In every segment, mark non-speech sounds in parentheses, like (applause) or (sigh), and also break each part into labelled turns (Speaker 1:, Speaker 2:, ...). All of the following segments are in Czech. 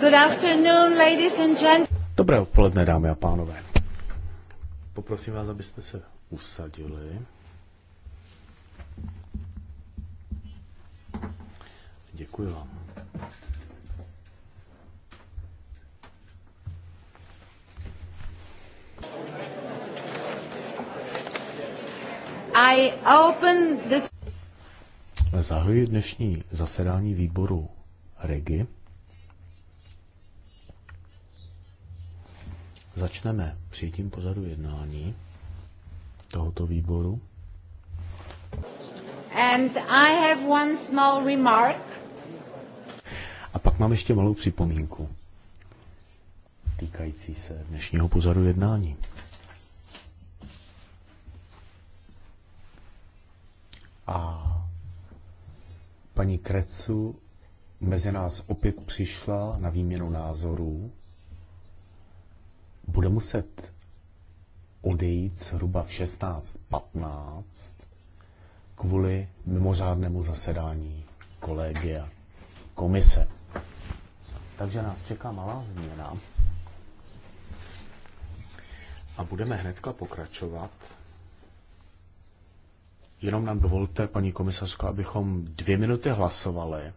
Speaker 1: Good afternoon, ladies and gentlemen.
Speaker 2: Dobré odpoledne, dámy a pánové. Poprosím vás, abyste se usadili. Děkuji vám.
Speaker 1: I open the
Speaker 2: Zahajuji dnešní zasedání výboru REGI. Začneme přijetím pozadu jednání tohoto výboru.
Speaker 1: And I have one small remark.
Speaker 2: A pak mám ještě malou připomínku týkající se dnešního pozadu jednání. A Paní Krecu mezi nás opět přišla na výměnu názorů. Bude muset odejít zhruba v 16.15 kvůli mimořádnému zasedání kolegia komise. Takže nás čeká malá změna. A budeme hnedka pokračovat Jenom nám dovolte, paní komisařko, abychom dvě minuty hlasovali,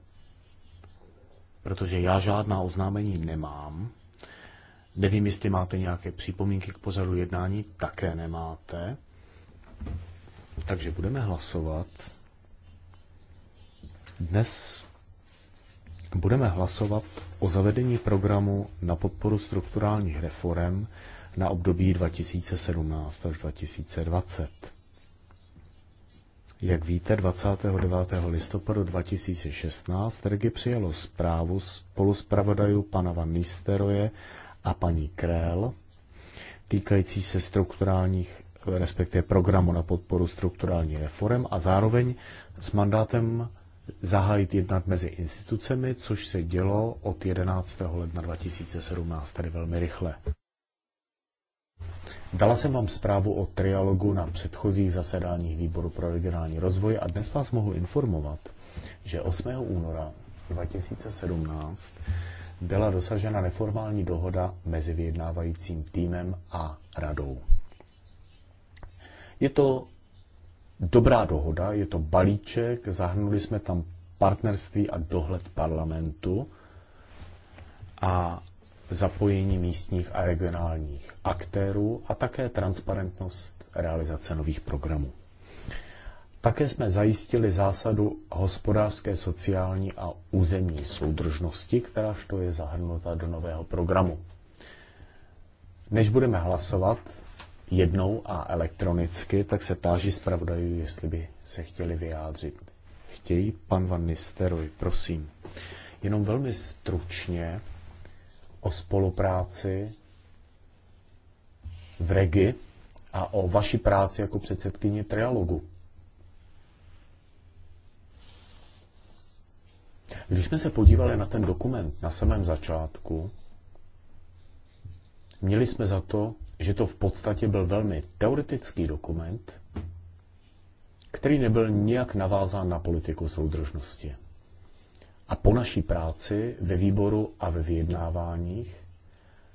Speaker 2: protože já žádná oznámení nemám. Nevím, jestli máte nějaké připomínky k pořadu jednání, také nemáte. Takže budeme hlasovat. Dnes budeme hlasovat o zavedení programu na podporu strukturálních reform na období 2017 až 2020. Jak víte, 29. listopadu 2016 Regi přijalo zprávu spoluzpravodajů pana Van Nisteroje a paní Krél týkající se strukturálních, respektive programu na podporu strukturální reform a zároveň s mandátem zahájit jednat mezi institucemi, což se dělo od 11. ledna 2017, tedy velmi rychle. Dala jsem vám zprávu o trialogu na předchozích zasedáních výboru pro regionální rozvoj a dnes vás mohu informovat, že 8. února 2017 byla dosažena neformální dohoda mezi vyjednávajícím týmem a radou. Je to dobrá dohoda, je to balíček, zahrnuli jsme tam partnerství a dohled parlamentu a zapojení místních a regionálních aktérů a také transparentnost realizace nových programů. Také jsme zajistili zásadu hospodářské, sociální a územní soudržnosti, kteráž to je zahrnuta do nového programu. Než budeme hlasovat jednou a elektronicky, tak se táží zpravodajů, jestli by se chtěli vyjádřit. Chtějí? Pan Van Nisteroj, prosím. Jenom velmi stručně o spolupráci v Regi a o vaší práci jako předsedkyně trialogu. Když jsme se podívali na ten dokument na samém začátku, měli jsme za to, že to v podstatě byl velmi teoretický dokument, který nebyl nijak navázán na politiku soudržnosti. A po naší práci ve výboru a ve vyjednáváních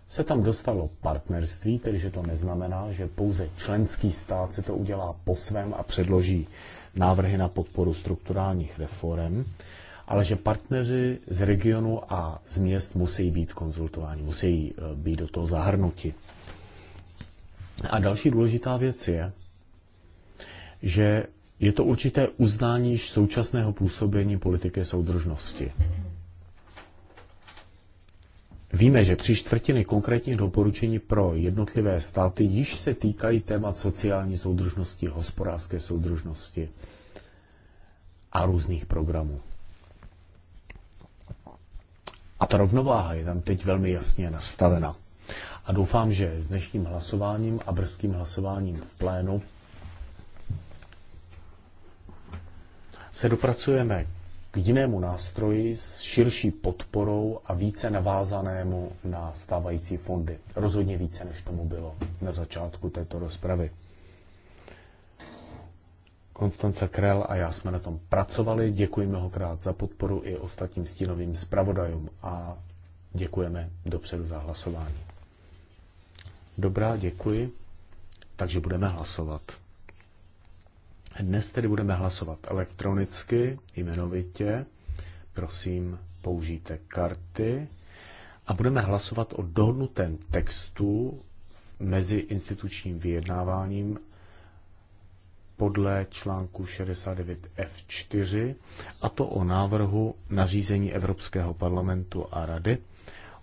Speaker 2: se tam dostalo partnerství, tedy že to neznamená, že pouze členský stát se to udělá po svém a předloží návrhy na podporu strukturálních reform, ale že partneři z regionu a z měst musí být konzultováni, musí eh, být do toho zahrnuti. A další důležitá věc je, že je to určité uznání současného působení politiky soudržnosti. Víme, že tři čtvrtiny konkrétních doporučení pro jednotlivé státy již se týkají témat sociální soudržnosti, hospodářské soudržnosti a různých programů. A ta rovnováha je tam teď velmi jasně nastavena. A doufám, že s dnešním hlasováním a brzkým hlasováním v plénu se dopracujeme k jinému nástroji s širší podporou a více navázanému na stávající fondy. Rozhodně více, než tomu bylo na začátku této rozpravy. Konstance Krell a já jsme na tom pracovali. Děkuji mnohokrát za podporu i ostatním stínovým zpravodajům a děkujeme dopředu za hlasování. Dobrá, děkuji. Takže budeme hlasovat. Dnes tedy budeme hlasovat elektronicky, jmenovitě. Prosím, použijte karty. A budeme hlasovat o dohodnutém textu mezi institučním vyjednáváním podle článku 69F4, a to o návrhu nařízení Evropského parlamentu a Rady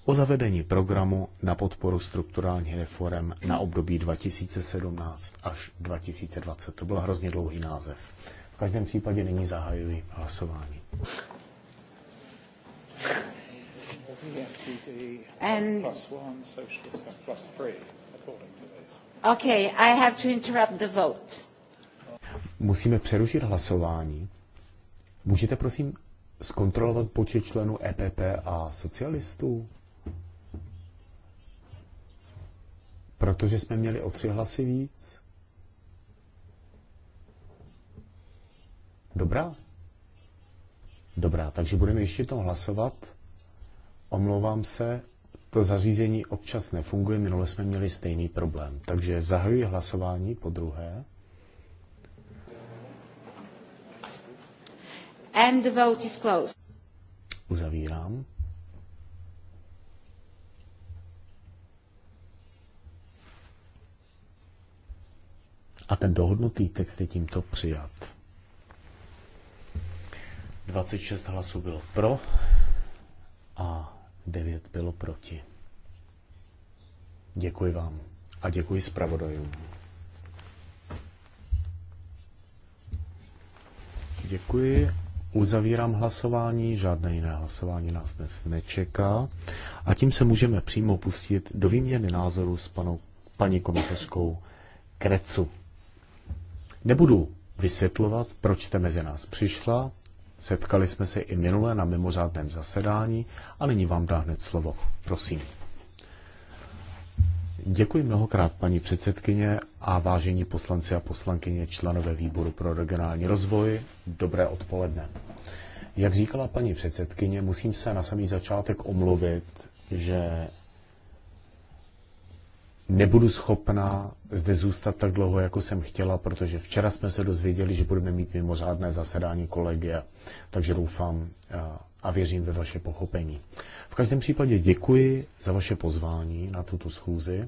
Speaker 2: o zavedení programu na podporu strukturálních reform na období 2017 až 2020. To byl hrozně dlouhý název. V každém případě nyní zahajuji hlasování. And
Speaker 1: okay, I have to interrupt the vote.
Speaker 2: Musíme přerušit hlasování. Můžete prosím zkontrolovat počet členů EPP a socialistů? Protože jsme měli o tři hlasy víc. Dobrá? Dobrá, takže budeme ještě to hlasovat. Omlouvám se, to zařízení občas nefunguje, minule jsme měli stejný problém. Takže zahajuji hlasování po druhé.
Speaker 1: And the vote is closed.
Speaker 2: Uzavírám. A ten dohodnutý text je tímto přijat. 26 hlasů bylo pro a 9 bylo proti. Děkuji vám a děkuji zpravodajům. Děkuji. Uzavírám hlasování, žádné jiné hlasování nás dnes nečeká. A tím se můžeme přímo pustit do výměny názoru s panou, paní komisařkou Krecu. Nebudu vysvětlovat, proč jste mezi nás přišla. Setkali jsme se i minule na mimořádném zasedání a nyní vám dá hned slovo. Prosím. Děkuji mnohokrát, paní předsedkyně a vážení poslanci a poslankyně členové výboru pro regionální rozvoj. Dobré odpoledne. Jak říkala paní předsedkyně, musím se na samý začátek omluvit, že nebudu schopná zde zůstat tak dlouho, jako jsem chtěla, protože včera jsme se dozvěděli, že budeme mít mimořádné zasedání kolegia, takže doufám eh, a věřím ve vaše pochopení. V každém případě děkuji za vaše pozvání na tuto schůzi.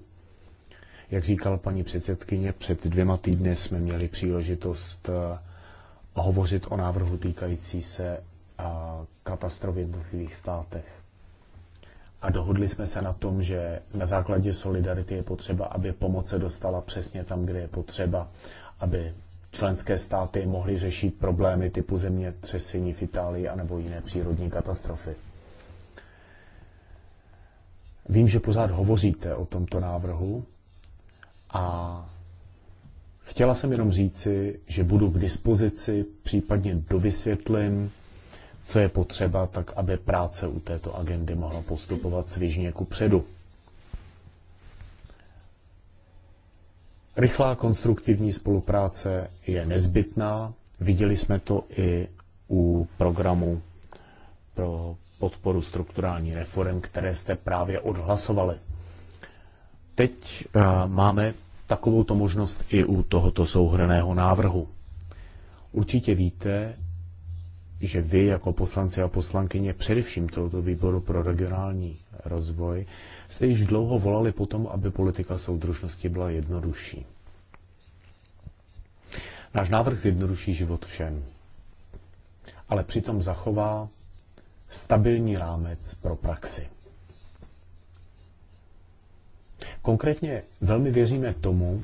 Speaker 2: Jak říkala paní předsedkyně, před dvěma týdny jsme měli příležitost eh, hovořit o návrhu týkající se eh, katastrof v jednotlivých státech a dohodli jsme se na tom, že na základě solidarity je potřeba, aby pomoc se dostala přesně tam, kde je potřeba, aby členské státy mohly řešit problémy typu země třesení v Itálii anebo jiné přírodní katastrofy. Vím, že pořád hovoříte o tomto návrhu a chtěla jsem jenom říci, že budu k dispozici, případně dovysvětlím co je potřeba, tak aby práce u této agendy mohla postupovat svižně ku předu. Rychlá konstruktivní spolupráce je nezbytná. Viděli jsme to i u programu pro podporu strukturální reform, které jste právě odhlasovali. Teď eh, máme takovouto možnost i u tohoto souhrného návrhu. Určitě víte, že vy jako poslanci a poslankyně především tohoto výboru pro regionální rozvoj jste již dlouho volali potom, aby politika soudružnosti byla jednodušší. Náš návrh zjednoduší život všem, ale přitom zachová stabilní rámec pro praxi. Konkrétně velmi věříme tomu,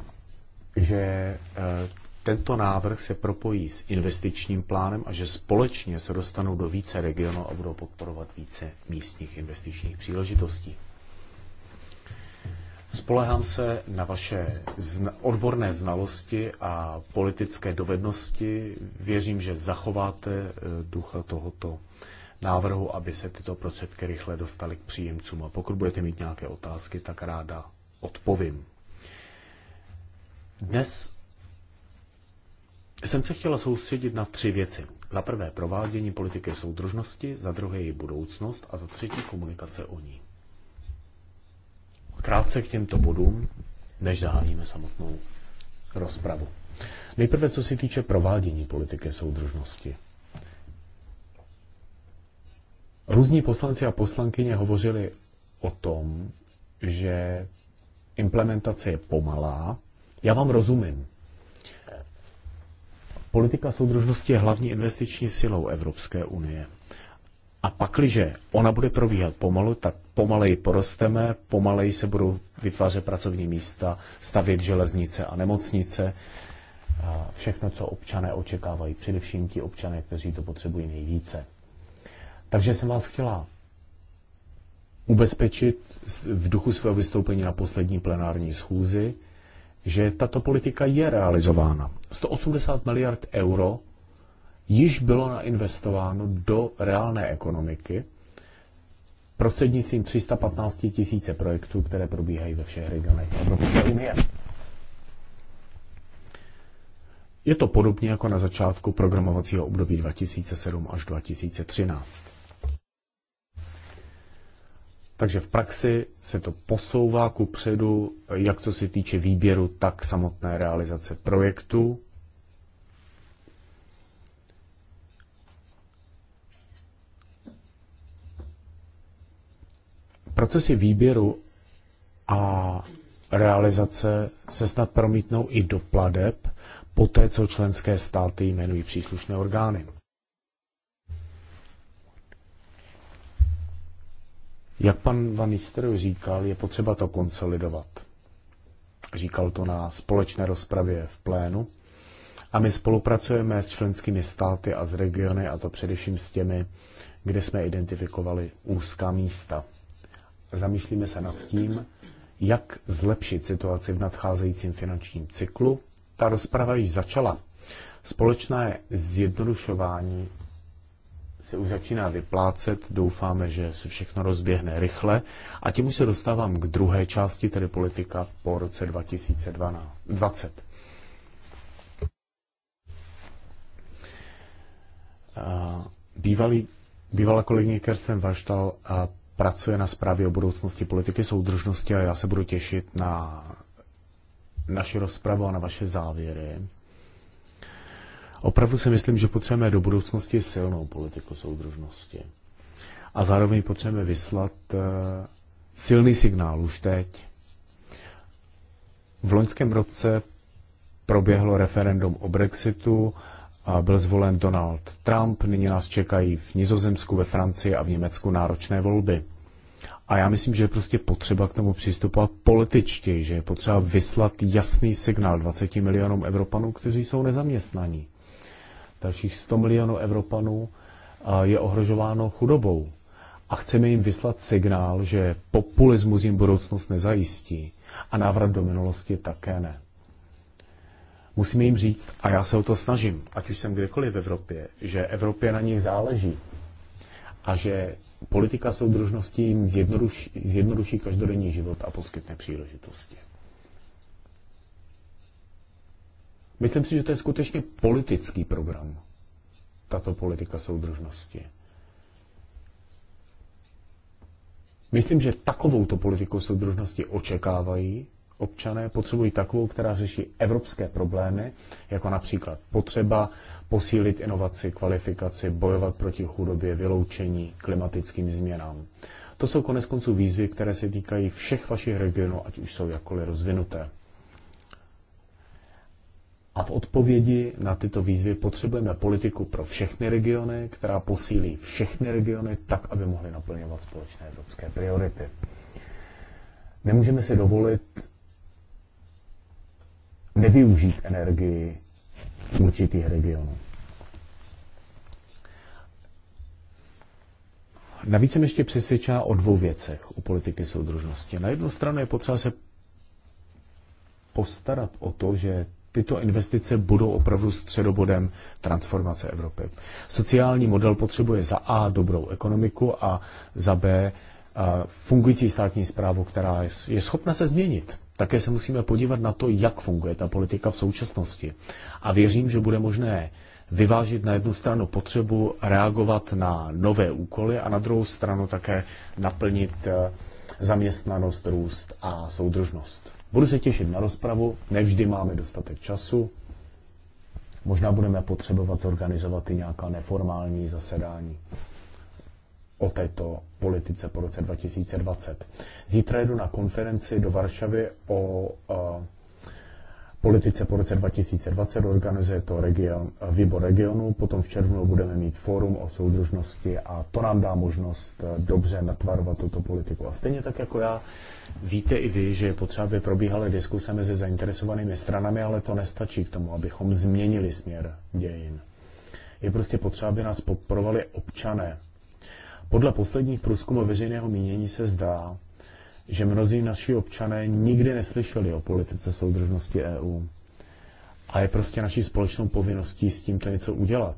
Speaker 2: že eh, tento návrh se propojí s investičním plánem a že společně se dostanou do více regionů a budou podporovat více místních investičních příležitostí. Spolehám se na vaše odborné znalosti a politické dovednosti. Věřím, že zachováte e, ducha tohoto návrhu, aby se tyto prostředky rychle dostaly k příjemcům. A pokud budete mít nějaké otázky, tak ráda odpovím. Dnes jsem se chtěla soustředit na tři věci. Za prvé provádění politiky soudržnosti, za druhé její budoucnost a za třetí komunikace o ní. Krátce k těmto bodům, než zahájíme samotnou rozpravu. Nejprve, co se týče provádění politiky soudržnosti. Různí poslanci a poslankyně hovořili o tom, že implementace je pomalá. Já vám rozumím politika soudržnosti je hlavní investiční silou Evropské unie. A pakliže ona bude probíhat pomalu, tak pomaleji porosteme, pomaleji se budou vytvářet pracovní místa, stavět železnice a nemocnice, a všechno, co občané očekávají, především ti občané, kteří to potřebují nejvíce. Takže jsem vás chtěla ubezpečit v duchu svého vystoupení na poslední plenární schůzi, že tato politika je realizována. 180 miliard euro již bylo nainvestováno do reálné ekonomiky prostřednictvím 315 tisíce projektů, které probíhají ve všech regionech Evropské unie. Je to podobně jako na začátku programovacího období 2007 až 2013. Takže v praxi se to posouvá ku předu, jak co se týče výběru, tak samotné realizace projektu. Procesy výběru a realizace se snad promítnou i do pladeb, poté co členské státy jmenují příslušné orgány. Jak pan Van Nistelrooy říkal, je potřeba to konsolidovat. Říkal to na společné rozpravě v plénu. A my spolupracujeme s členskými státy a s regiony, a to především s těmi, kde jsme identifikovali úzká místa. Zamýšlíme se nad tím, jak zlepšit situaci v nadcházejícím finančním cyklu. Ta rozprava již začala. Společné zjednodušování se už začíná vyplácet. Doufáme, že se všechno rozběhne rychle. A tím už se dostávám k druhé části, tedy politika po roce 2020. Bývalý, bývalá kolegyně Kersten Vaštal pracuje na zprávě o budoucnosti politiky soudržnosti a já se budu těšit na naši rozpravu a na vaše závěry. Opravdu si myslím, že potřebujeme do budoucnosti silnou politiku soudržnosti. A zároveň potřebujeme vyslat eh, silný signál už teď. V loňském roce proběhlo referendum o Brexitu, a byl zvolen Donald Trump, nyní nás čekají v Nizozemsku, ve Francii a v Německu náročné volby. A já myslím, že je prostě potřeba k tomu přistupovat političtěji, že je potřeba vyslat jasný signál 20 milionům Evropanů, kteří jsou nezaměstnaní dalších 100 milionů Evropanů je ohrožováno chudobou. A chceme jim vyslat signál, že populismus jim budoucnost nezajistí a návrat do minulosti také ne. Musíme jim říct, a já se o to snažím, ať už jsem kdekoliv v Evropě, že Evropě na nich záleží a že politika soudržnosti jim zjednoduší, zjednoduší každodenní život a poskytne příležitosti. Myslím si, že to je skutečně politický program, tato politika soudržnosti. Myslím, že takovouto politiku soudržnosti očekávají občané, potřebují takovou, která řeší evropské problémy, jako například potřeba posílit inovaci, kvalifikaci, bojovat proti chudobě, vyloučení, klimatickým změnám. To jsou konec konců výzvy, které se týkají všech vašich regionů, ať už jsou jakkoliv rozvinuté. A v odpovědi na tyto výzvy potřebujeme politiku pro všechny regiony, která posílí všechny regiony tak, aby mohly naplňovat společné evropské priority. Nemůžeme si dovolit nevyužít energii určitých regionů. Navíc jsem ještě přesvědčená o dvou věcech u politiky soudržnosti. Na jednu stranu je potřeba se postarat o to, že tyto investice budou opravdu středobodem transformace Evropy. Sociální model potřebuje za A dobrou ekonomiku a za B fungující státní zprávu, která je schopna se změnit. Také se musíme podívat na to, jak funguje ta politika v současnosti. A věřím, že bude možné vyvážit na jednu stranu potřebu reagovat na nové úkoly a na druhou stranu také naplnit e, zaměstnanost, růst a soudržnost. Budu se těšit na rozpravu, nevždy máme dostatek času. Možná budeme potřebovat zorganizovat i nějaká neformální zasedání o této politice po roce 2020. Zítra jedu na konferenci do Varšavy o eh, politice po roce 2020 organizuje to region, výbor regionu, potom v červnu budeme mít fórum o soudržnosti a to nám dá možnost eh, dobře natvarovat tuto politiku. A stejně tak jako já, víte i vy, že je potřeba, aby probíhaly diskuse mezi zainteresovanými stranami, ale to nestačí k tomu, abychom změnili směr dějin. Je prostě potřeba, aby nás podporovali občané. Podle posledních průzkumů veřejného mínění se zdá, že mnozí naši občané nikdy neslyšeli o politice soudržnosti EU. A je prostě naší společnou povinností s tímto něco udělat.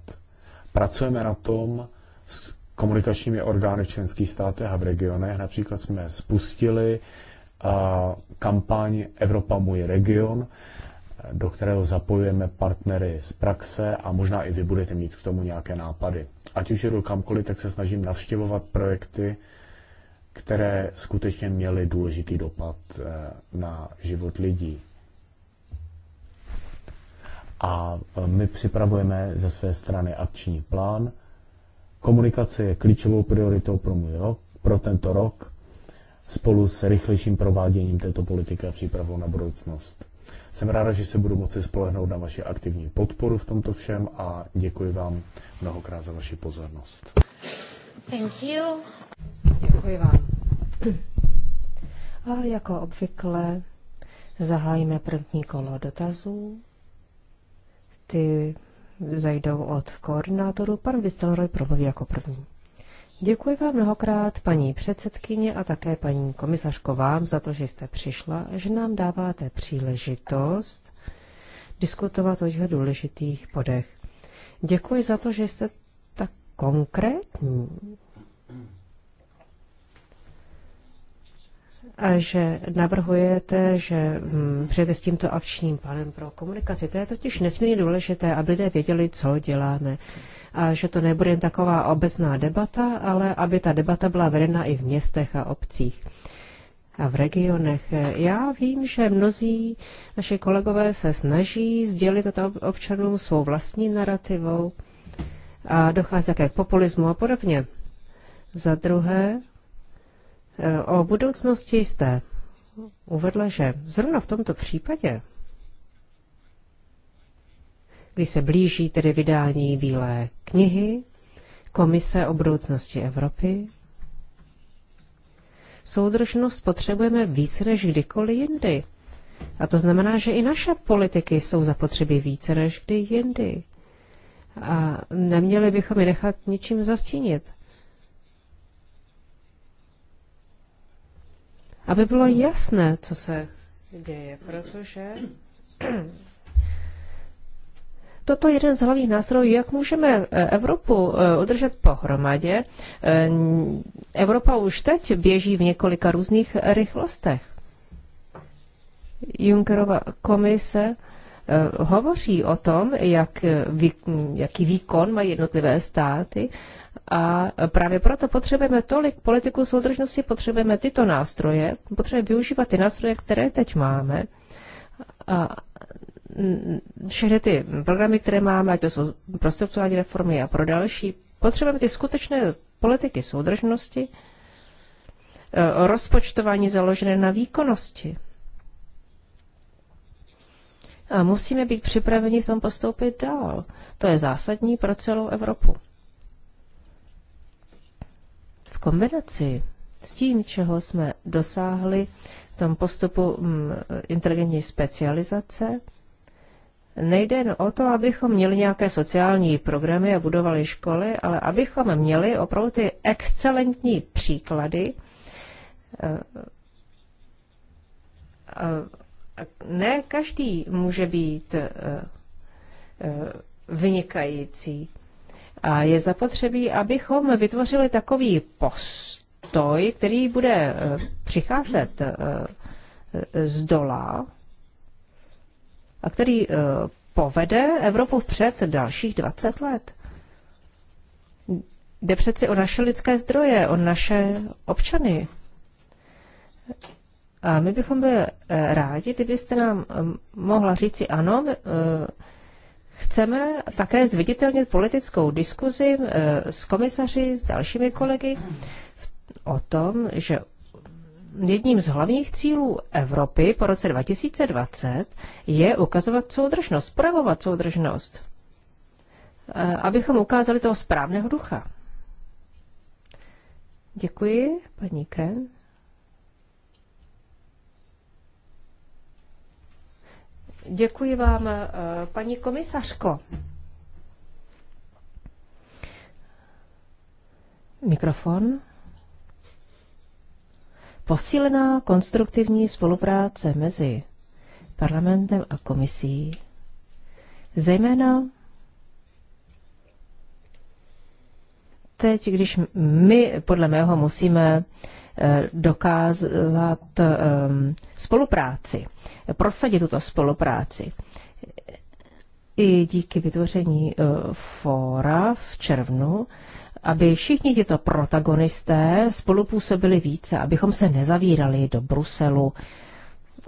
Speaker 2: Pracujeme na tom s komunikačními orgány v členských státech a v regionech. Například jsme spustili kampaň Evropa můj region, do kterého zapojujeme partnery z praxe a možná i vy budete mít k tomu nějaké nápady. Ať už jdu kamkoliv, tak se snažím navštěvovat projekty, které skutečně měly důležitý dopad eh, na život lidí. A eh, my připravujeme ze své strany akční plán. Komunikace je klíčovou prioritou pro můj rok, pro tento rok, spolu s rychlejším prováděním této politiky a přípravou na budoucnost. Jsem ráda, že se budu moci spolehnout na vaši aktivní podporu v tomto všem a děkuji vám mnohokrát za vaši pozornost.
Speaker 1: Thank you. Děkuji vám. A jako obvykle zahájíme první kolo dotazů. Ty zajdou od koordinátoru. Pan Vistelroj promluví jako první. Děkuji vám mnohokrát, paní předsedkyně a také paní komisařko vám za to, že jste přišla, že nám dáváte příležitost diskutovat o těch důležitých podech. Děkuji za to, že jste tak konkrétní a že navrhujete, že hm, mm, přijete s tímto akčním plánem pro komunikaci. To je totiž nesmírně důležité, aby lidé věděli, co děláme. A že to nebude jen taková obecná debata, ale aby ta debata byla vedena i v městech a obcích a v regionech. Já vím, že mnozí naši kolegové se snaží sdělit toto občanům svou vlastní narrativou a dochází také k populismu a podobně. Za druhé, O budoucnosti jste uvedla, že zrovna v tomto případě, když se blíží tedy vydání Bílé knihy, Komise o budoucnosti Evropy, soudržnost potřebujeme více než kdykoliv jindy. A to znamená, že i naše politiky jsou zapotřebí více než kdy jindy. A neměli bychom je nechat ničím zastínit. aby bylo jasné, co se děje, protože toto je jeden z hlavních nástrojů, jak můžeme eh, Evropu eh, udržet pohromadě. Eh, Evropa už teď běží v několika různých rychlostech. Junckerova komise hovoří o tom, jak, jaký výkon mají jednotlivé státy a právě proto potřebujeme tolik politiku soudržnosti, potřebujeme tyto nástroje, potřebujeme využívat ty nástroje, které teď máme. A všechny ty programy, které máme, ať to jsou pro strukturální reformy a pro další, potřebujeme ty skutečné politiky soudržnosti, e, rozpočtování založené na výkonnosti. A musíme být připraveni v tom postoupit dál. To je zásadní pro celou Evropu kombinaci s tím, čeho jsme dosáhli v tom postupu mm, inteligentní specializace, nejde jen o to, abychom měli nějaké sociální programy a budovali školy, ale abychom měli opravdu ty excelentní příklady, eh, eh, eh, ne každý může být vynikající. A je zapotřebí, abychom vytvořili takový postoj, který bude eh, přicházet eh, eh, z dola a který povede Evropu před dalších 20 let. Jde přeci o naše lidské zdroje, o naše občany. A my bychom byli rádi, kdybyste nám mohla říci ano, Chceme také zviditelnit politickou diskuzi eh, s komisaři, s dalšími kolegy o tom, že jedním z hlavních cílů Evropy po roce 2020 je ukazovat soudržnost, projevovat soudržnost, eh, abychom ukázali toho správného ducha. Děkuji, paní Ken. Děkuji vám, eh, paní komisařko. Mikrofon. Posílená konstruktivní spolupráce mezi parlamentem a komisí, zejména teď, když my podle mého musíme Eh, dokázat ehm, spolupráci, prosadit tuto spolupráci. I díky vytvoření eh, fóra v červnu, aby všichni tyto protagonisté spolupůsobili více, abychom se nezavírali do Bruselu,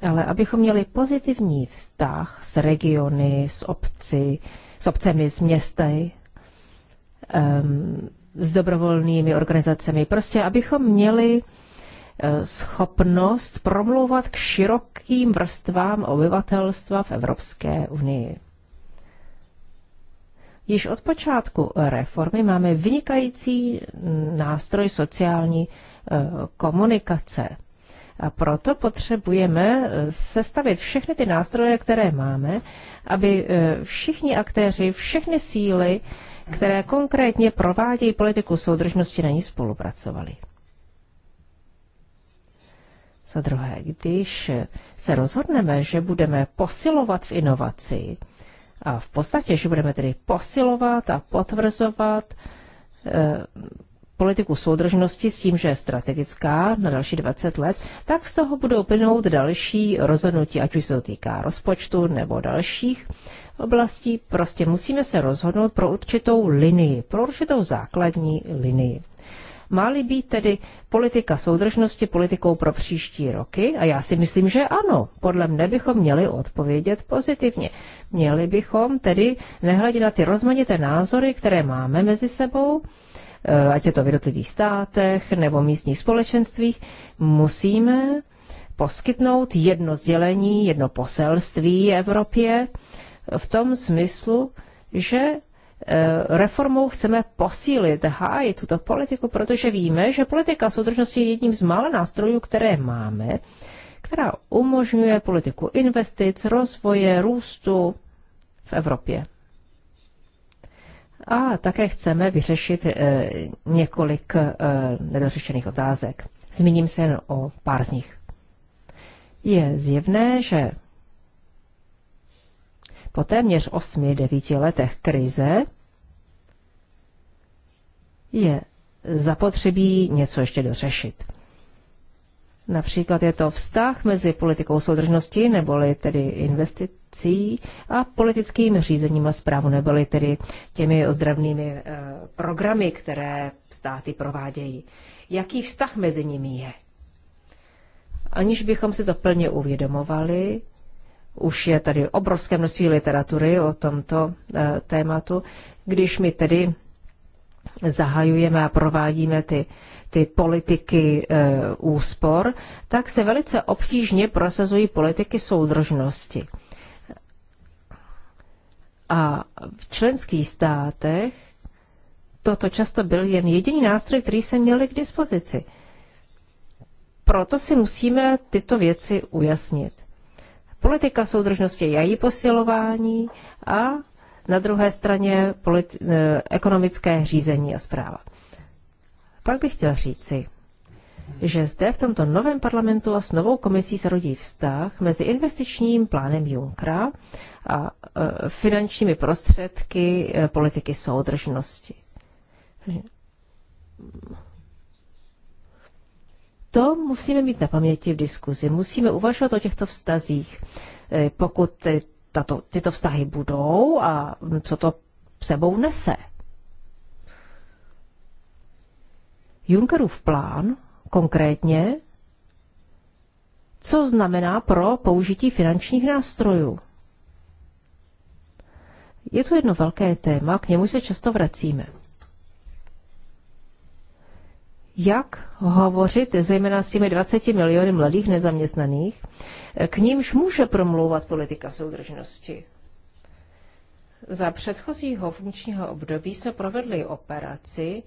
Speaker 1: ale abychom měli pozitivní vztah s regiony, s obci, s obcemi, s městy, ehm, s dobrovolnými organizacemi. Prostě abychom měli eh, schopnost promlouvat k širokým vrstvám obyvatelstva v Evropské unii. Již od počátku reformy máme vynikající nástroj sociální eh, komunikace. A proto potřebujeme eh, sestavit všechny ty nástroje, které máme, aby všichni aktéři, všechny síly které konkrétně provádějí politiku soudržnosti, na ní spolupracovali. Za druhé, když se rozhodneme, že budeme posilovat v inovaci, a v podstatě, že budeme tedy posilovat a potvrzovat eh, politiku soudržnosti s tím, že je strategická na další 20 let, tak z toho budou plynout další rozhodnutí, ať už se to týká rozpočtu nebo dalších oblastí. Prostě musíme se rozhodnout pro určitou linii, pro určitou základní linii. Má-li být tedy politika soudržnosti politikou pro příští roky? A já si myslím, že ano. Podle mne bychom měli odpovědět pozitivně. Měli bychom tedy nehledět na ty rozmanité názory, které máme mezi sebou, Eh, ať je to v jednotlivých státech nebo místních společenstvích, musíme poskytnout jedno sdělení, jedno poselství Evropě v tom smyslu, že eh, reformou chceme posílit, hájit tuto politiku, protože víme, že politika soudržnosti je jedním z mála nástrojů, které máme, která umožňuje politiku investic, rozvoje, růstu v Evropě. A také chceme vyřešit eh, několik eh, nedořešených otázek. Zmíním se jen o pár z nich. Je zjevné, že po téměř 8-9 letech krize je zapotřebí něco ještě dořešit. Například je to vztah mezi politikou soudržnosti neboli tedy investit, financí a politickým řízením a zprávu nebyly tedy těmi ozdravnými eh, programy, které státy provádějí. Jaký vztah mezi nimi je? Aniž bychom si to plně uvědomovali, už je tady obrovské množství literatury o tomto eh, tématu, když my tedy zahajujeme a provádíme ty, ty politiky e, úspor, tak se velice obtížně prosazují politiky soudržnosti. A v členských státech toto často byl jen jediný nástroj, který se měli k dispozici. Proto si musíme tyto věci ujasnit. Politika soudržnosti je její posilování a na druhé straně politi- eh, ekonomické řízení a zpráva. Pak bych chtěl říci, že zde v tomto novém parlamentu a s novou komisí se rodí vztah mezi investičním plánem Junckera a e, finančními prostředky e, politiky soudržnosti. To musíme mít na paměti v diskuzi. Musíme uvažovat o těchto vztazích. E, pokud tato, tyto vztahy budou a co to sebou nese. Junckerův plán konkrétně, co znamená pro použití finančních nástrojů. Je to jedno velké téma, k němu se často vracíme. Jak hovořit zejména s těmi 20 miliony mladých nezaměstnaných, k nímž může promlouvat politika soudržnosti? Za předchozího funkčního období jsme provedli operaci,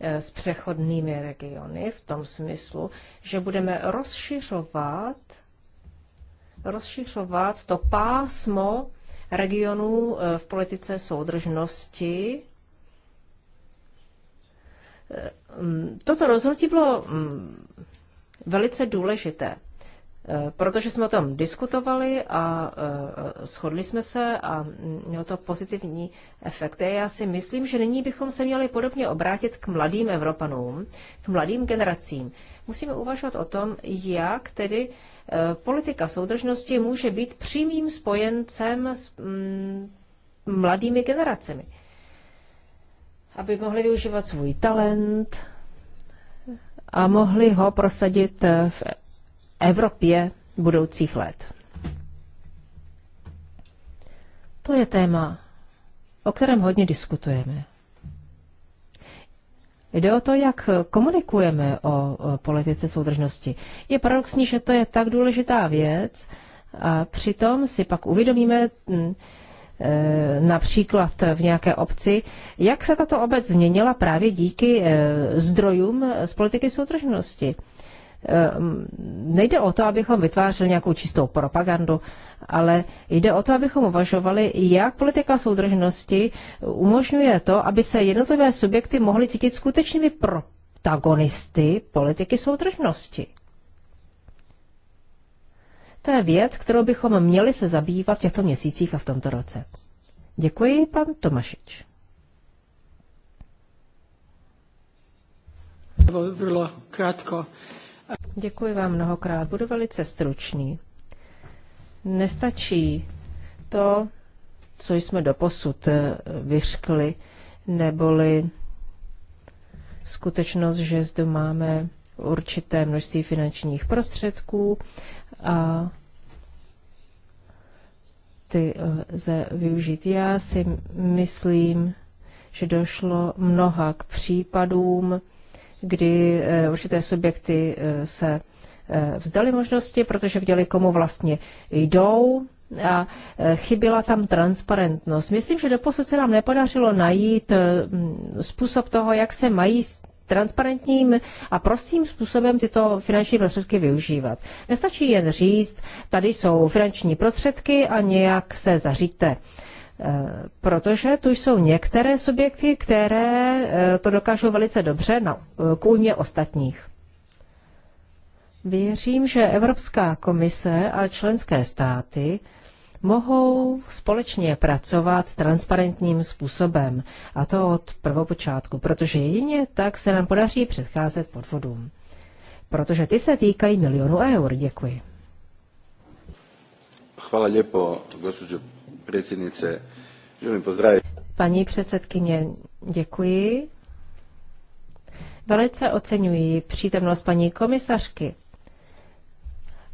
Speaker 1: Eh, s přechodnými regiony v tom smyslu, že budeme rozšiřovat, rozšiřovat to pásmo regionů eh, v politice soudržnosti. Eh, mm, toto rozhodnutí bylo mm, velice důležité. Eh, protože jsme o tom diskutovali a eh, shodli jsme se a mělo to pozitivní efekty. Já si myslím, že nyní bychom se měli podobně obrátit k mladým Evropanům, k mladým generacím. Musíme uvažovat o tom, jak tedy eh, politika soudržnosti může být přímým spojencem s mm, mladými generacemi. Aby mohli využívat svůj talent a mohli ho prosadit v Evropě budoucích let. To je téma, o kterém hodně diskutujeme. Jde o to, jak komunikujeme o politice soudržnosti. Je paradoxní, že to je tak důležitá věc a přitom si pak uvědomíme mm, e, například v nějaké obci, jak se tato obec změnila právě díky e, zdrojům z politiky soudržnosti. Eh, nejde o to, abychom vytvářeli nějakou čistou propagandu, ale jde o to, abychom uvažovali, jak politika soudržnosti umožňuje to, aby se jednotlivé subjekty mohly cítit skutečnými protagonisty politiky soudržnosti. To je věc, kterou bychom měli se zabývat v těchto měsících a v tomto roce. Děkuji, pan Tomašič.
Speaker 2: Bylo krátko.
Speaker 1: Děkuji vám mnohokrát. Budu velice stručný. Nestačí to, co jsme doposud eh, vyřkli, neboli skutečnost, že zde máme určité množství finančních prostředků a ty lze využít. Já si myslím, že došlo mnoha k případům, kdy eh, určité subjekty eh, se eh, vzdali možnosti, protože viděli, komu vlastně jdou a chyběla tam transparentnost. Myslím, že doposud se nám nepodařilo najít způsob toho, jak se mají transparentním a prostým způsobem tyto finanční prostředky využívat. Nestačí jen říct, tady jsou finanční prostředky a nějak se zaříte. Eh, protože tu jsou některé subjekty, které eh, to dokážou velice dobře na, no, eh, k újmě ostatních. Věřím, že Evropská komise a členské státy mohou společně pracovat transparentním způsobem, a to od prvopočátku, protože jedině tak se nám podaří předcházet podvodům. Protože ty se týkají milionů eur. Děkuji.
Speaker 2: Hvala lijepo, gospođo predsjednice. Želim
Speaker 1: Paní předsedkyně, děkuji. Velice oceňuji přítomnost paní komisařky.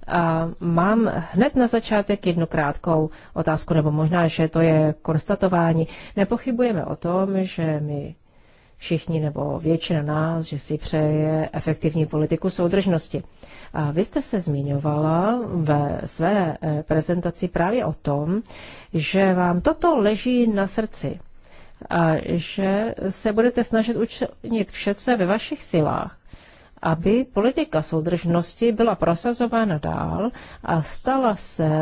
Speaker 1: A mám hned na začátek jednu krátkou otázku, nebo možná, že to je konstatování. Nepochybujeme o tom, že my všichni nebo většina nás, že si přeje efektivní politiku soudržnosti. A vy jste se zmiňovala ve své eh, prezentaci právě o tom, že vám toto leží na srdci a že se budete snažit učinit vše, co ve vašich silách, aby politika soudržnosti byla prosazována dál a stala se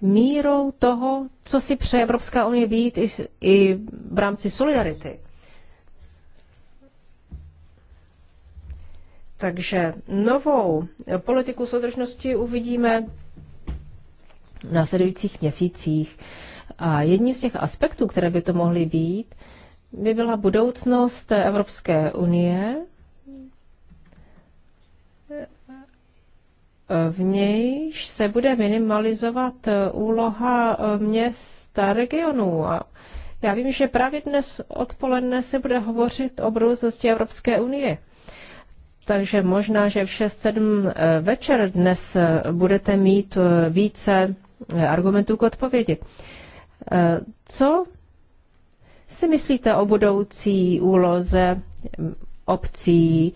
Speaker 1: mírou toho, co si přeje Evropská unie být i, i v rámci solidarity. Takže novou politiku soudržnosti uvidíme v následujících měsících. A jedním z těch aspektů, které by to mohly být, by byla budoucnost Evropské unie, v nějž se bude minimalizovat úloha měst a regionů. A já vím, že právě dnes odpoledne se bude hovořit o budoucnosti Evropské unie. Takže možná, že v 6-7 eh, večer dnes eh, budete mít eh, více argumentů k odpovědi. Co si myslíte o budoucí úloze mm, obcí,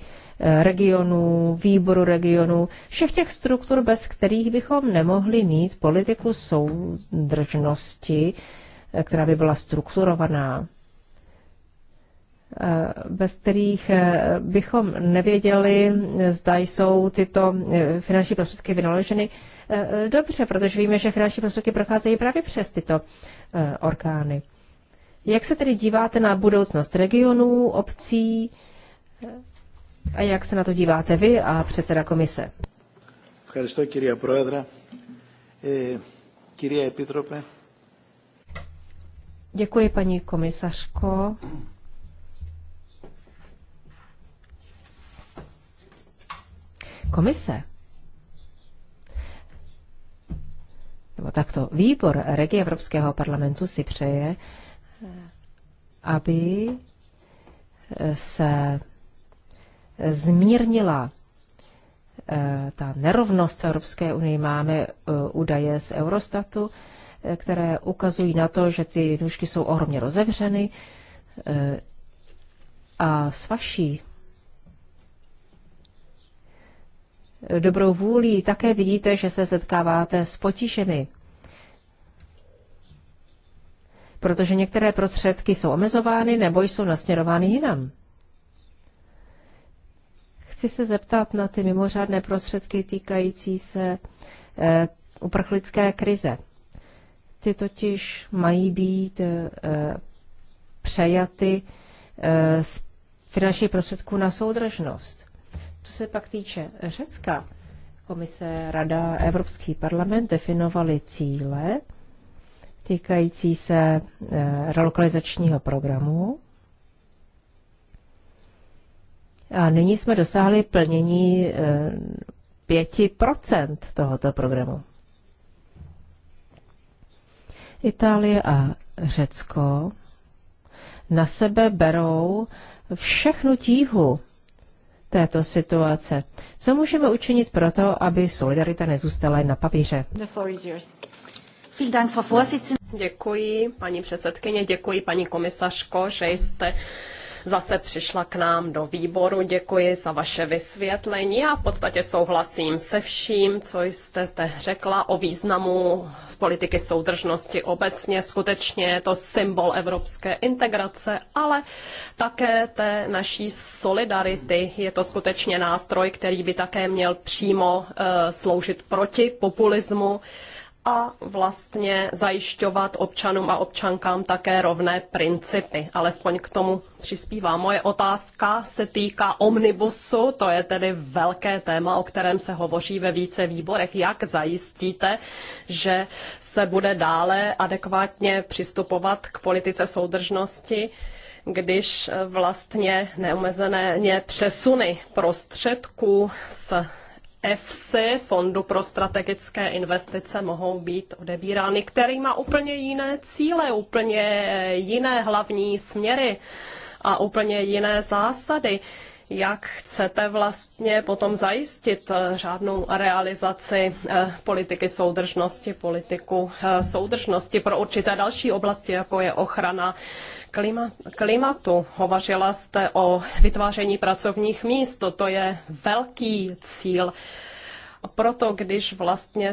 Speaker 1: regionů, výboru regionů, všech těch struktur, bez kterých bychom nemohli mít politiku soudržnosti, která by byla strukturovaná? Eh, bez kterých eh, bychom nevěděli, zda jsou tyto eh, finanční prostředky vynaloženy dobře, protože víme, že finanční prostředky procházejí právě přes tyto orgány. Jak se tedy díváte na budoucnost regionů, obcí a jak se na to díváte vy a předseda komise? Děkuji paní komisařko. komise, nebo takto, výbor regie Evropského parlamentu si přeje, aby se zmírnila eh, ta nerovnost v Evropské unii. Máme eh, údaje z Eurostatu, eh, které ukazují na to, že ty nůžky jsou ohromně rozevřeny. A s vaší dobrou vůlí, také vidíte, že se setkáváte s potížemi. Protože některé prostředky jsou omezovány nebo jsou nasměrovány jinam. Chci se zeptat na ty mimořádné prostředky týkající se e, uprchlické krize. Ty totiž mají být e, přejaty e, z finančních prostředků na soudržnost. Co se pak týče Řecka, Komise, Rada, Evropský parlament definovali cíle týkající se eh, relokalizačního programu. A nyní jsme dosáhli plnění 5% eh, tohoto programu. Itálie a Řecko na sebe berou všechnu tíhu této situace. Co můžeme učinit proto, aby solidarita nezůstala na papíře?
Speaker 3: Děkuji, paní předsedkyně, děkuji, paní komisařko, že jste zase přišla k nám do výboru. Děkuji za vaše vysvětlení a v podstatě souhlasím se vším, co jste zde řekla o významu z politiky soudržnosti obecně. Skutečně je to symbol evropské integrace, ale také té naší solidarity. Je to skutečně nástroj, který by také měl přímo eh, sloužit proti populismu a vlastně zajišťovat občanům a občankám také rovné principy. Alespoň k tomu přispívá. Moje otázka se týká omnibusu, to je tedy velké téma, o kterém se hovoří ve více výborech. Jak zajistíte, že se bude dále adekvátně přistupovat k politice soudržnosti? když vlastně neomezené přesuny prostředků z EFSI, Fondu pro strategické investice, mohou být odebírány, který má úplně jiné cíle, úplně jiné hlavní směry a úplně jiné zásady jak chcete vlastně potom zajistit eh, řádnou realizaci eh, politiky soudržnosti, politiku eh, soudržnosti pro určité další oblasti, jako je ochrana klima, klimatu. Hovořila jste o vytváření pracovních míst. To je velký cíl. A proto, když vlastně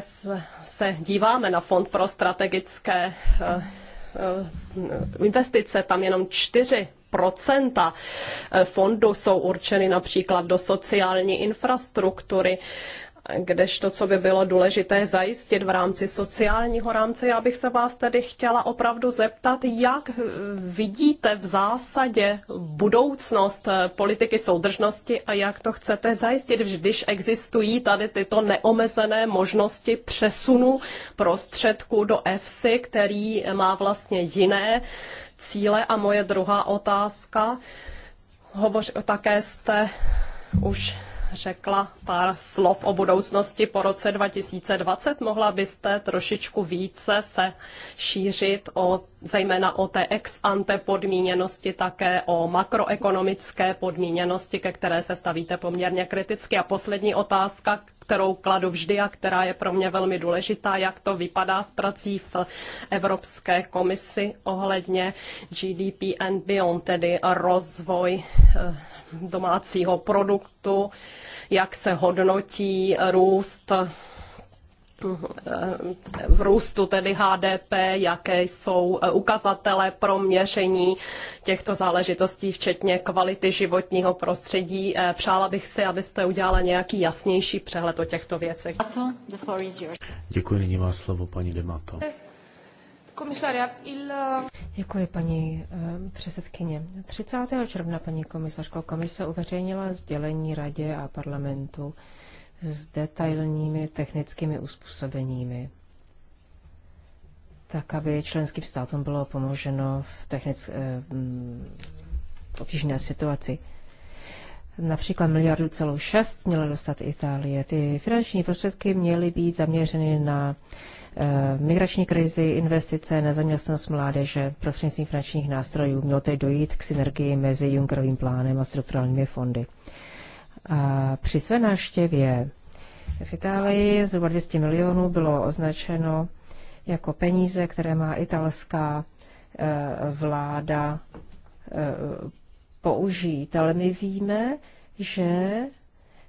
Speaker 3: se díváme na Fond pro strategické eh, eh, investice, tam jenom 4 procenta eh, fondu jsou určeny například do sociální infrastruktury kdežto, co by bylo důležité zajistit v rámci sociálního rámce. Já bych se vás tedy chtěla opravdu zeptat, jak vidíte v zásadě budoucnost politiky soudržnosti a jak to chcete zajistit, když existují tady tyto neomezené možnosti přesunu prostředků do EFSI, který má vlastně jiné cíle. A moje druhá otázka, hovoř, také jste už řekla pár slov o budoucnosti po roce 2020. Mohla byste trošičku více se šířit o, zejména o té ex ante podmíněnosti, také o makroekonomické podmíněnosti, ke které se stavíte poměrně kriticky. A poslední otázka, kterou kladu vždy a která je pro mě velmi důležitá, jak to vypadá s prací v Evropské komisi ohledně GDP and beyond, tedy rozvoj eh, domácího produktu, jak se hodnotí růst eh, v růstu tedy HDP, jaké jsou eh, ukazatele pro měření těchto záležitostí, včetně kvality životního prostředí. Eh, přála bych si, abyste udělala nějaký jasnější přehled o těchto věcech.
Speaker 2: Děkuji, nyní má slovo paní Demato.
Speaker 1: Komisaria, il... Děkuji, paní eh, předsedkyně. 30. června paní komisařko komise uveřejnila sdělení radě a parlamentu s detailními technickými uspůsobeními, tak aby členským státům bylo pomoženo v technické eh, mm, obtížné situaci. Například miliardu celou šest měla dostat Itálie. Ty finanční prostředky měly být zaměřeny na eh, migrační krizi, investice, nezaměstnanost mládeže, prostřednictvím finančních nástrojů. Mělo tedy dojít k synergii mezi Junckerovým plánem a strukturálními fondy. A při své návštěvě v Itálii zhruba 200 milionů bylo označeno jako peníze, které má italská eh, vláda eh, použít, ale my víme, že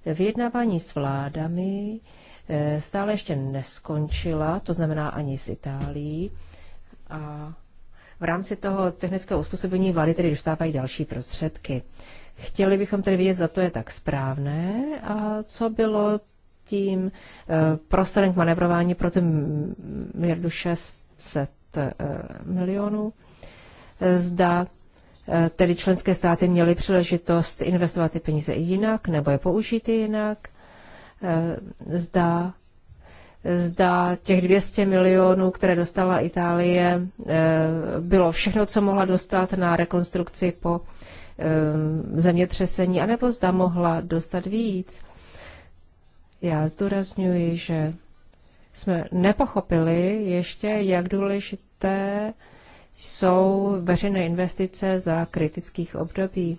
Speaker 1: vyjednávání s vládami eh, stále ještě neskončila, to znamená ani s Itálií. A v rámci toho technického uspůsobení vlády tedy dostávají další prostředky. Chtěli bychom tedy vědět, za to je tak správné a co bylo tím eh, prostorem k manevrování pro ty miliardu 600 eh, milionů. Zda Eh, tedy členské státy měly příležitost investovat ty peníze i jinak, nebo je použít jinak. Eh, zda, zda těch 200 milionů, které dostala Itálie, eh, bylo všechno, co mohla dostat na rekonstrukci po zemětřesení, anebo zda mohla dostat víc. Já zdůrazňuji, že jsme nepochopili ještě, jak důležité jsou veřejné investice za kritických období.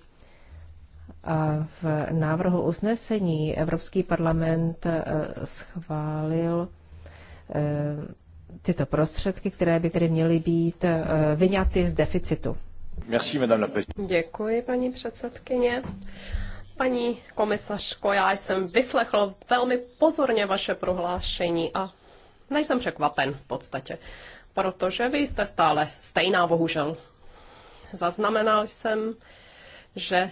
Speaker 1: A v návrhu usnesení Evropský parlament eh, schválil eh, tyto prostředky, které by tedy měly být eh, vyňaty z deficitu. Děkuji,
Speaker 3: paní předsedkyně. Paní komisařko, já jsem vyslechl velmi pozorně vaše prohlášení a nejsem překvapen v podstatě protože vy jste stále stejná, bohužel. Zaznamenal jsem, že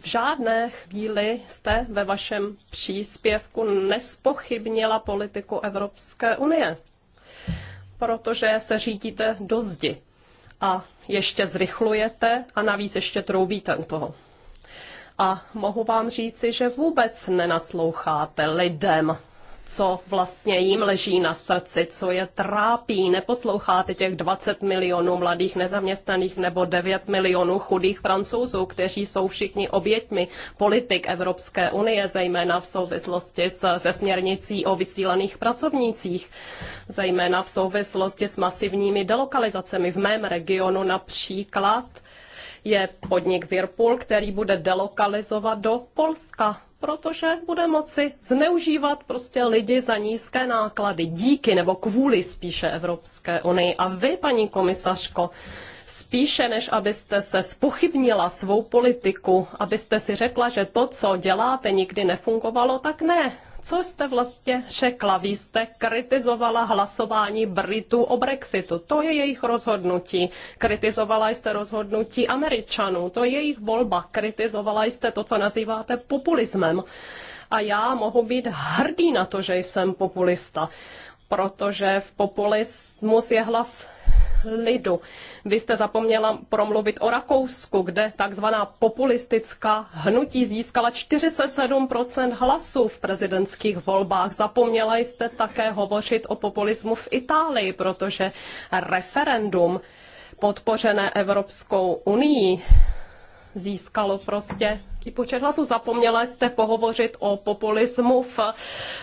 Speaker 3: v žádné chvíli jste ve vašem příspěvku nespochybnila politiku Evropské unie, protože se řídíte do zdi a ještě zrychlujete a navíc ještě troubíte u toho. A mohu vám říci, že vůbec nenasloucháte lidem, co vlastně jim leží na srdci, co je trápí. Neposloucháte těch 20 milionů mladých nezaměstnaných nebo 9 milionů chudých francouzů, kteří jsou všichni oběťmi politik Evropské unie, zejména v souvislosti s, se směrnicí o vysílaných pracovnících, zejména v souvislosti s masivními delokalizacemi v mém regionu například je podnik Virpul, který bude delokalizovat do Polska protože bude moci zneužívat prostě lidi za nízké náklady, díky nebo kvůli spíše Evropské unii. A vy, paní komisařko, spíše než abyste se spochybnila svou politiku, abyste si řekla, že to, co děláte, nikdy nefungovalo, tak ne. Co jste vlastně řekla? Vy jste kritizovala hlasování Britů o Brexitu. To je jejich rozhodnutí. Kritizovala jste rozhodnutí Američanů. To je jejich volba. Kritizovala jste to, co nazýváte populismem. A já mohu být hrdý na to, že jsem populista, protože v populismus je hlas lidu. Vy jste zapomněla promluvit o Rakousku, kde takzvaná populistická hnutí získala 47% hlasů v prezidentských volbách. Zapomněla jste také hovořit o populismu v Itálii, protože referendum podpořené Evropskou unii získalo prostě velký počet hlasů. Zapomněla jste pohovořit o populismu v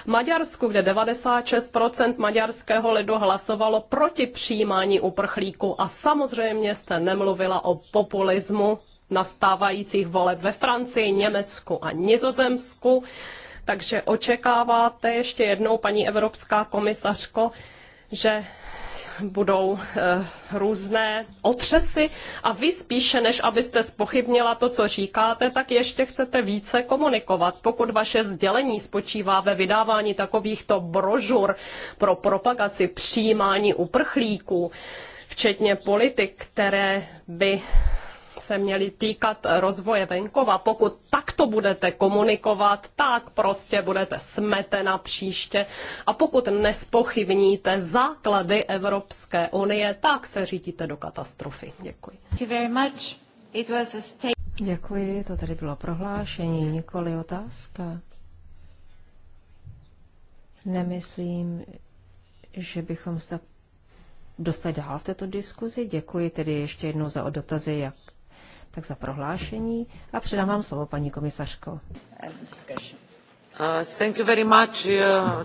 Speaker 3: Maďarsku, kde 96% maďarského lidu hlasovalo proti přijímání uprchlíků a samozřejmě jste nemluvila o populismu nastávajících voleb ve Francii, Německu a Nizozemsku. Takže očekáváte ještě jednou, paní Evropská komisařko, že budou eh, různé otřesy a vy spíše, než abyste spochybnila to, co říkáte, tak ještě chcete více komunikovat. Pokud vaše sdělení spočívá ve vydávání takovýchto brožur pro propagaci přijímání uprchlíků, včetně politik, které by se měly týkat rozvoje venkova. Pokud takto budete komunikovat, tak prostě budete smetena příště. A pokud nespochybníte základy Evropské unie, tak se řídíte do katastrofy. Děkuji.
Speaker 1: Děkuji, to tady bylo prohlášení, nikoli otázka. Nemyslím, že bychom se dostali dál v této diskuzi. Děkuji tedy ještě jednou za dotazy, jak tak za prohlášení a předám vám slovo, paní komisařko. Uh, uh,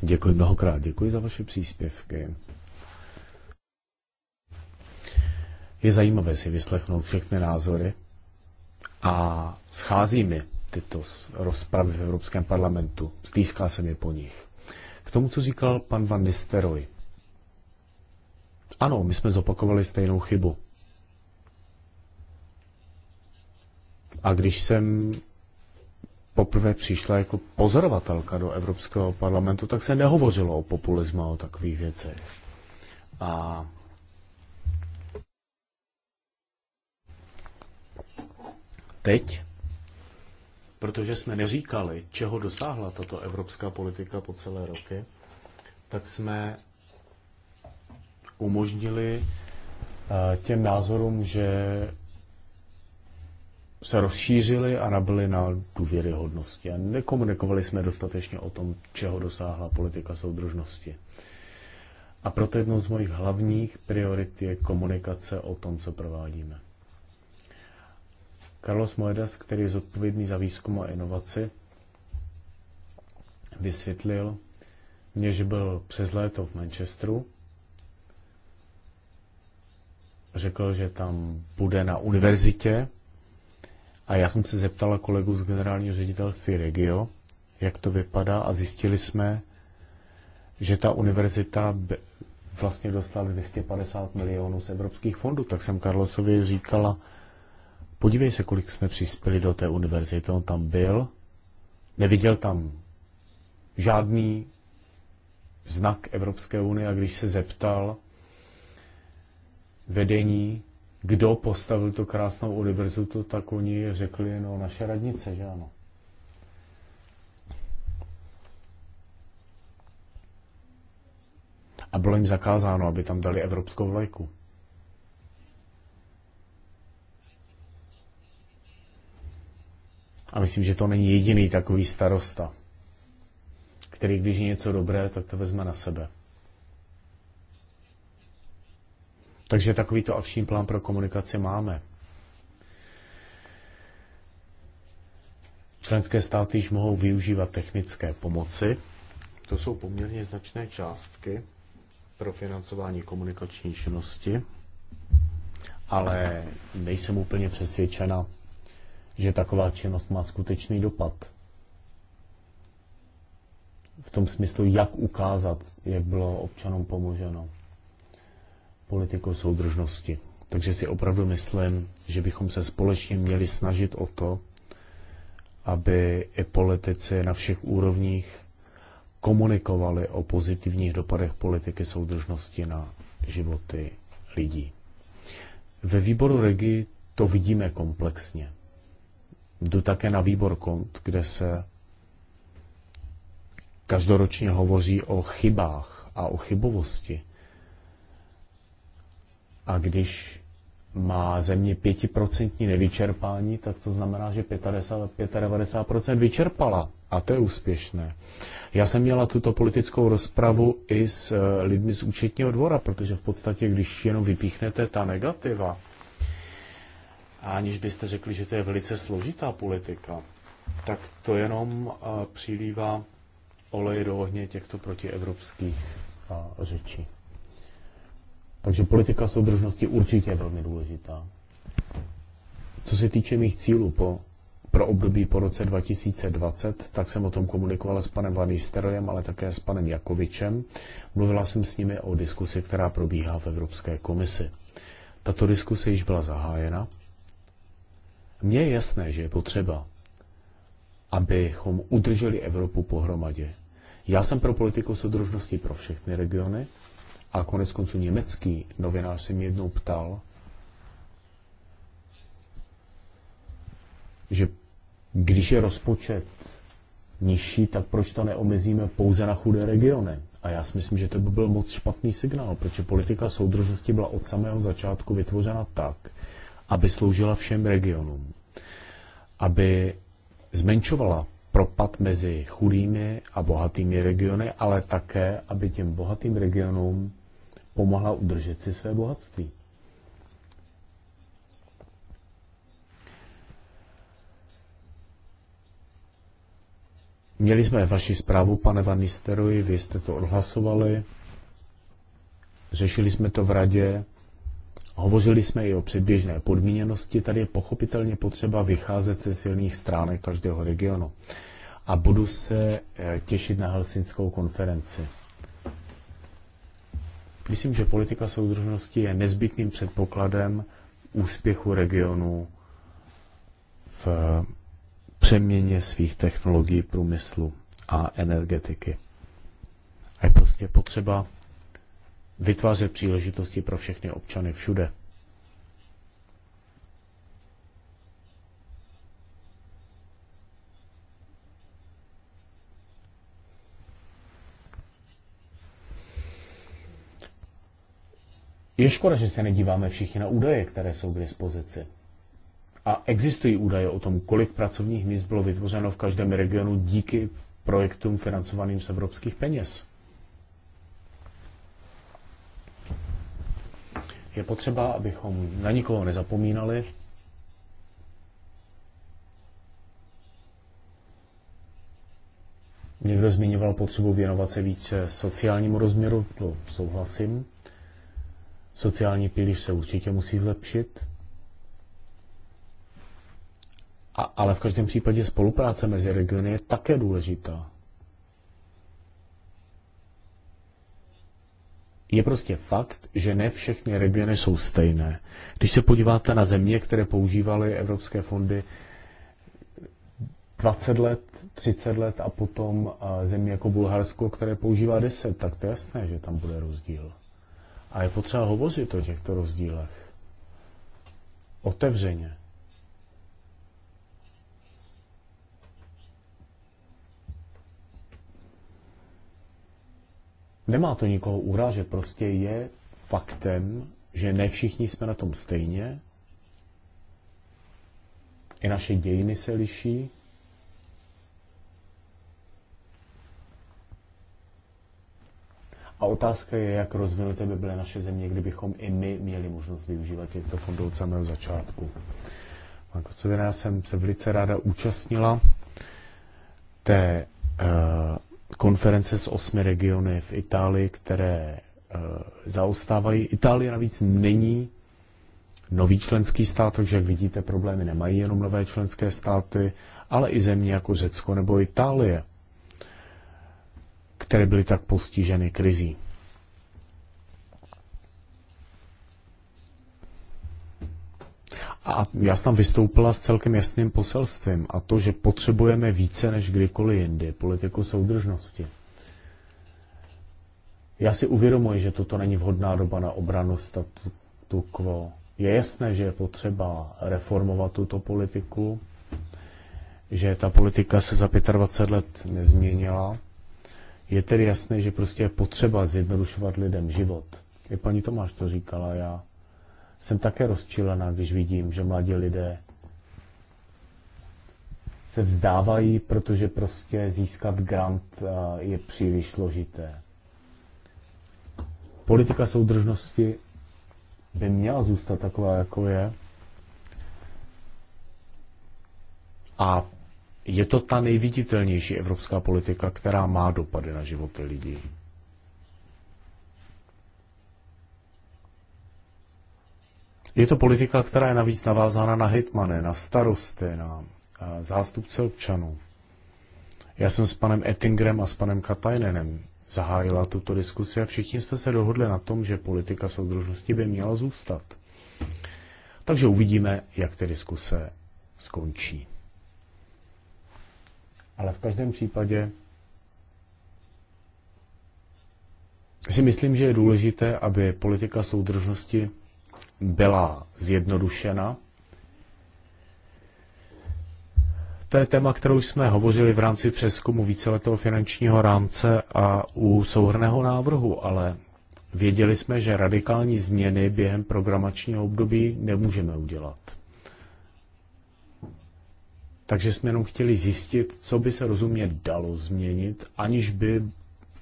Speaker 2: děkuji mnohokrát, děkuji za vaše příspěvky. Je zajímavé si vyslechnout všechny názory a schází mi tyto rozpravy v Evropském parlamentu. Stýská se mi po nich. K tomu, co říkal pan Van Nisteroj. Ano, my jsme zopakovali stejnou chybu. A když jsem poprvé přišla jako pozorovatelka do Evropského parlamentu, tak se nehovořilo o populismu a o takových věcech. A teď, protože jsme neříkali, čeho dosáhla tato evropská politika po celé roky, tak jsme umožnili eh, těm názorům, že se rozšířily a nabyly na důvěryhodnosti. A nekomunikovali jsme dostatečně o tom, čeho dosáhla politika soudržnosti. A proto jednou z mojich hlavních priorit je komunikace o tom, co provádíme. Carlos Moedas, který je zodpovědný za výzkum a inovaci, vysvětlil mě, že byl přes léto v Manchesteru. Řekl, že tam bude na univerzitě a já jsem se zeptala kolegu z generálního ředitelství Regio, jak to vypadá a zjistili jsme, že ta univerzita vlastně dostala 250 milionů z evropských fondů. Tak jsem Karlosovi říkala, podívej se, kolik jsme přispěli do té univerzity. On tam byl, neviděl tam žádný znak Evropské unie a když se zeptal vedení kdo postavil tu krásnou univerzitu, tak oni řekli, no naše radnice, že ano. A bylo jim zakázáno, aby tam dali evropskou vlajku. A myslím, že to není jediný takový starosta, který když je něco dobré, tak to vezme na sebe. Takže takovýto akční plán pro komunikaci máme. Členské státy již mohou využívat technické pomoci. To jsou poměrně značné částky pro financování komunikační činnosti, ale nejsem úplně přesvědčena, že taková činnost má skutečný dopad. V tom smyslu, jak ukázat, jak bylo občanům pomoženo politikou soudržnosti. Takže si opravdu myslím, že bychom se společně měli snažit o to, aby i politici na všech úrovních komunikovali o pozitivních dopadech politiky soudržnosti na životy lidí. Ve výboru Regi to vidíme komplexně. Jdu také na výbor kont, kde se každoročně hovoří o chybách a o chybovosti. A když má země 5% nevyčerpání, tak to znamená, že 95% vyčerpala. A to je úspěšné. Já jsem měla tuto politickou rozpravu i s eh, lidmi z účetního dvora, protože v podstatě, když jenom vypíchnete ta negativa, aniž byste řekli, že to je velice složitá politika, tak to jenom eh, přilívá olej do ohně těchto protievropských eh, řečí. Takže politika soudržnosti určitě je velmi důležitá. Co se týče mých cílů po, pro období po roce 2020, tak jsem o tom komunikovala s panem Van Isterojem, ale také s panem Jakovičem. Mluvila jsem s nimi o diskusi, která probíhá v Evropské komisi. Tato diskuse již byla zahájena. Mně je jasné, že je potřeba, abychom udrželi Evropu pohromadě. Já jsem pro politiku soudržnosti pro všechny regiony, a konec konců německý novinář se mě jednou ptal, že když je rozpočet nižší, tak proč to neomezíme pouze na chudé regiony? A já si myslím, že to by byl moc špatný signál, protože politika soudržnosti byla od samého začátku vytvořena tak, aby sloužila všem regionům, aby zmenšovala propad mezi chudými a bohatými regiony, ale také, aby těm bohatým regionům pomáhá udržet si své bohatství. Měli jsme vaši zprávu, pane Van Nisteroji, vy jste to odhlasovali, řešili jsme to v radě, hovořili jsme i o předběžné podmíněnosti, tady je pochopitelně potřeba vycházet ze silných stránek každého regionu. A budu se eh, těšit na Helsinskou konferenci. Myslím, že politika soudržnosti je nezbytným předpokladem úspěchu regionu v přeměně svých technologií, průmyslu a energetiky. A je prostě potřeba vytvářet příležitosti pro všechny občany všude. Je škoda, že se nedíváme všichni na údaje, které jsou k dispozici. A existují údaje o tom, kolik pracovních míst bylo vytvořeno v každém regionu díky projektům financovaným z evropských peněz. Je potřeba, abychom na nikoho nezapomínali. Někdo zmiňoval potřebu věnovat se více sociálnímu rozměru, to souhlasím. Sociální pilíř se určitě musí zlepšit, a, ale v každém případě spolupráce mezi regiony je také důležitá. Je prostě fakt, že ne všechny regiony jsou stejné. Když se podíváte na země, které používaly evropské fondy 20 let, 30 let a potom eh, země jako Bulharsko, které používá 10, tak to je jasné, že tam bude rozdíl. A je potřeba hovořit o těchto rozdílech. Otevřeně. Nemá to nikoho urážet, prostě je faktem, že ne všichni jsme na tom stejně. I naše dějiny se liší. A otázka je, jak rozvinuté by byly naše země, kdybychom i my měli možnost využívat těchto fondů od samého začátku. Pan Kocovina, jsem se velice ráda účastnila té eh, konference s osmi regiony v Itálii, které eh, zaostávají. Itálie navíc není nový členský stát, takže jak vidíte, problémy nemají jenom nové členské státy, ale i země jako Řecko nebo Itálie které byly tak postiženy krizí. A já jsem tam vystoupila s celkem jasným poselstvím a to, že potřebujeme více než kdykoliv jindy politiku soudržnosti. Já si uvědomuji, že toto není vhodná doba na obranu statu quo. Je jasné, že je potřeba reformovat tuto politiku, že ta politika se za 25 let nezměnila, je tedy jasné, že prostě je potřeba zjednodušovat lidem život. I paní Tomáš to říkala, já jsem také rozčilená, když vidím, že mladí lidé se vzdávají, protože prostě získat grant eh, je příliš složité. Politika soudržnosti by měla zůstat taková, jako je. A je to ta nejviditelnější evropská politika, která má dopady na životy lidí. Je to politika, která je navíc navázána na hitmany, na starosty, na eh, zástupce občanů. Já jsem s panem Ettingrem a s panem Katajnenem zahájila tuto diskusi a všichni jsme se dohodli na tom, že politika soudružnosti by měla zůstat. Takže uvidíme, jak ty diskuse skončí. Ale v každém případě si myslím, že je důležité, aby politika soudržnosti byla zjednodušena. To je téma, kterou jsme hovořili v rámci přeskumu víceletého finančního rámce a u souhrného návrhu, ale věděli jsme, že radikální změny během programačního období nemůžeme udělat. Takže jsme jenom chtěli zjistit, co by se rozumně dalo změnit, aniž by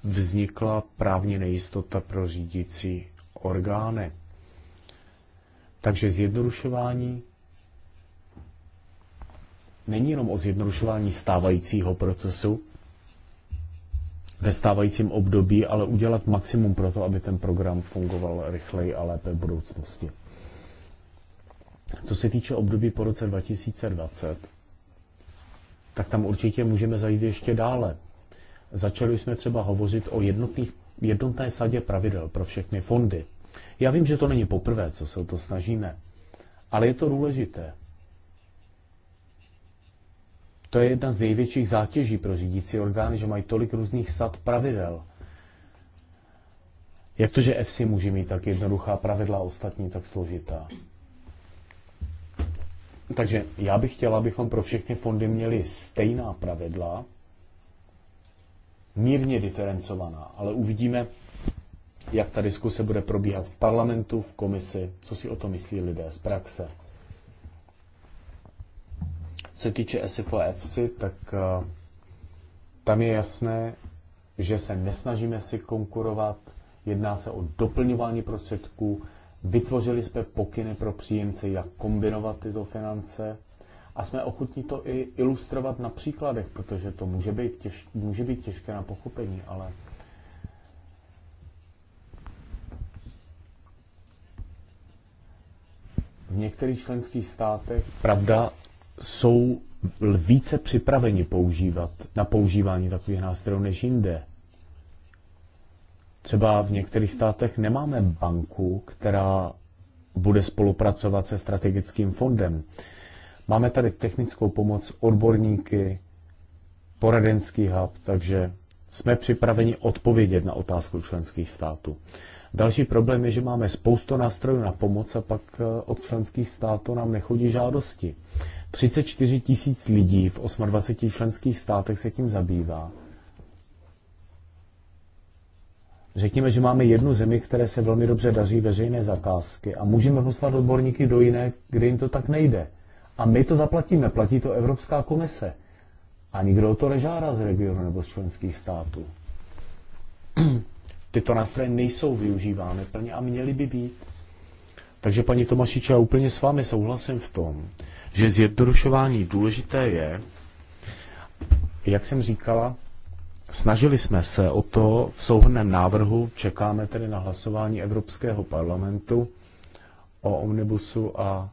Speaker 2: vznikla právní nejistota pro řídící orgány. Takže zjednodušování není jenom o zjednodušování stávajícího procesu ve stávajícím období, ale udělat maximum pro to, aby ten program fungoval rychleji a lépe v budoucnosti. Co se týče období po roce 2020, tak tam určitě můžeme zajít ještě dále. Začali jsme třeba hovořit o jednotných, jednotné sadě pravidel pro všechny fondy. Já vím, že to není poprvé, co se o to snažíme, ale je to důležité. To je jedna z největších zátěží pro řídící orgány, že mají tolik různých sad pravidel. Jak to, že FC může mít tak jednoduchá pravidla, ostatní tak složitá? Takže já bych chtěl, abychom pro všechny fondy měli stejná pravidla, mírně diferencovaná, ale uvidíme, jak ta diskuse bude probíhat v parlamentu, v komisi, co si o to myslí lidé z praxe. Se týče SFO a EFSI, tak eh, tam je jasné, že se nesnažíme si konkurovat, jedná se o doplňování prostředků, Vytvořili jsme pokyny pro příjemce, jak kombinovat tyto finance a jsme ochotní to i ilustrovat na příkladech, protože to může být, těž, může být těžké na pochopení, ale v některých členských státech, pravda, jsou více připraveni používat, na používání takových nástrojů než jinde. Třeba v některých státech nemáme banku, která bude spolupracovat se strategickým fondem. Máme tady technickou pomoc, odborníky, poradenský hub, takže jsme připraveni odpovědět na otázku členských států. Další problém je, že máme spoustu nástrojů na pomoc a pak eh, od členských států nám nechodí žádosti. 34 tisíc lidí v 28 členských státech se tím zabývá Řekněme, že máme jednu zemi, které se velmi dobře daří veřejné zakázky a můžeme poslat odborníky do jiné, kde jim to tak nejde. A my to zaplatíme, platí to Evropská komise. A nikdo to nežádá z regionu nebo z členských států. (clears throat) Tyto nástroje nejsou využívány plně a měly by být. Takže paní Tomašiče, já úplně s vámi souhlasím v tom, že zjednodušování důležité je, jak jsem říkala, Snažili jsme se o to v souhrném návrhu, čekáme tedy na hlasování Evropského parlamentu o omnibusu a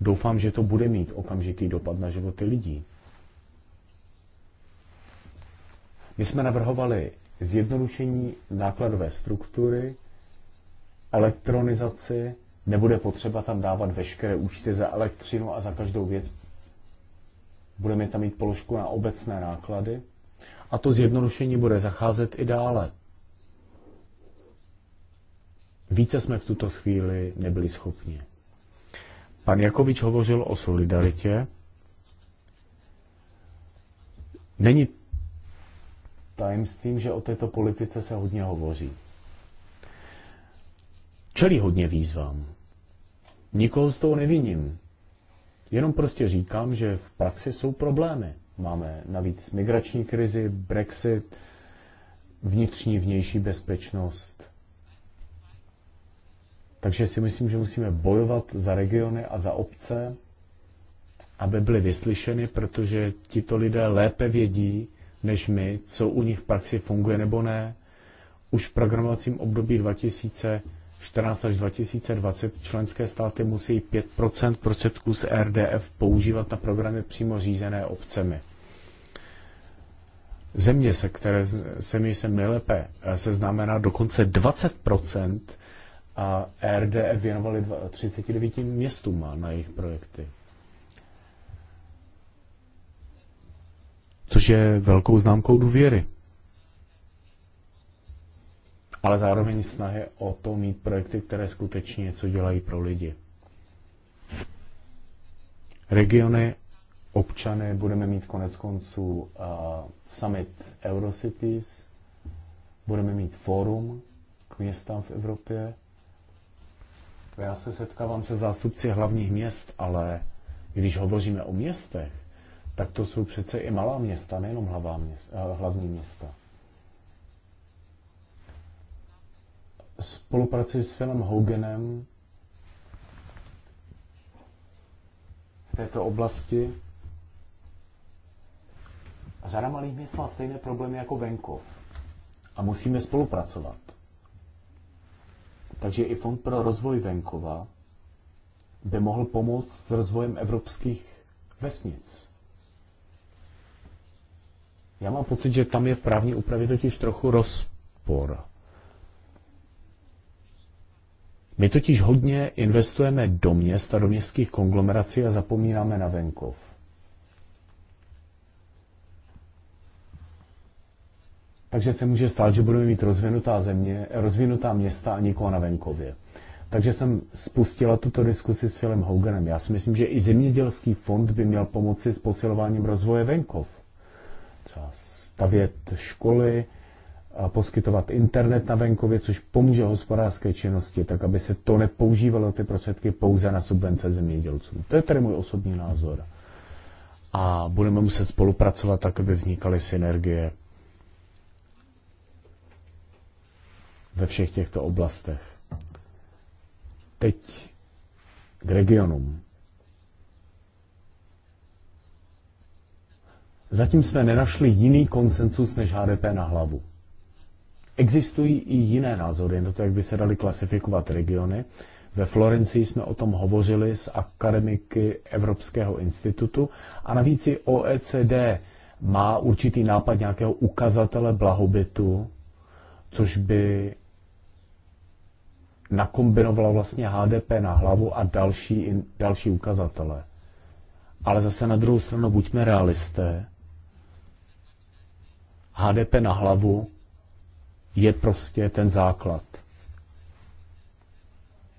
Speaker 2: doufám, že to bude mít okamžitý dopad na životy lidí. My jsme navrhovali zjednodušení nákladové struktury, elektronizaci, nebude potřeba tam dávat veškeré účty za elektřinu a za každou věc. Budeme tam mít položku na obecné náklady a to zjednodušení bude zacházet i dále. Více jsme v tuto chvíli nebyli schopni. Pan Jakovič hovořil o solidaritě. Není tajemstvím, že o této politice se hodně hovoří. Čelí hodně výzvám. Nikoho z toho neviním. Jenom prostě říkám, že v praxi jsou problémy. Máme navíc migrační krizi, Brexit, vnitřní, vnější bezpečnost. Takže si myslím, že musíme bojovat za regiony a za obce, aby byly vyslyšeny, protože tito lidé lépe vědí než my, co u nich v praxi funguje nebo ne. Už v programovacím období 2000 14 až 2020 členské státy musí 5 prostředků z RDF používat na programy přímo řízené obcemi. Země, se které se mi se nejlépe eh, seznámená, dokonce 20 a RDF věnovali 39 městům na jejich projekty. Což je velkou známkou důvěry ale zároveň snahy o to mít projekty, které skutečně něco dělají pro lidi. Regiony, občany, budeme mít konec konců uh, summit Eurocities, budeme mít fórum k městám v Evropě. Já se setkávám se zástupci hlavních měst, ale když hovoříme o městech, tak to jsou přece i malá města, nejenom hlavá města, eh, hlavní města. spolupráci s Filem Hoganem v této oblasti. Řada malých měst má stejné problémy jako venkov a musíme spolupracovat. Takže i Fond pro rozvoj venkova by mohl pomoct s rozvojem evropských vesnic. Já mám pocit, že tam je v právní úpravě totiž trochu rozpor. My totiž hodně investujeme do měst a do městských konglomerací a zapomínáme na venkov. Takže se může stát, že budeme mít rozvinutá země, rozvinutá města a nikoho na venkově. Takže jsem spustila tuto diskusi s Filem Hoganem. Já si myslím, že i zemědělský fond by měl pomoci s posilováním rozvoje venkov. Třeba stavět školy, poskytovat internet na venkově, což pomůže hospodářské činnosti, tak aby se to nepoužívalo ty prostředky pouze na subvence zemědělcům. To je tedy můj osobní názor. A budeme muset spolupracovat tak, aby vznikaly synergie ve všech těchto oblastech. Teď k regionům. Zatím jsme nenašli jiný konsensus než HDP na hlavu. Existují i jiné názory na to, jak by se daly klasifikovat regiony. Ve Florencii jsme o tom hovořili s akademiky Evropského institutu a navíc i OECD má určitý nápad nějakého ukazatele blahobytu, což by nakombinovala vlastně HDP na hlavu a další, další ukazatele. Ale zase na druhou stranu buďme realisté. HDP na hlavu je prostě ten základ.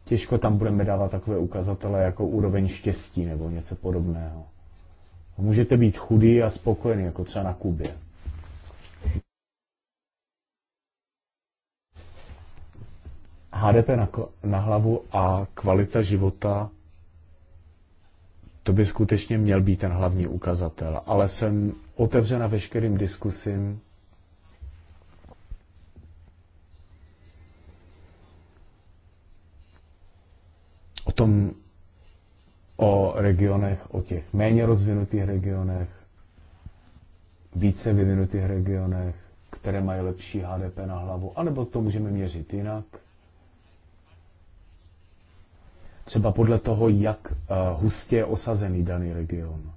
Speaker 2: Těžko tam budeme dávat takové ukazatele jako úroveň štěstí nebo něco podobného. Můžete být chudý a spokojený, jako třeba na Kubě. HDP na, na hlavu a kvalita života, to by skutečně měl být ten hlavní ukazatel. Ale jsem otevřena veškerým diskusím o tom, o regionech, o těch méně rozvinutých regionech, více vyvinutých regionech, které mají lepší HDP na hlavu, anebo to můžeme měřit jinak. Třeba podle toho, jak eh, hustě je osazený daný region,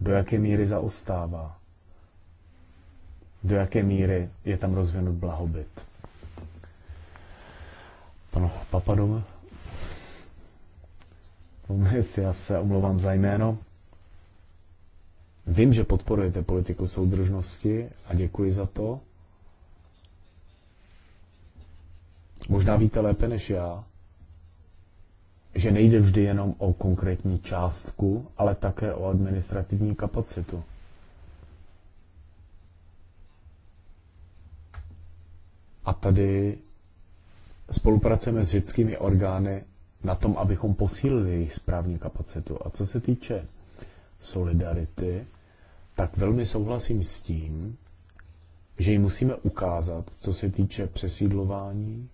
Speaker 2: do jaké míry zaostává, do jaké míry je tam rozvinut blahobyt. Pan Papadova? Gomez, já se omlouvám za jméno. Vím, že podporujete politiku soudržnosti a děkuji za to. Možná víte lépe než já, že nejde vždy jenom o konkrétní částku, ale také o administrativní kapacitu. A tady spolupracujeme s řeckými orgány na tom, abychom posílili jejich správní kapacitu. A co se týče solidarity, tak velmi souhlasím s tím, že ji musíme ukázat, co se týče přesídlování,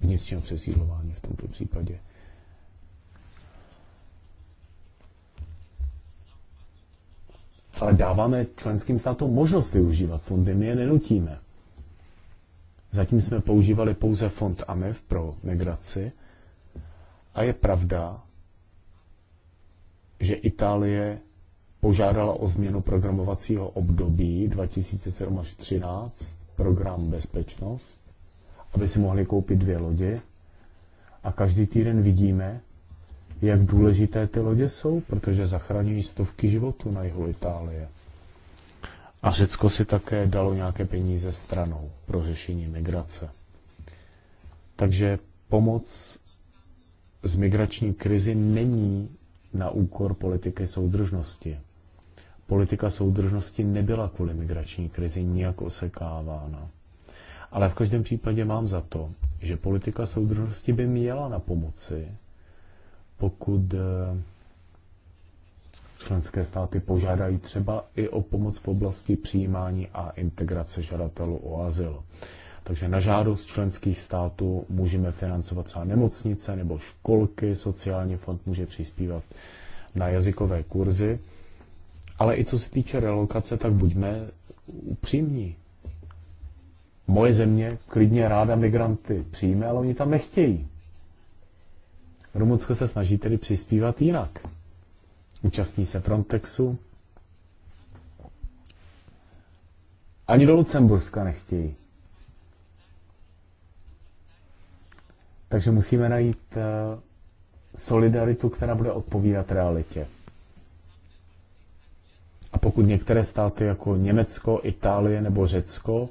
Speaker 2: vnitřního přesídlování v tomto případě. Ale dáváme členským státům možnost využívat fondy, my je nenutíme. Zatím jsme používali pouze fond AMIF pro migraci a je pravda, že Itálie požádala o změnu programovacího období 2007 až 2013, program Bezpečnost, aby si mohli koupit dvě lodě. A každý týden vidíme, jak důležité ty lodě jsou, protože zachraňují stovky životů na jihu Itálie. A Řecko si také dalo nějaké peníze stranou pro řešení migrace. Takže pomoc z migrační krizi není na úkor politiky soudržnosti. Politika soudržnosti nebyla kvůli migrační krizi nijak osekávána. Ale v každém případě mám za to, že politika soudržnosti by měla na pomoci, pokud eh, Členské státy požádají třeba i o pomoc v oblasti přijímání a integrace žadatelů o azyl. Takže na žádost členských států můžeme financovat třeba nemocnice nebo školky, sociální fond může přispívat na jazykové kurzy. Ale i co se týče relokace, tak buďme upřímní. Moje země klidně ráda migranty přijme, ale oni tam nechtějí. Rumunsko se snaží tedy přispívat jinak účastní se Frontexu. Ani do Lucemburska nechtějí. Takže musíme najít eh, solidaritu, která bude odpovídat realitě. A pokud některé státy jako Německo, Itálie nebo Řecko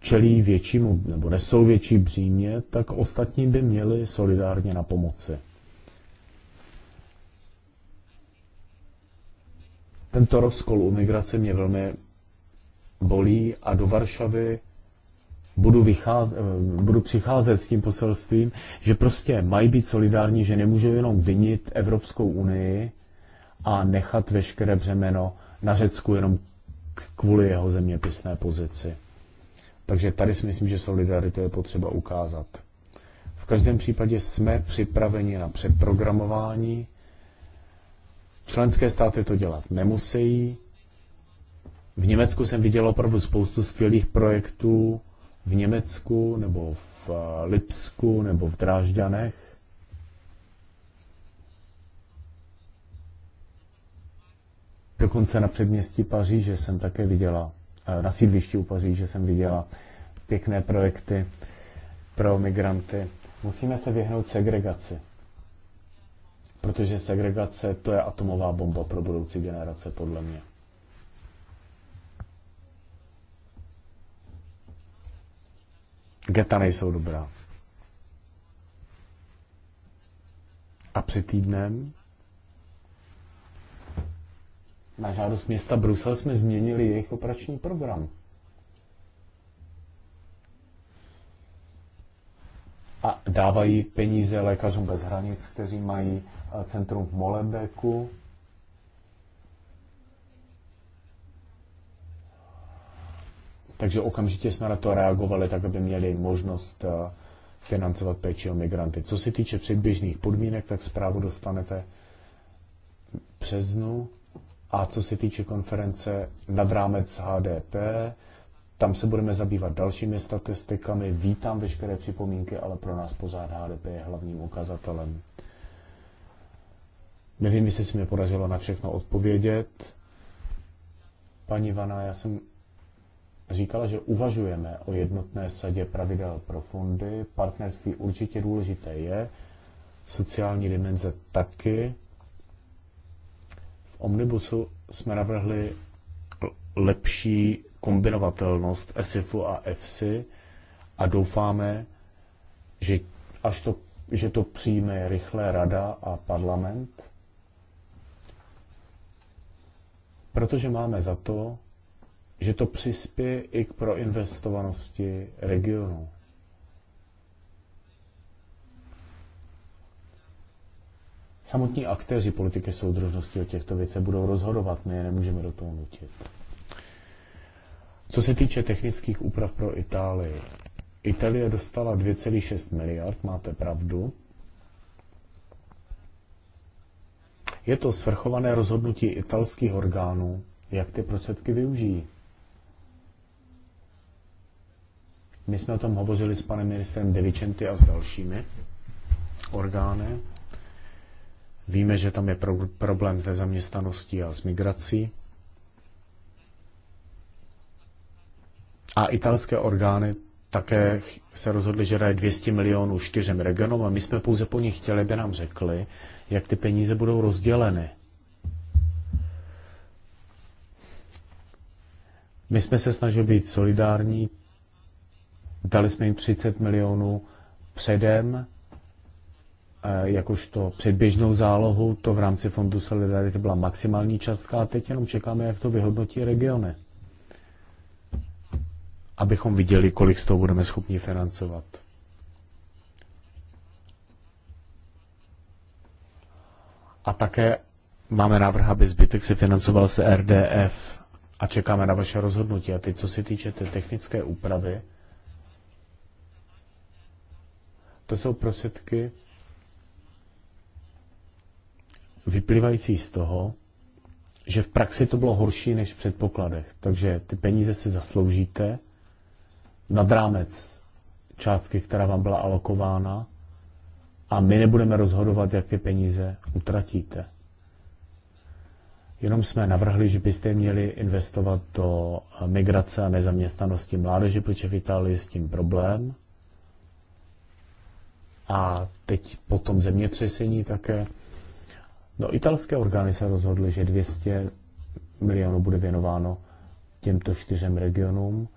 Speaker 2: čelí většímu nebo nesou větší břímě, tak ostatní by měli solidárně na pomoci. Tento rozkol u migrace mě velmi bolí a do Varšavy budu, vycházet, budu přicházet s tím poselstvím, že prostě mají být solidární, že nemůžou jenom vinit Evropskou unii a nechat veškeré břemeno na Řecku jenom kvůli jeho zeměpisné pozici. Takže tady si myslím, že solidaritu je potřeba ukázat. V každém případě jsme připraveni na přeprogramování Členské státy to dělat nemusí. V Německu jsem viděl opravdu spoustu skvělých projektů v Německu nebo v eh, Lipsku nebo v Drážďanech. Dokonce na předměstí Paříže jsem také viděla, eh, na sídlišti u Paříže jsem viděla pěkné projekty pro migranty. Musíme se vyhnout segregaci. Protože segregace to je atomová bomba pro budoucí generace, podle mě. Geta nejsou dobrá. A před týdnem na žádost města Brusel jsme změnili jejich operační program. a dávají peníze lékařům bez hranic, kteří mají eh, centrum v Molenbeku. Takže okamžitě jsme na to reagovali tak, aby měli možnost eh, financovat péči o migranty. Co se týče předběžných podmínek, tak zprávu dostanete dnu. A co se týče konference nad rámec HDP, tam se budeme zabývat dalšími statistikami. Vítám veškeré připomínky, ale pro nás pořád HDP je hlavním ukazatelem. Nevím, jestli se mi podařilo na všechno odpovědět. Paní Vana, já jsem říkala, že uvažujeme o jednotné sadě pravidel pro fondy. Partnerství určitě důležité je, sociální dimenze taky. V Omnibusu jsme navrhli lepší kombinovatelnost ESIFu a FSI a doufáme, že, až to, že to přijme rychle rada a parlament, protože máme za to, že to přispěje i k proinvestovanosti regionu. Samotní aktéři politiky soudržnosti o těchto věcech budou rozhodovat, my je nemůžeme do toho nutit. Co se týče technických úprav pro Itálii, Itálie dostala 2,6 miliard, máte pravdu. Je to svrchované rozhodnutí italských orgánů, jak ty prostředky využijí. My jsme o tom hovořili s panem ministrem Devičenty a s dalšími orgány. Víme, že tam je pro, problém se zaměstnaností a s migrací. A italské orgány také se rozhodli, že dají 200 milionů čtyřem regionům a my jsme pouze po nich chtěli, aby nám řekli, jak ty peníze budou rozděleny. My jsme se snažili být solidární, dali jsme jim 30 milionů předem, eh, jakožto předběžnou zálohu, to v rámci Fondu Solidarity byla maximální částka a teď jenom čekáme, jak to vyhodnotí regiony abychom viděli, kolik z toho budeme schopni financovat. A také máme návrh, aby zbytek se financoval se RDF a čekáme na vaše rozhodnutí. A teď, co se týče té technické úpravy, to jsou prostředky vyplývající z toho, že v praxi to bylo horší než v předpokladech. Takže ty peníze si zasloužíte, nad rámec částky, která vám byla alokována a my nebudeme rozhodovat, jak ty peníze utratíte. Jenom jsme navrhli, že byste měli investovat do eh, migrace a nezaměstnanosti mládeže, protože v Itálii s tím problém. A teď potom zemětřesení také. No, italské orgány se rozhodly, že 200 milionů bude věnováno těmto čtyřem regionům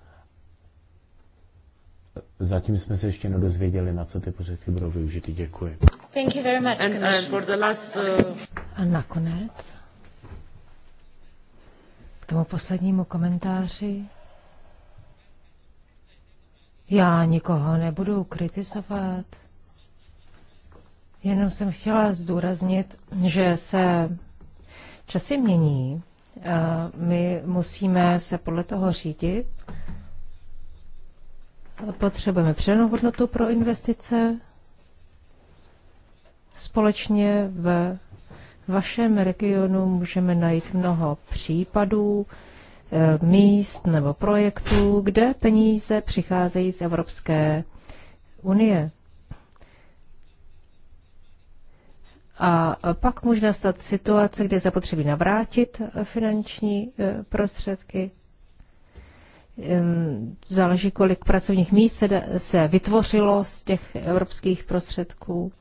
Speaker 2: Zatím jsme se ještě nedozvěděli, na co ty prostředky budou využity. Děkuji.
Speaker 1: Thank you very much, and, and for the last, uh... A nakonec k tomu poslednímu komentáři. Já nikoho nebudu kritizovat. Jenom jsem chtěla zdůraznit, že se časy mění. My musíme se podle toho řídit Potřebujeme přenou hodnotu pro investice společně v vašem regionu můžeme najít mnoho případů, eh, míst nebo projektů, kde peníze přicházejí z Evropské unie. A pak může nastat situace, kdy zapotřebí navrátit finanční eh, prostředky záleží, kolik pracovních míst se, se vytvořilo z těch evropských prostředků.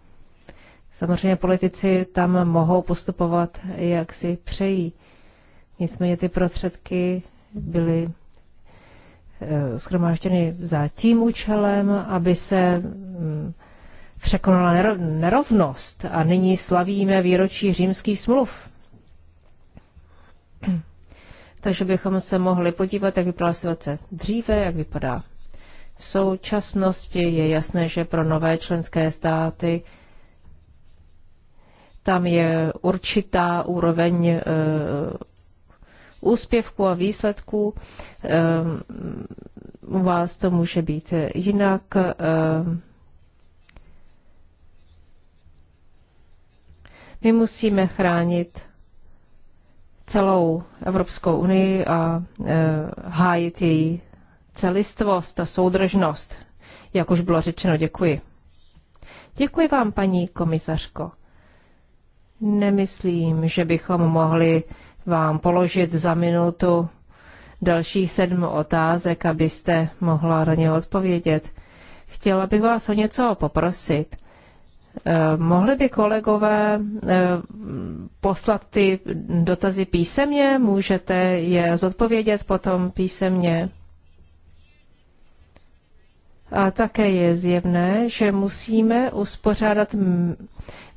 Speaker 1: Samozřejmě politici tam mohou postupovat, jak si přejí. Nicméně ty prostředky byly eh, schromážděny za tím účelem, aby se mm, překonala nerovnost a nyní slavíme výročí římských smluv takže bychom se mohli podívat, jak vypadala situace dříve, jak vypadá v současnosti. Je jasné, že pro nové členské státy tam je určitá úroveň uh, úspěvku a výsledků. E, u vás to může být jinak. E, my musíme chránit celou Evropskou unii a e, hájit její celistvost a soudržnost. Jak už bylo řečeno, děkuji. Děkuji vám, paní komisařko. Nemyslím, že bychom mohli vám položit za minutu dalších sedm otázek, abyste mohla na ně odpovědět. Chtěla bych vás o něco poprosit. Eh, mohli by kolegové eh, poslat ty dotazy písemně? Můžete je zodpovědět potom písemně? A také je zjevné, že musíme uspořádat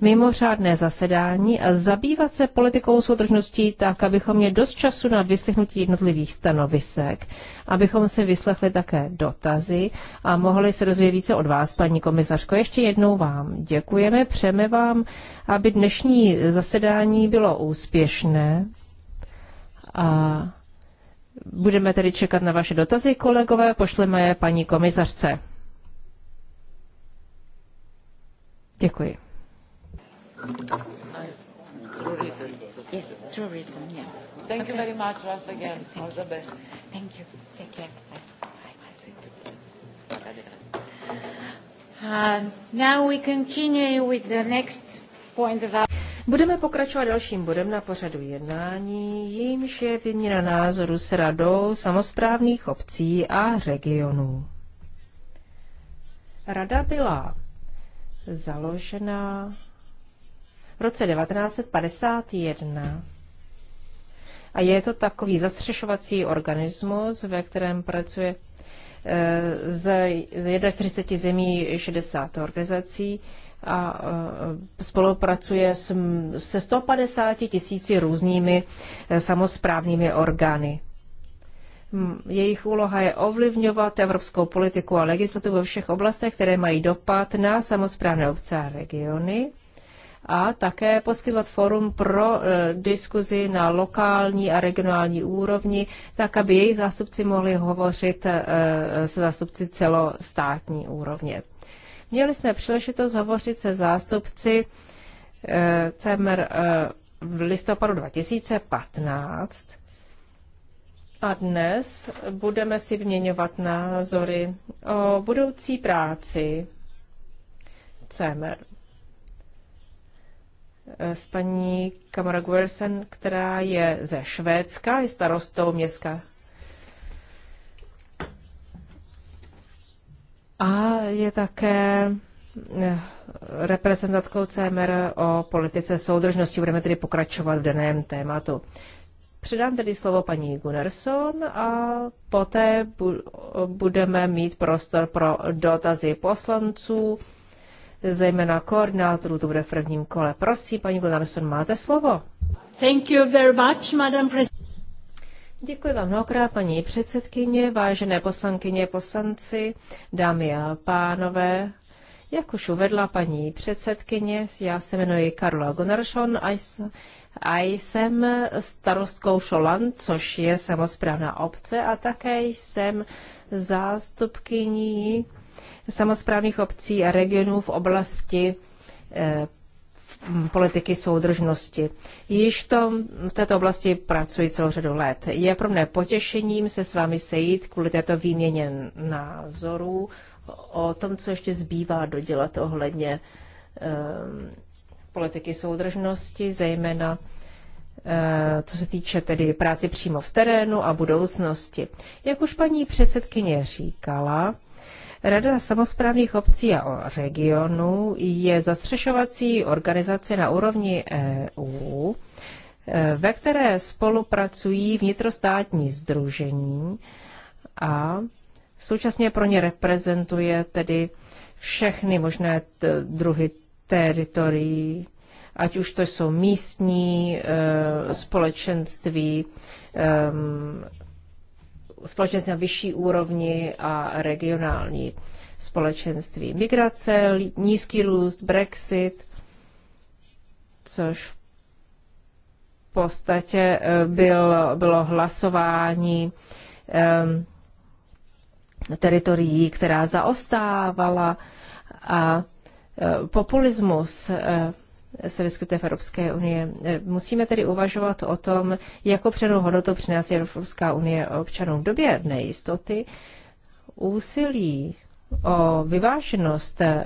Speaker 1: mimořádné zasedání a zabývat se politikou soudržností tak, abychom měli dost času na vyslechnutí jednotlivých stanovisek, abychom si vyslechli také dotazy a mohli se dozvědět více od vás, paní komisařko. Ještě jednou vám děkujeme, přejeme vám, aby dnešní zasedání bylo úspěšné. A Budeme tedy čekat na vaše dotazy, kolegové, pošleme je paní komisařce. Děkuji. Yes, yeah. Thank you very much once again. All the best. Thank you. Uh, now we continue with the next point of our... Budeme pokračovat dalším bodem na pořadu jednání, jímž je vyměna názoru s radou samozprávných obcí a regionů. Rada byla založena v roce 1951 a je to takový zastřešovací organismus, ve kterém pracuje eh, z 31 zemí 60 organizací a spolupracuje s, se 150 tisíci různými e, samozprávnými orgány. Jejich úloha je ovlivňovat evropskou politiku a legislativu ve všech oblastech, které mají dopad na samozprávné obce a regiony a také poskytovat forum pro e, diskuzi na lokální a regionální úrovni, tak aby její zástupci mohli hovořit e, e se zástupci celostátní úrovně. Měli jsme příležitost hovořit se zástupci eh, eh v listopadu 2015 a dnes budeme si vměňovat názory o budoucí práci CEMR eh, s paní Kamara Guersen, která je ze Švédska, je starostou města a je také eh, reprezentantkou CMR o politice soudržnosti. Budeme tedy pokračovat v daném tématu. Předám tedy slovo paní Gunnarsson a poté budeme mít prostor pro dotazy poslanců, zejména koordinátorů, to bude v prvním kole. Prosím, paní Gunnarsson, máte slovo. Thank you very much, Madam President. Děkuji vám mnohokrát, paní předsedkyně, vážené poslankyně, poslanci, dámy a pánové. Jak už uvedla paní předsedkyně, já se jmenuji Karla Gunnarsson a jsem starostkou Šolan, což je samozprávná obce a také jsem zástupkyní samozprávných obcí a regionů v oblasti eh, Mm, politiky soudržnosti. Již to, v této oblasti pracuji celou řadu let. Je pro mne potěšením se s vámi sejít kvůli této výměně názorů o tom, co ještě zbývá dodělat ohledně eh, politiky soudržnosti, zejména eh, co se týče tedy práci přímo v terénu a budoucnosti. Jak už paní předsedkyně říkala, Rada samozprávných obcí a regionů je zastřešovací organizace na úrovni EU, e, ve které spolupracují vnitrostátní združení a současně pro ně reprezentuje tedy všechny možné druhy teritorií, ať už to jsou místní e, společenství, e, společenství na vyšší úrovni a regionální společenství. Migrace, nízký růst, Brexit, což v podstatě eh, byl, bylo hlasování um, teritorií, která zaostávala a eh, populismus eh, se vyskytuje v Evropské unie. Eh, musíme tedy uvažovat o tom, jakou přednou hodnotu přináší Evropská unie občanům v době nejistoty. Úsilí o vyváženost eh,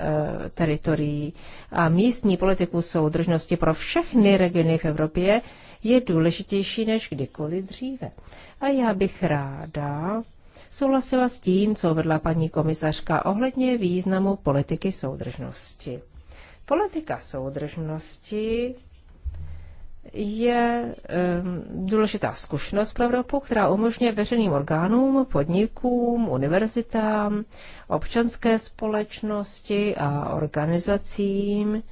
Speaker 1: teritorií a místní politiku soudržnosti pro všechny regiony v Evropě je důležitější než kdykoliv dříve. A já bych ráda souhlasila s tím, co vedla paní komisařka ohledně významu politiky soudržnosti. Politika soudržnosti je um, důležitá zkušenost pro Evropu, která umožňuje veřejným orgánům, podnikům, univerzitám, občanské společnosti a organizacím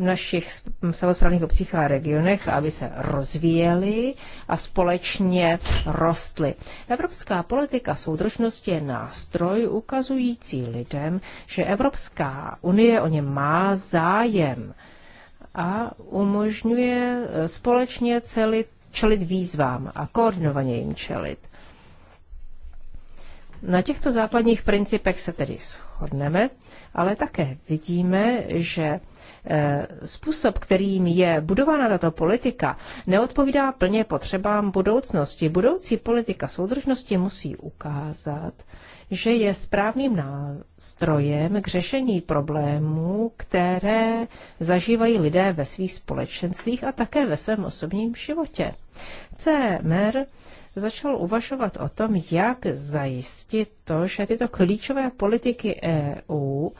Speaker 1: v našich samozprávných obcích a regionech, aby se rozvíjely a společně rostly. Evropská politika soudržnosti je nástroj ukazující lidem, že Evropská unie o ně má zájem a umožňuje eh, společně celit, čelit výzvám a koordinovaně jim čelit. Na těchto základních principech se tedy shodneme, ale také vidíme, že Eh, způsob, kterým je budována tato politika, neodpovídá plně potřebám budoucnosti. Budoucí politika soudržnosti musí ukázat, že je správným nástrojem k řešení problémů, které zažívají lidé ve svých společenstvích a také ve svém osobním životě. CMR začal uvažovat o tom, jak zajistit to, že tyto klíčové politiky EU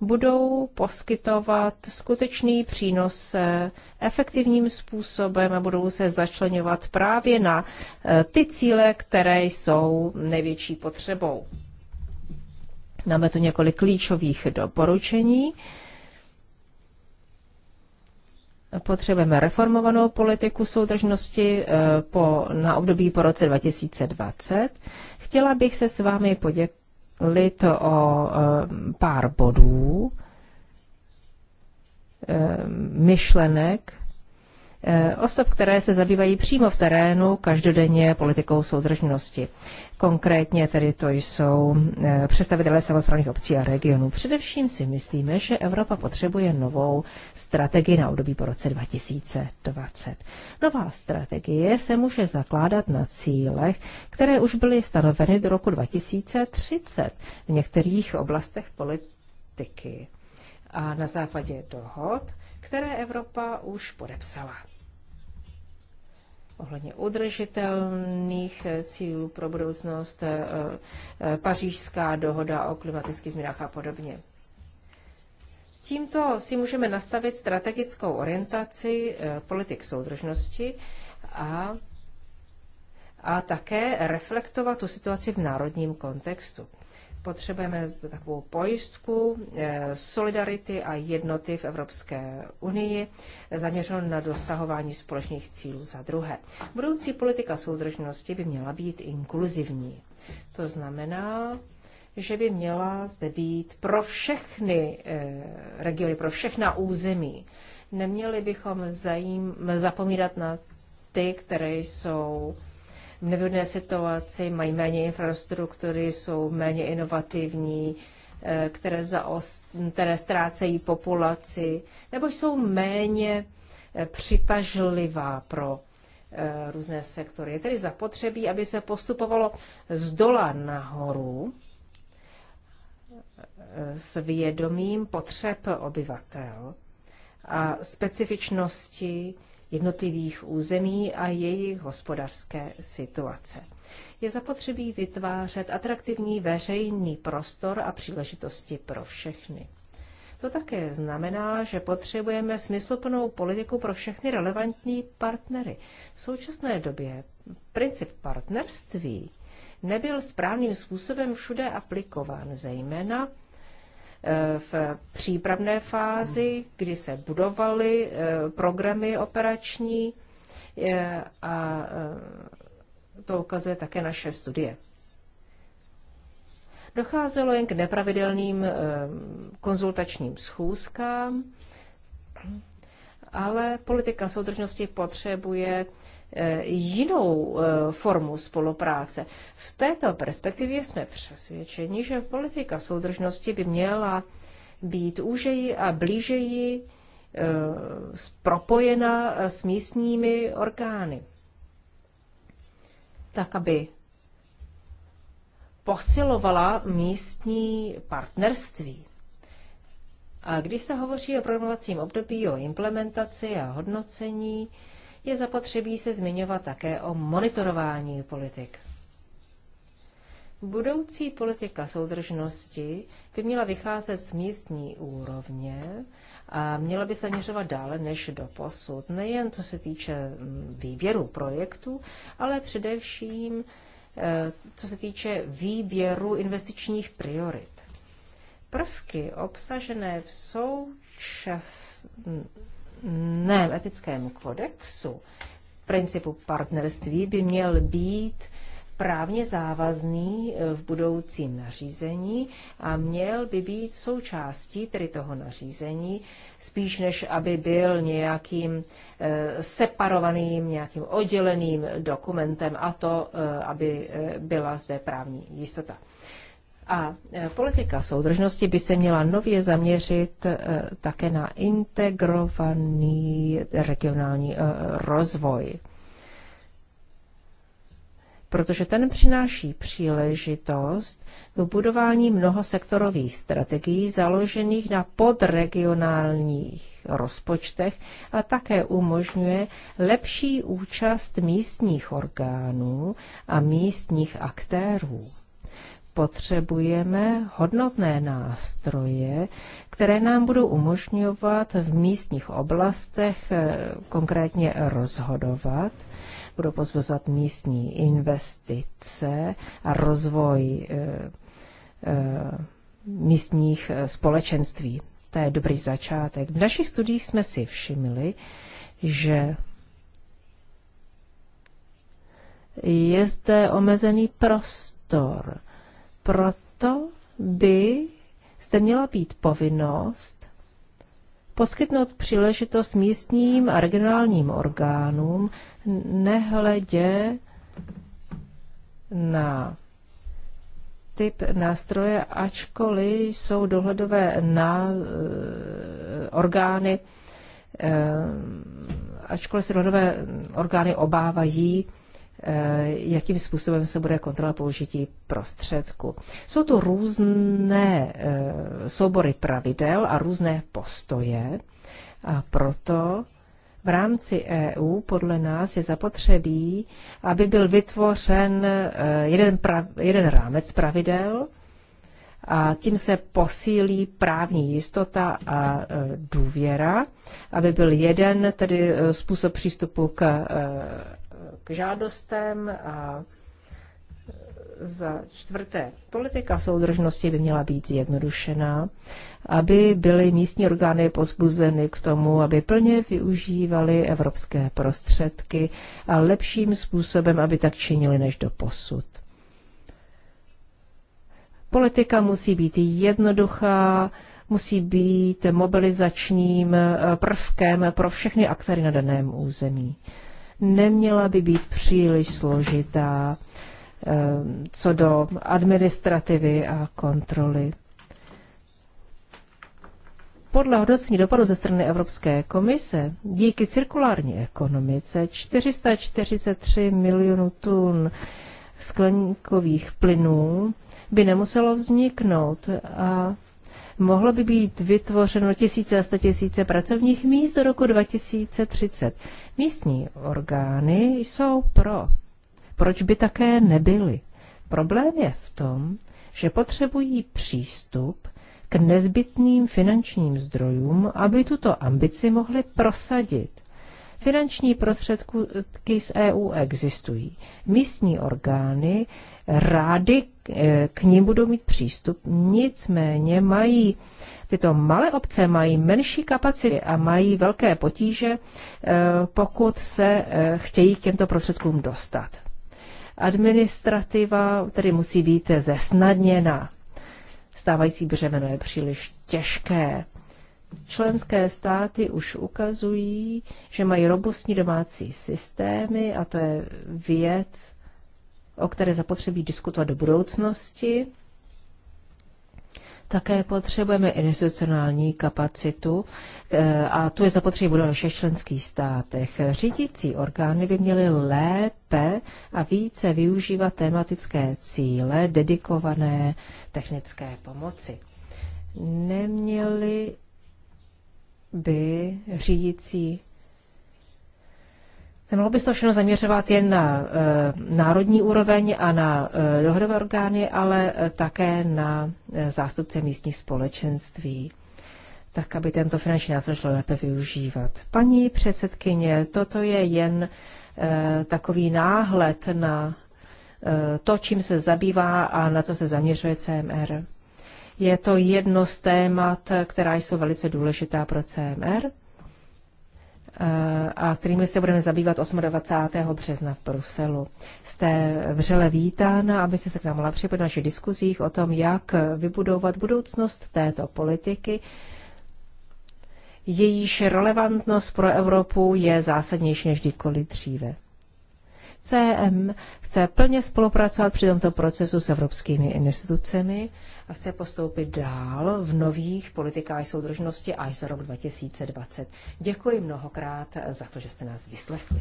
Speaker 1: budou poskytovat skutečný přínos eh, efektivním způsobem a budou se začlenovat právě na eh, ty cíle, které jsou největší potřebou. Máme tu několik klíčových doporučení. Potřebujeme reformovanou politiku soudržnosti eh, po, na období po roce 2020. Chtěla bych se s vámi poděk, lid o e, pár bodů, e, myšlenek, e, osob, které se zabývají přímo v terénu každodenně politikou soudržnosti. Konkrétně tedy to jsou e, představitelé samozprávných obcí a regionů. Především si myslíme, že Evropa potřebuje novou strategii na období po roce 2020. Nová strategie se může zakládat na cílech, které už byly stanoveny do roku 2030 v některých oblastech politiky a na základě dohod, které Evropa už podepsala ohledně udržitelných eh, cílů pro budoucnost, eh, eh, pařížská dohoda o klimatických změnách a podobně. Tímto si můžeme nastavit strategickou orientaci politik soudržnosti a a také reflektovat tu situaci v národním kontextu. Potřebujeme takovou pojistku eh, solidarity a jednoty v Evropské unii, zaměřenou na dosahování společných cílů za druhé. Budoucí politika soudržnosti by měla být inkluzivní. To znamená, že by měla zde být pro všechny eh, regiony, pro všechna území. Neměli bychom zajím, zapomínat na ty, které jsou v nevhodné situaci, mají méně infrastruktury, jsou méně inovativní, eh, které, zaost, které ztrácejí populaci, nebo jsou méně eh, přitažlivá pro eh, různé sektory. Je tedy zapotřebí, aby se postupovalo z dola nahoru s vědomím potřeb obyvatel a specifičnosti jednotlivých území a jejich hospodářské situace. Je zapotřebí vytvářet atraktivní veřejný prostor a příležitosti pro všechny. To také znamená, že potřebujeme smysluplnou politiku pro všechny relevantní partnery. V současné době princip partnerství nebyl správným způsobem všude aplikován, zejména Eh, v přípravné fázi, kdy se budovaly eh, programy operační eh, a to ukazuje také naše studie. Docházelo jen k nepravidelným konzultačním schůzkám, ale politika soudržnosti potřebuje Eh, jinou eh, formu spolupráce. V této perspektivě jsme přesvědčeni, že politika soudržnosti by měla být úžeji a blížeji eh, propojena s místními orgány. Tak, aby posilovala místní partnerství. A když se hovoří o programovacím období, o implementaci a hodnocení, je zapotřebí se zmiňovat také o monitorování politik. Budoucí politika soudržnosti by měla vycházet z místní úrovně a měla by se měřovat dále než do posud, nejen co se týče mm, výběru projektů, ale především eh, co se týče výběru investičních priorit. Prvky obsažené v současné ném etickému kodexu principu partnerství by měl být právně závazný eh, v budoucím nařízení a měl by být součástí tedy toho nařízení, spíš než aby byl nějakým eh, separovaným, nějakým odděleným dokumentem a to, eh, aby byla zde právní jistota. A e, politika soudržnosti by se měla nově zaměřit e, také na integrovaný regionální e, rozvoj. Protože ten přináší příležitost k budování mnohosektorových strategií založených na podregionálních rozpočtech a také umožňuje lepší účast místních orgánů a místních aktérů potřebujeme hodnotné nástroje, které nám budou umožňovat v místních oblastech eh, konkrétně rozhodovat, budou pozbuzovat místní investice a rozvoj eh, eh, místních společenství. To je dobrý začátek. V našich studiích jsme si všimli, že je zde omezený prostor proto by zde měla být povinnost poskytnout příležitost místním a regionálním orgánům, nehledě na typ nástroje, ačkoliv jsou dohledové na, eh, orgány, eh, ačkoliv se dohledové orgány obávají Eh, jakým způsobem se bude kontrola použití prostředku. Jsou to různé eh, soubory pravidel a různé postoje a proto v rámci EU podle nás je zapotřebí, aby byl vytvořen eh, jeden, prav, jeden rámec pravidel a tím se posílí právní jistota a důvěra, aby byl jeden tedy způsob přístupu k k žádostem a za čtvrté, politika soudržnosti by měla být zjednodušená, aby byly místní orgány pozbuzeny k tomu, aby plně využívaly evropské prostředky a lepším způsobem, aby tak činili než do posud. Politika musí být jednoduchá, musí být mobilizačním prvkem pro všechny aktéry na daném území neměla by být příliš složitá ehm, co do administrativy a kontroly. Podle hodnocení dopadu ze strany Evropské komise díky cirkulární ekonomice 443 milionů tun skleníkových plynů by nemuselo vzniknout a mohlo by být vytvořeno tisíce a tisíce pracovních míst do roku 2030. Místní orgány jsou pro. Proč by také nebyly? Problém je v tom, že potřebují přístup k nezbytným finančním zdrojům, aby tuto ambici mohli prosadit. Finanční prostředky z EU existují. Místní orgány rády e, k ním budou mít přístup, nicméně mají tyto malé obce mají menší kapacity a mají velké potíže, e, pokud se e, chtějí k těmto prostředkům dostat. Administrativa tedy musí být zesnadněna. Stávající břemeno je příliš těžké Členské státy už ukazují, že mají robustní domácí systémy a to je věc, o které zapotřebí diskutovat do budoucnosti. Také potřebujeme institucionální kapacitu eh, a tu je zapotřebí budovat ve všech členských státech. Řídící orgány by měly lépe a více využívat tematické cíle dedikované technické pomoci. Neměli by řídící Nemohlo by se všechno zaměřovat jen na e, národní úroveň a na e, dohodové orgány, ale e, také na e, zástupce místních společenství, tak aby tento finanční nástroj šlo lépe využívat. Paní předsedkyně, toto je jen e, takový náhled na e, to, čím se zabývá a na co se zaměřuje CMR. Je to jedno z témat, která jsou velice důležitá pro CMR eh, a kterými se budeme zabývat 28. března v Bruselu. Jste vřele vítána, aby se k nám mohla připojit našich diskuzích o tom, jak vybudovat budoucnost této politiky, jejíž relevantnost pro Evropu je zásadnější než kdykoliv dříve. CM chce plně spolupracovat při tomto procesu s evropskými institucemi a chce postoupit dál v nových politikách soudržnosti až za rok 2020. Děkuji mnohokrát za to, že jste nás vyslechli.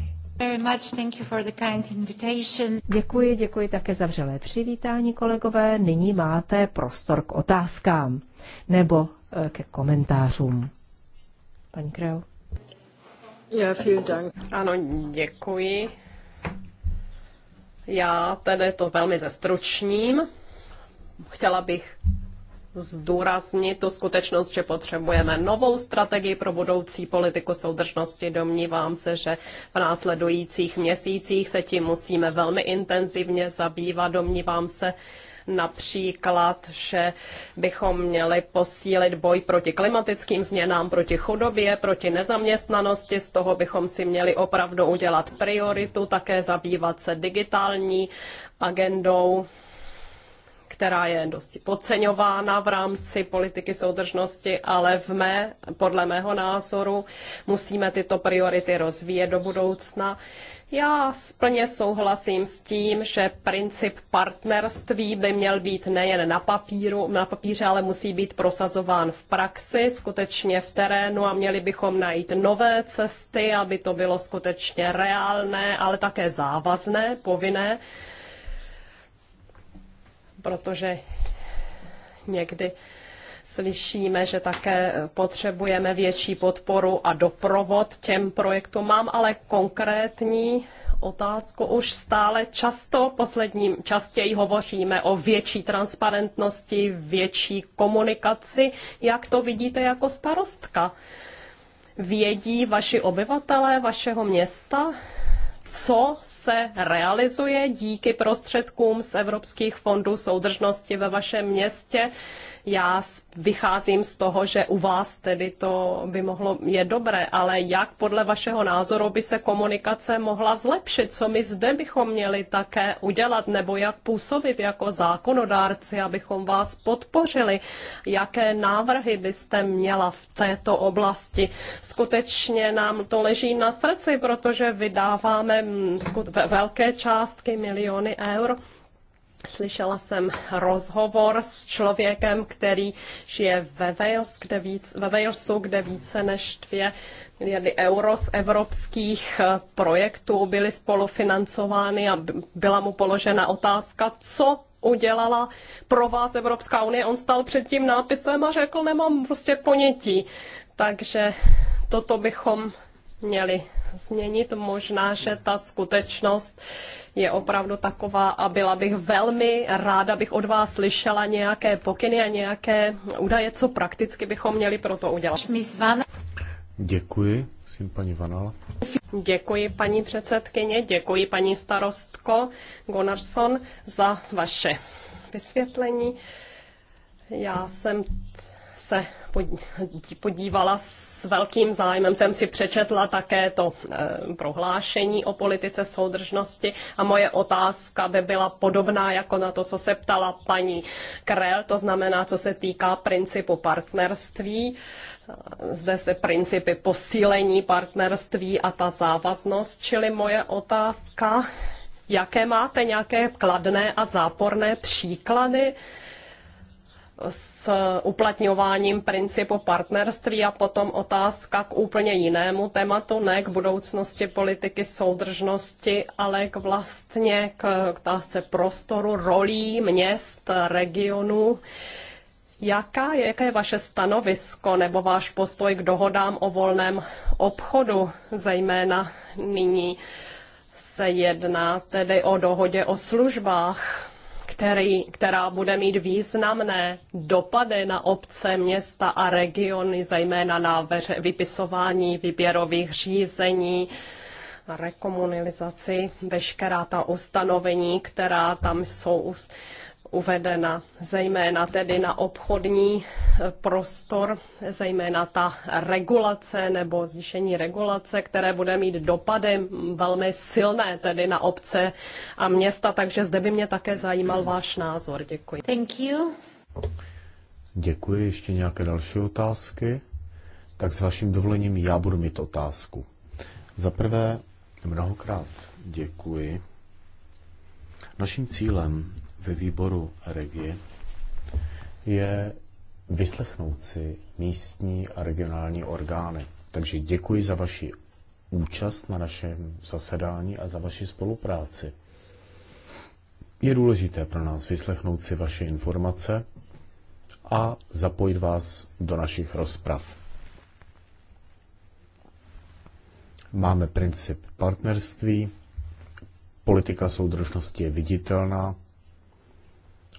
Speaker 1: Děkuji, děkuji také za vřelé přivítání, kolegové. Nyní máte prostor k otázkám nebo eh, ke komentářům. Paní Kreu.
Speaker 3: Já, vielen Dank. Ano, děkuji já tedy to velmi zestručním. Chtěla bych zdůraznit tu skutečnost, že potřebujeme novou strategii pro budoucí politiku soudržnosti. Domnívám se, že v následujících měsících se tím musíme velmi intenzivně zabývat. Domnívám se, například, že bychom měli posílit boj proti klimatickým změnám, proti chudobě, proti nezaměstnanosti, z toho bychom si měli opravdu udělat prioritu, také zabývat se digitální agendou která je dosti podceňována v rámci politiky soudržnosti, ale v mé, podle mého názoru musíme tyto priority rozvíjet do budoucna. Já plně souhlasím s tím, že princip partnerství by měl být nejen na, papíru, na papíře, ale musí být prosazován v praxi, skutečně v terénu a měli bychom najít nové cesty, aby to bylo skutečně reálné, ale také závazné, povinné protože někdy slyšíme, že také potřebujeme větší podporu a doprovod těm projektům. Mám ale konkrétní otázku. Už stále často, posledním častěji hovoříme o větší transparentnosti, větší komunikaci. Jak to vidíte jako starostka? Vědí vaši obyvatelé vašeho města co se realizuje díky prostředkům z evropských fondů soudržnosti ve vašem městě, já vycházím z toho, že u vás tedy to by mohlo, je dobré, ale jak podle vašeho názoru by se komunikace mohla zlepšit? Co my zde bychom měli také udělat, nebo jak působit jako zákonodárci, abychom vás podpořili? Jaké návrhy byste měla v této oblasti? Skutečně nám to leží na srdci, protože vydáváme velké částky, miliony eur Slyšela jsem rozhovor s člověkem, který žije ve, Wales, kde víc, ve Walesu, kde více než dvě miliardy euro z evropských eh, projektů byly spolufinancovány a byla mu položena otázka, co udělala pro vás Evropská unie. On stal před tím nápisem a řekl, nemám prostě ponětí. Takže toto bychom měli změnit. Možná, že ta skutečnost je opravdu taková a byla bych velmi ráda, bych od vás slyšela nějaké pokyny a nějaké údaje, co prakticky bychom měli pro to udělat.
Speaker 2: Děkuji, syn paní Vanala.
Speaker 3: Děkuji, paní předsedkyně, děkuji, paní starostko Gonarson, za vaše vysvětlení. Já jsem se podívala s velkým zájmem, jsem si přečetla také to eh, prohlášení o politice soudržnosti a moje otázka by byla podobná jako na to, co se ptala paní Krel, to znamená, co se týká principu partnerství. Eh, zde se principy posílení partnerství a ta závaznost, čili moje otázka, jaké máte nějaké kladné a záporné příklady, s uplatňováním principu partnerství a potom otázka k úplně jinému tématu, ne k budoucnosti politiky soudržnosti, ale k vlastně k otázce prostoru, rolí měst, regionů. Jaká je, jaké je vaše stanovisko nebo váš postoj k dohodám o volném obchodu, zejména nyní se jedná tedy o dohodě o službách? který, která bude mít významné dopady na obce, města a regiony, zejména na veře, vypisování výběrových řízení, rekomunalizaci, veškerá ta ustanovení, která tam jsou uvedena, zejména tedy na obchodní eh, prostor, zejména ta regulace nebo zvýšení regulace, které bude mít dopady velmi silné tedy na obce a města, takže zde by mě také zajímal váš názor. Děkuji. Thank you.
Speaker 2: Děkuji. Ještě nějaké další otázky? Tak s vaším dovolením já budu mít otázku. Za prvé, mnohokrát děkuji. Naším cílem ve výboru regie je vyslechnout si místní a regionální orgány. Takže děkuji za vaši účast na našem zasedání a za vaši spolupráci. Je důležité pro nás vyslechnout si vaše informace a zapojit vás do našich rozprav. Máme princip partnerství, politika soudržnosti je viditelná,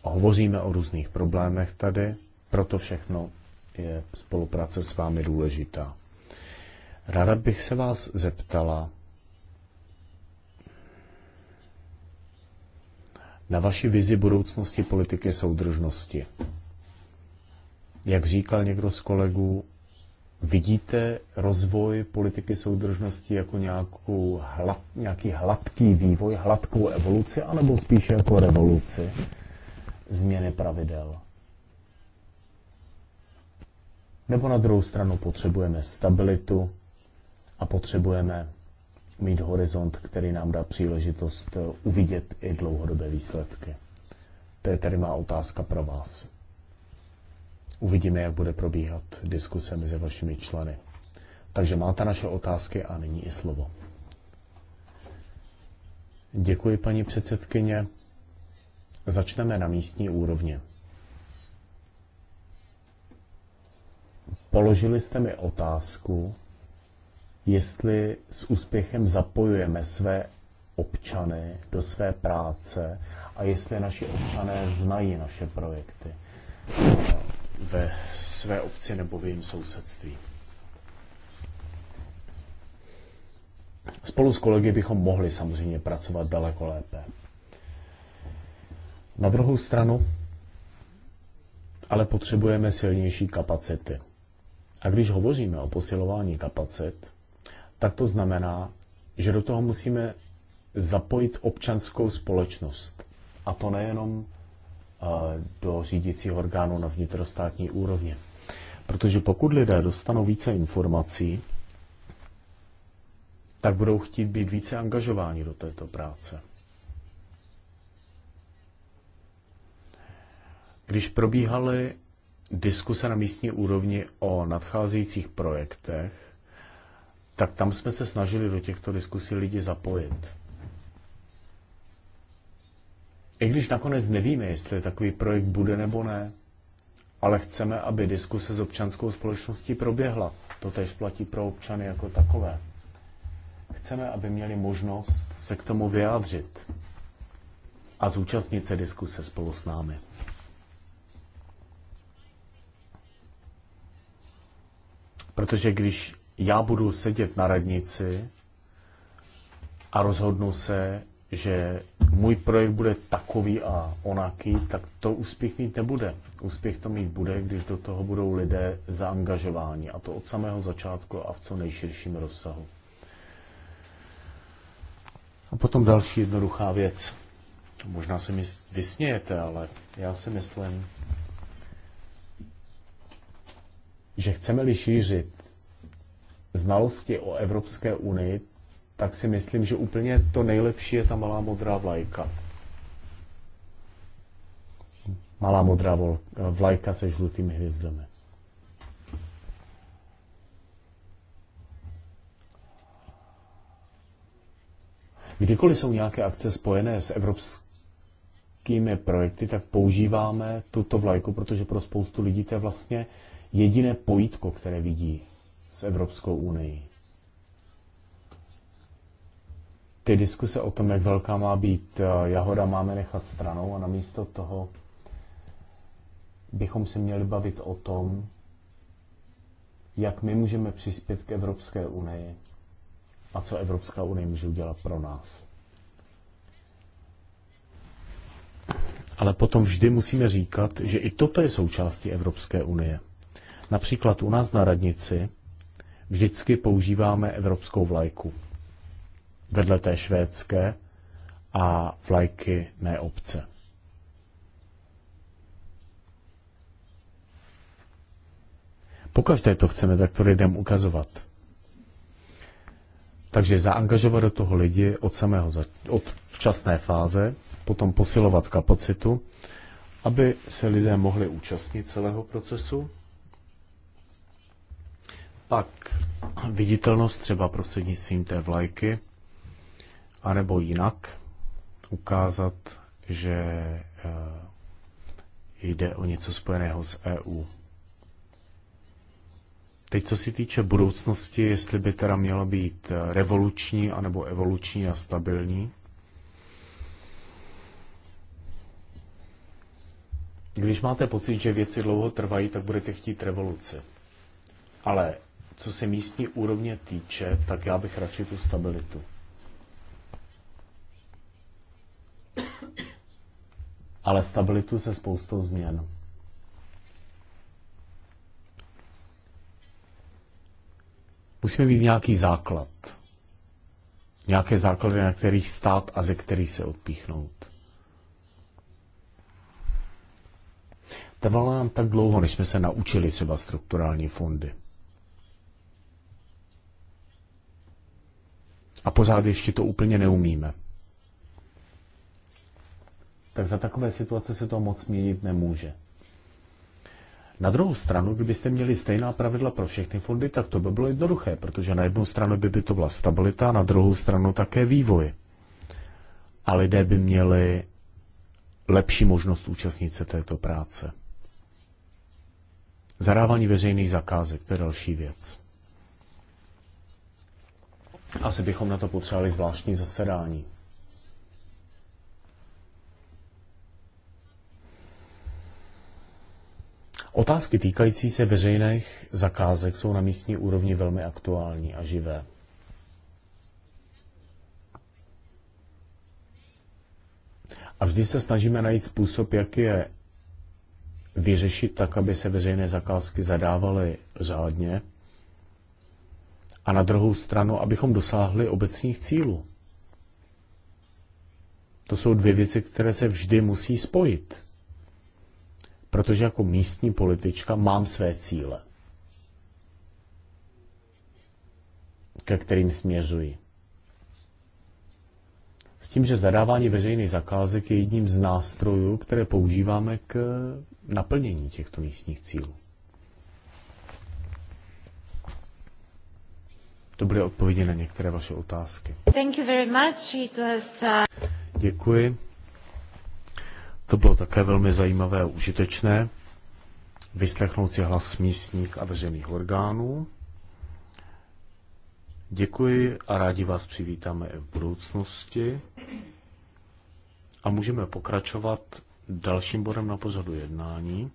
Speaker 2: hovoříme o různých problémech tady, proto všechno je spolupráce s vámi důležitá. Ráda bych se vás zeptala na vaši vizi budoucnosti politiky soudržnosti. Jak říkal někdo z kolegů, vidíte rozvoj politiky soudržnosti jako nějakou hlad, nějaký hladký vývoj, hladkou evoluci, anebo spíše jako revoluci? změny pravidel. Nebo na druhou stranu potřebujeme stabilitu a potřebujeme mít horizont, který nám dá příležitost eh, uvidět i dlouhodobé výsledky. To je tedy má otázka pro vás. Uvidíme, jak bude probíhat diskuse mezi vašimi členy. Takže máte naše otázky a nyní i slovo. Děkuji, paní předsedkyně začneme na místní úrovni. Položili jste mi otázku, jestli s úspěchem zapojujeme své občany do své práce a jestli naši občané znají naše projekty ve své obci nebo v jejím sousedství. Spolu s kolegy bychom mohli samozřejmě pracovat daleko lépe. Na druhou stranu ale potřebujeme silnější kapacity. A když hovoříme o posilování kapacit, tak to znamená, že do toho musíme zapojit občanskou společnost. A to nejenom eh, do řídicího orgánu na vnitrostátní úrovni. Protože pokud lidé dostanou více informací, tak budou chtít být více angažováni do této práce. Když probíhaly diskuse na místní úrovni o nadcházejících projektech, tak tam jsme se snažili do těchto diskusí lidi zapojit. I když nakonec nevíme, jestli takový projekt bude nebo ne, ale chceme, aby diskuse s občanskou společností proběhla. To tež platí pro občany jako takové. Chceme, aby měli možnost se k tomu vyjádřit a zúčastnit se diskuse spolu s námi. Protože když já budu sedět na radnici a rozhodnu se, že můj projekt bude takový a onaký, tak to úspěch mít nebude. Úspěch to mít bude, když do toho budou lidé zaangažováni, a to od samého začátku a v co nejširším rozsahu. A potom další jednoduchá věc. Možná se mi vysmějete, ale já si myslím, že chceme-li šířit znalosti o Evropské unii, tak si myslím, že úplně to nejlepší je ta malá modrá vlajka. Malá modrá vlajka se žlutými hvězdami. Kdykoliv jsou nějaké akce spojené s evropskými projekty, tak používáme tuto vlajku, protože pro spoustu lidí to je vlastně uh, jediné pojítko, které vidí s Evropskou unii. Ty diskuse o tom, jak velká má být eh, jahoda, máme nechat stranou a namísto toho bychom se měli bavit o tom, jak my můžeme přispět k Evropské unii a co Evropská unie může udělat pro nás. Ale potom vždy musíme říkat, že i toto je součástí Evropské unie. Například u nás na radnici vždycky používáme evropskou vlajku. Vedle té švédské a vlajky mé obce. Pokaždé to chceme takto lidem ukazovat. Takže zaangažovat do toho lidi od samého, od včasné fáze, potom posilovat kapacitu, aby se lidé mohli účastnit celého procesu pak viditelnost třeba prostřednictvím té vlajky, anebo jinak ukázat, že eh, jde o něco spojeného s EU. Teď, co se týče budoucnosti, jestli by teda měla být eh, revoluční anebo evoluční a stabilní. Když máte pocit, že věci dlouho trvají, tak budete chtít revoluci. Ale co se místní úrovně týče, tak já bych radši tu stabilitu. Ale stabilitu se spoustou změn. Musíme mít nějaký základ. Nějaké základy, na kterých stát a ze kterých se odpíchnout. Trvalo nám tak dlouho, než jsme se naučili třeba strukturální fondy. A pořád ještě to úplně neumíme. Tak za takové situace se to moc měnit nemůže. Na druhou stranu, kdybyste měli stejná pravidla pro všechny fondy, tak to by bylo jednoduché, protože na jednu stranu by, by to byla stabilita, na druhou stranu také vývoj. A lidé by měli lepší možnost účastnit se této práce. Zarávání veřejných zakázek, to je další věc. Asi bychom na to potřebovali zvláštní zasedání. Otázky týkající se veřejných zakázek jsou na místní úrovni velmi aktuální a živé. A vždy se snažíme najít způsob, jak je vyřešit tak, aby se veřejné zakázky zadávaly řádně, a na druhou stranu, abychom dosáhli obecných cílů. To jsou dvě věci, které se vždy musí spojit. Protože jako místní politička mám své cíle, ke kterým směřuji. S tím, že zadávání veřejných zakázek je jedním z nástrojů, které používáme k naplnění těchto místních cílů. To byly odpovědi na některé vaše otázky.
Speaker 1: Thank you very much. It was, uh...
Speaker 2: Děkuji. To bylo také velmi zajímavé a užitečné vyslechnout si hlas místních a veřejných orgánů. Děkuji a rádi vás přivítáme i v budoucnosti. A můžeme pokračovat dalším bodem na pořadu jednání.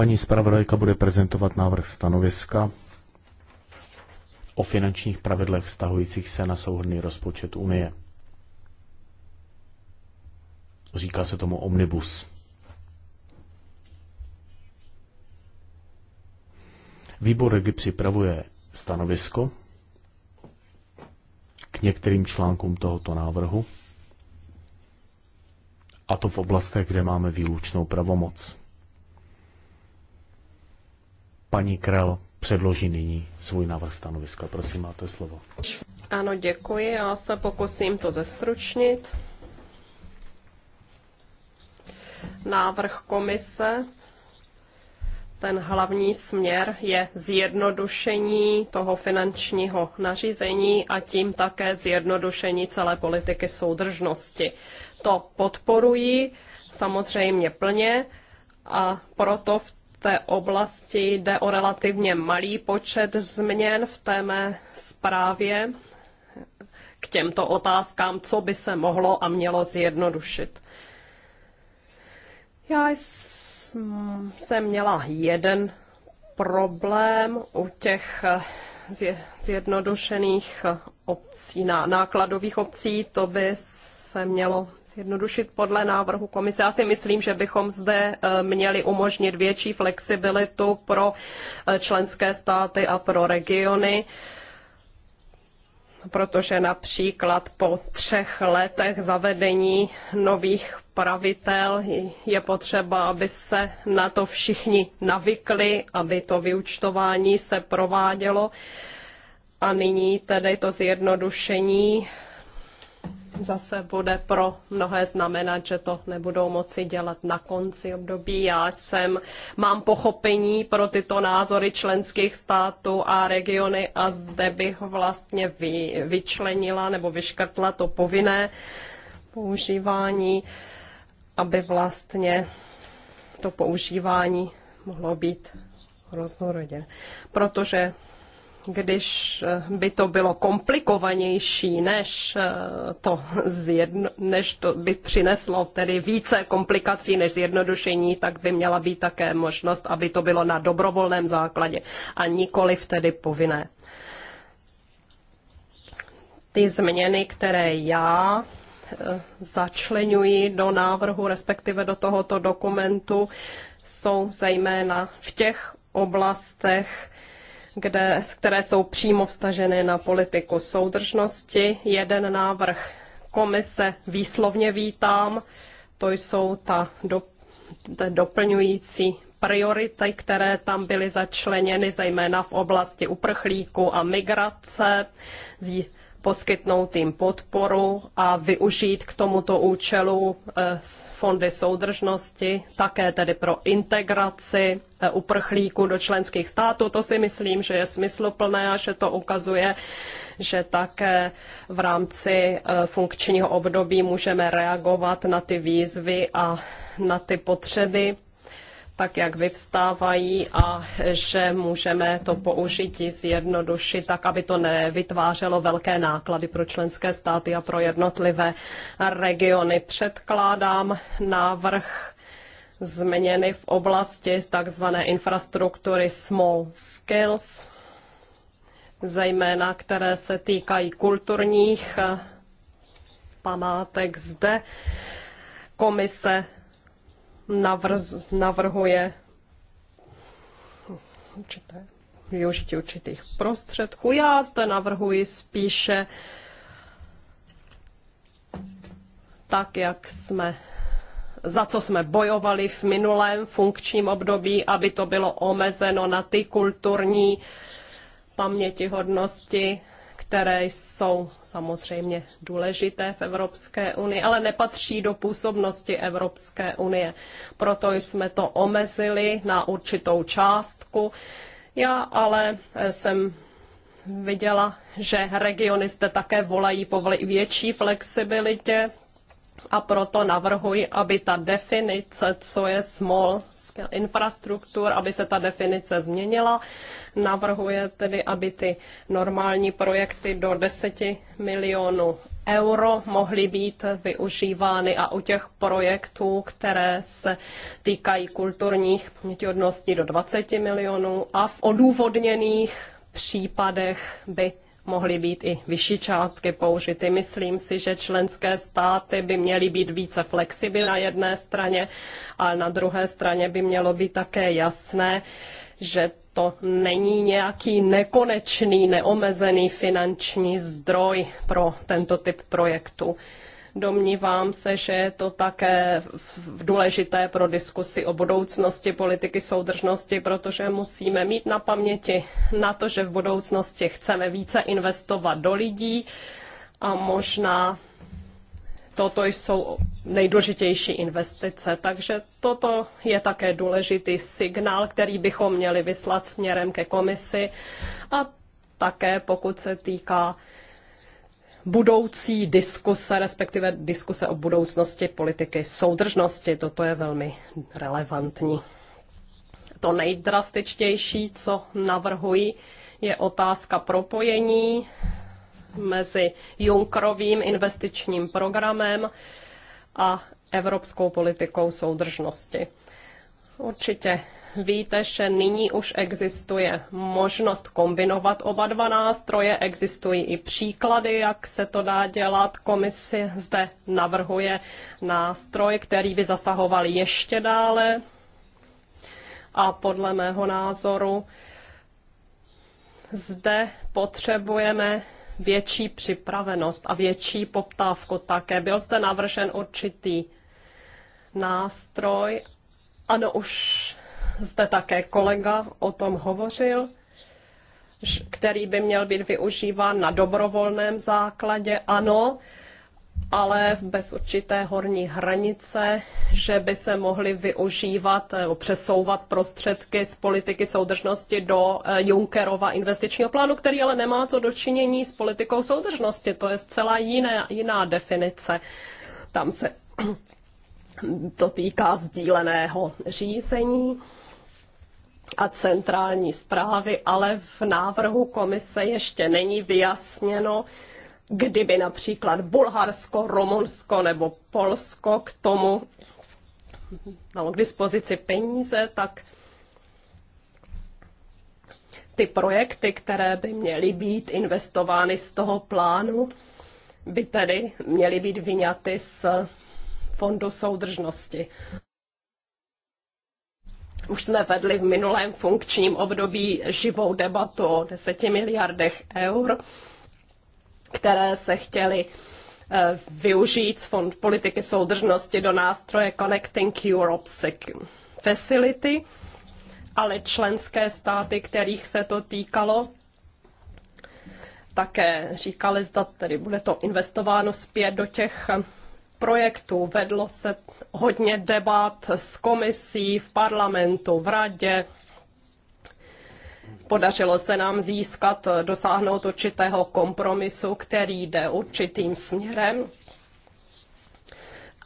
Speaker 2: Paní zpravodajka bude prezentovat návrh stanoviska o finančních pravidlech vztahujících se na souhrný rozpočet Unie. Říká se tomu omnibus. Výbor Regi připravuje stanovisko k některým článkům tohoto návrhu, a to v oblastech, kde máme výlučnou pravomoc. Paní Krel předloží nyní svůj návrh stanoviska. Prosím, máte slovo.
Speaker 3: Ano, děkuji. Já se pokusím to zestručnit. Návrh komise ten hlavní směr je zjednodušení toho finančního nařízení a tím také zjednodušení celé politiky soudržnosti. To podporuji samozřejmě plně a proto v té oblasti jde o relativně malý počet změn v té mé zprávě k těmto otázkám, co by se mohlo a mělo zjednodušit. Já jsem měla jeden problém u těch zjednodušených obcí, nákladových obcí, to by se mělo zjednodušit podle návrhu komise. Já si myslím, že bychom zde eh, měli umožnit větší flexibilitu pro eh, členské státy a pro regiony protože například po třech letech zavedení nových pravitel je potřeba, aby se na to všichni navykli, aby to vyučtování se provádělo. A nyní tedy to zjednodušení zase bude pro mnohé znamenat, že to nebudou moci dělat na konci období. Já jsem, mám pochopení pro tyto názory členských států a regiony a zde bych vlastně vy, vyčlenila nebo vyškrtla to povinné používání, aby vlastně to používání mohlo být rozhodně. Protože když eh, by to bylo komplikovanější, než eh, to, zjedno, než to by přineslo tedy více komplikací než zjednodušení, tak by měla být také možnost, aby to bylo na dobrovolném základě a nikoli tedy povinné. Ty změny, které já eh, začlenuji do návrhu, respektive do tohoto dokumentu, jsou zejména v těch oblastech, kde, které jsou přímo vstaženy na politiku soudržnosti. Jeden návrh komise výslovně vítám, to jsou ta, do, doplňující priority, které tam byly začleněny, zejména v oblasti uprchlíků a migrace, poskytnout jim podporu a využít k tomuto účelu eh, fondy soudržnosti, také tedy pro integraci eh, uprchlíků do členských států. To si myslím, že je smysluplné a že to ukazuje, že také v rámci eh, funkčního období můžeme reagovat na ty výzvy a na ty potřeby tak, jak vyvstávají a že můžeme to použití zjednodušit tak, aby to nevytvářelo velké náklady pro členské státy a pro jednotlivé regiony. Předkládám návrh změny v oblasti tzv. infrastruktury small skills, zejména které se týkají kulturních památek zde. Komise navrhuje určité využití určitých prostředků. Já zde navrhuji spíše tak, jak jsme za co jsme bojovali v minulém funkčním období, aby to bylo omezeno na ty kulturní pamětihodnosti, které jsou samozřejmě důležité v Evropské unii, ale nepatří do působnosti Evropské unie. Proto jsme to omezili na určitou částku. Já ale jsem viděla, že regiony zde také volají po větší flexibilitě, a proto navrhuji, aby ta definice, co je small scale infrastruktur, aby se ta definice změnila. Navrhuje tedy, aby ty normální projekty do 10 milionů euro mohly být využívány a u těch projektů, které se týkají kulturních pamětihodností do 20 milionů a v odůvodněných případech by mohly být i vyšší částky použity. Myslím si, že členské státy by měly být více flexibilní na jedné straně, ale na druhé straně by mělo být také jasné, že to není nějaký nekonečný, neomezený finanční zdroj pro tento typ projektu. Domnívám se, že je to také důležité pro diskusi o budoucnosti politiky soudržnosti, protože musíme mít na paměti na to, že v budoucnosti chceme více investovat do lidí a možná toto jsou nejdůležitější investice. Takže toto je také důležitý signál, který bychom měli vyslat směrem ke komisi a také pokud se týká budoucí diskuse, respektive diskuse o budoucnosti politiky soudržnosti. Toto je velmi relevantní. To nejdrastičtější, co navrhuji, je otázka propojení mezi Junckerovým investičním programem a evropskou politikou soudržnosti. Určitě víte, že nyní už existuje možnost kombinovat oba dva nástroje, existují i příklady, jak se to dá dělat. Komise zde navrhuje nástroj, který by zasahoval ještě dále a podle mého názoru zde potřebujeme větší připravenost a větší poptávku také. Byl zde navržen určitý nástroj. Ano, už zde také kolega o tom hovořil, který by měl být využíván na dobrovolném základě. Ano, ale bez určité horní hranice, že by se mohly využívat eh, nebo přesouvat prostředky z politiky soudržnosti do eh, Junckerova investičního plánu, který ale nemá co dočinění s politikou soudržnosti. To je zcela jiné, jiná definice. Tam se (clears throat) to týká sdíleného řízení a centrální zprávy, ale v návrhu komise ještě není vyjasněno, kdyby například Bulharsko, Rumunsko nebo Polsko k tomu dalo k dispozici peníze, tak ty projekty, které by měly být investovány z toho plánu, by tedy měly být vyňaty z fondu soudržnosti už jsme vedli v minulém funkčním období živou debatu o 10 miliardech eur, které se chtěly eh, využít z Fond politiky soudržnosti do nástroje Connecting Europe Facility, ale členské státy, kterých se to týkalo, také říkali, zda tedy bude to investováno zpět do těch eh, projektů. Vedlo se hodně debat s komisí, v parlamentu, v radě. Podařilo se nám získat, dosáhnout určitého kompromisu, který jde určitým směrem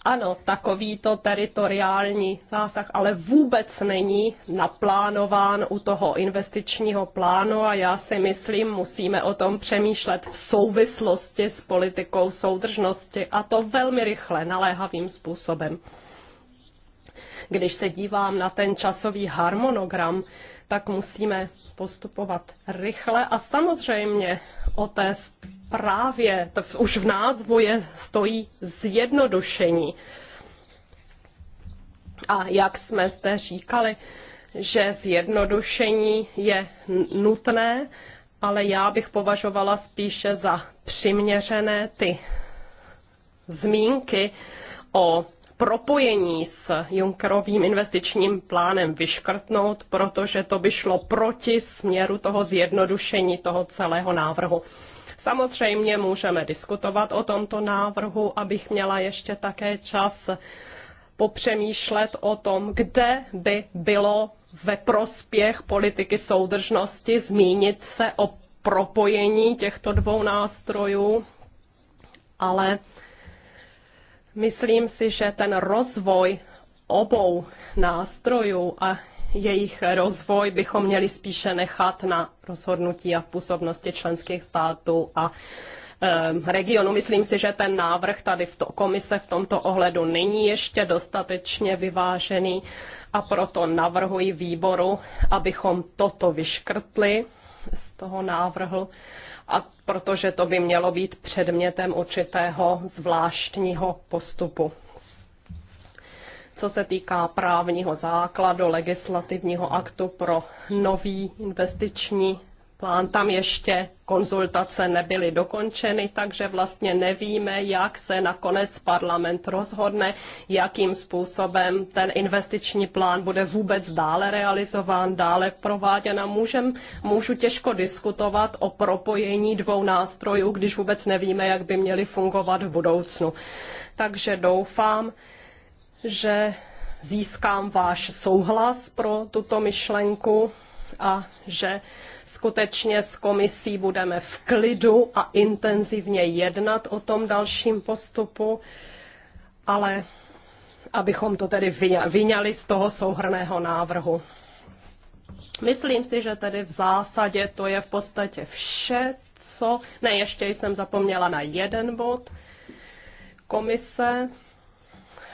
Speaker 3: ano, takovýto teritoriální zásah ale vůbec není naplánován u toho investičního plánu a já si myslím, musíme o tom přemýšlet v souvislosti s politikou soudržnosti a to velmi rychle, naléhavým způsobem. Když se dívám na ten časový harmonogram, tak musíme postupovat rychle a samozřejmě o té zprávě, to už v názvu je, stojí zjednodušení. A jak jsme zde říkali, že zjednodušení je nutné, ale já bych považovala spíše za přiměřené ty zmínky o propojení s Junckerovým investičním plánem vyškrtnout, protože to by šlo proti směru toho zjednodušení toho celého návrhu. Samozřejmě můžeme diskutovat o tomto návrhu, abych měla ještě také čas popřemýšlet o tom, kde by bylo ve prospěch politiky soudržnosti zmínit se o propojení těchto dvou nástrojů, ale Myslím si, že ten rozvoj obou nástrojů a jejich rozvoj bychom měli spíše nechat na rozhodnutí a působnosti členských států a regionu. Myslím si, že ten návrh tady v to, komise v tomto ohledu není ještě dostatečně vyvážený a proto navrhuji výboru, abychom toto vyškrtli z toho návrhu a protože to by mělo být předmětem určitého zvláštního postupu. Co se týká právního základu legislativního aktu pro nový investiční plán tam ještě konzultace nebyly dokončeny, takže vlastně nevíme, jak se nakonec parlament rozhodne, jakým způsobem ten investiční plán bude vůbec dále realizován, dále prováděn a můžem, můžu těžko diskutovat o propojení dvou nástrojů, když vůbec nevíme, jak by měly fungovat v budoucnu. Takže doufám, že získám váš souhlas pro tuto myšlenku a že skutečně s komisí budeme v klidu a intenzivně jednat o tom dalším postupu, ale abychom to tedy vyňali z toho souhrného návrhu. Myslím si, že tedy v zásadě to je v podstatě vše, co... Ne, ještě jsem zapomněla na jeden bod. Komise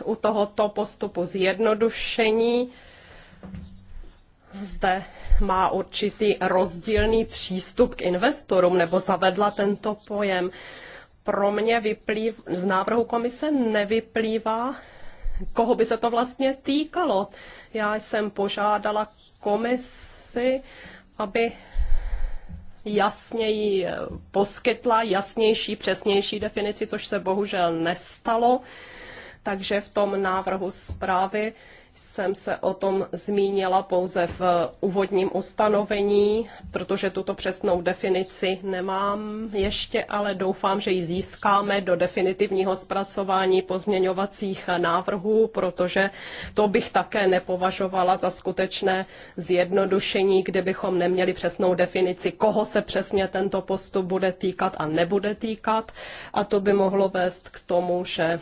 Speaker 3: u tohoto postupu zjednodušení zde má určitý rozdílný přístup k investorům nebo zavedla tento pojem. Pro mě vyplýv, z návrhu komise nevyplývá, koho by se to vlastně týkalo. Já jsem požádala komisi, aby jasněji eh, poskytla jasnější, přesnější definici, což se bohužel nestalo. Takže v tom návrhu zprávy jsem se o tom zmínila pouze v úvodním ustanovení, protože tuto přesnou definici nemám ještě, ale doufám, že ji získáme do definitivního zpracování pozměňovacích návrhů, protože to bych také nepovažovala za skutečné zjednodušení, kdybychom neměli přesnou definici, koho se přesně tento postup bude týkat a nebude týkat. A to by mohlo vést k tomu, že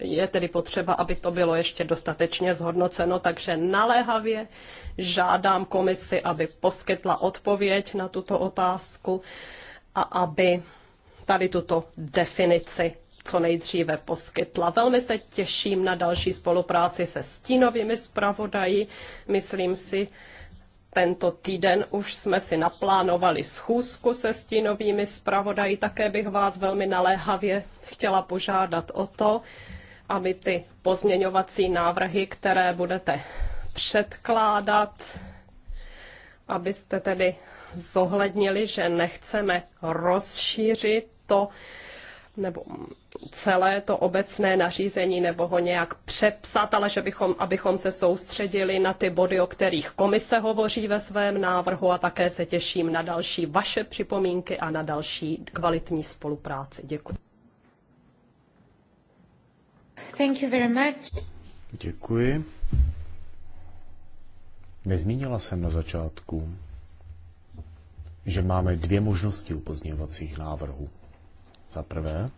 Speaker 3: je tedy potřeba, aby to bylo ještě dostatečně zhodnoceno, takže naléhavě žádám komisi, aby poskytla odpověď na tuto otázku a aby tady tuto definici co nejdříve poskytla. Velmi se těším na další spolupráci se stínovými zpravodaji. Myslím si, tento týden už jsme si naplánovali schůzku se stínovými zpravodaji. Také bych vás velmi naléhavě chtěla požádat o to, aby ty pozměňovací návrhy, které budete předkládat, abyste tedy zohlednili, že nechceme rozšířit to nebo celé to obecné nařízení nebo ho nějak přepsat, ale že bychom, abychom se soustředili na ty body, o kterých komise hovoří ve svém návrhu a také se těším na další vaše připomínky a na další kvalitní spolupráci. Děkuji.
Speaker 1: Thank you very much.
Speaker 2: Děkuji. Nezmínila jsem na začátku, že máme dvě možnosti u pozměňovacích návrhů. Za prvé,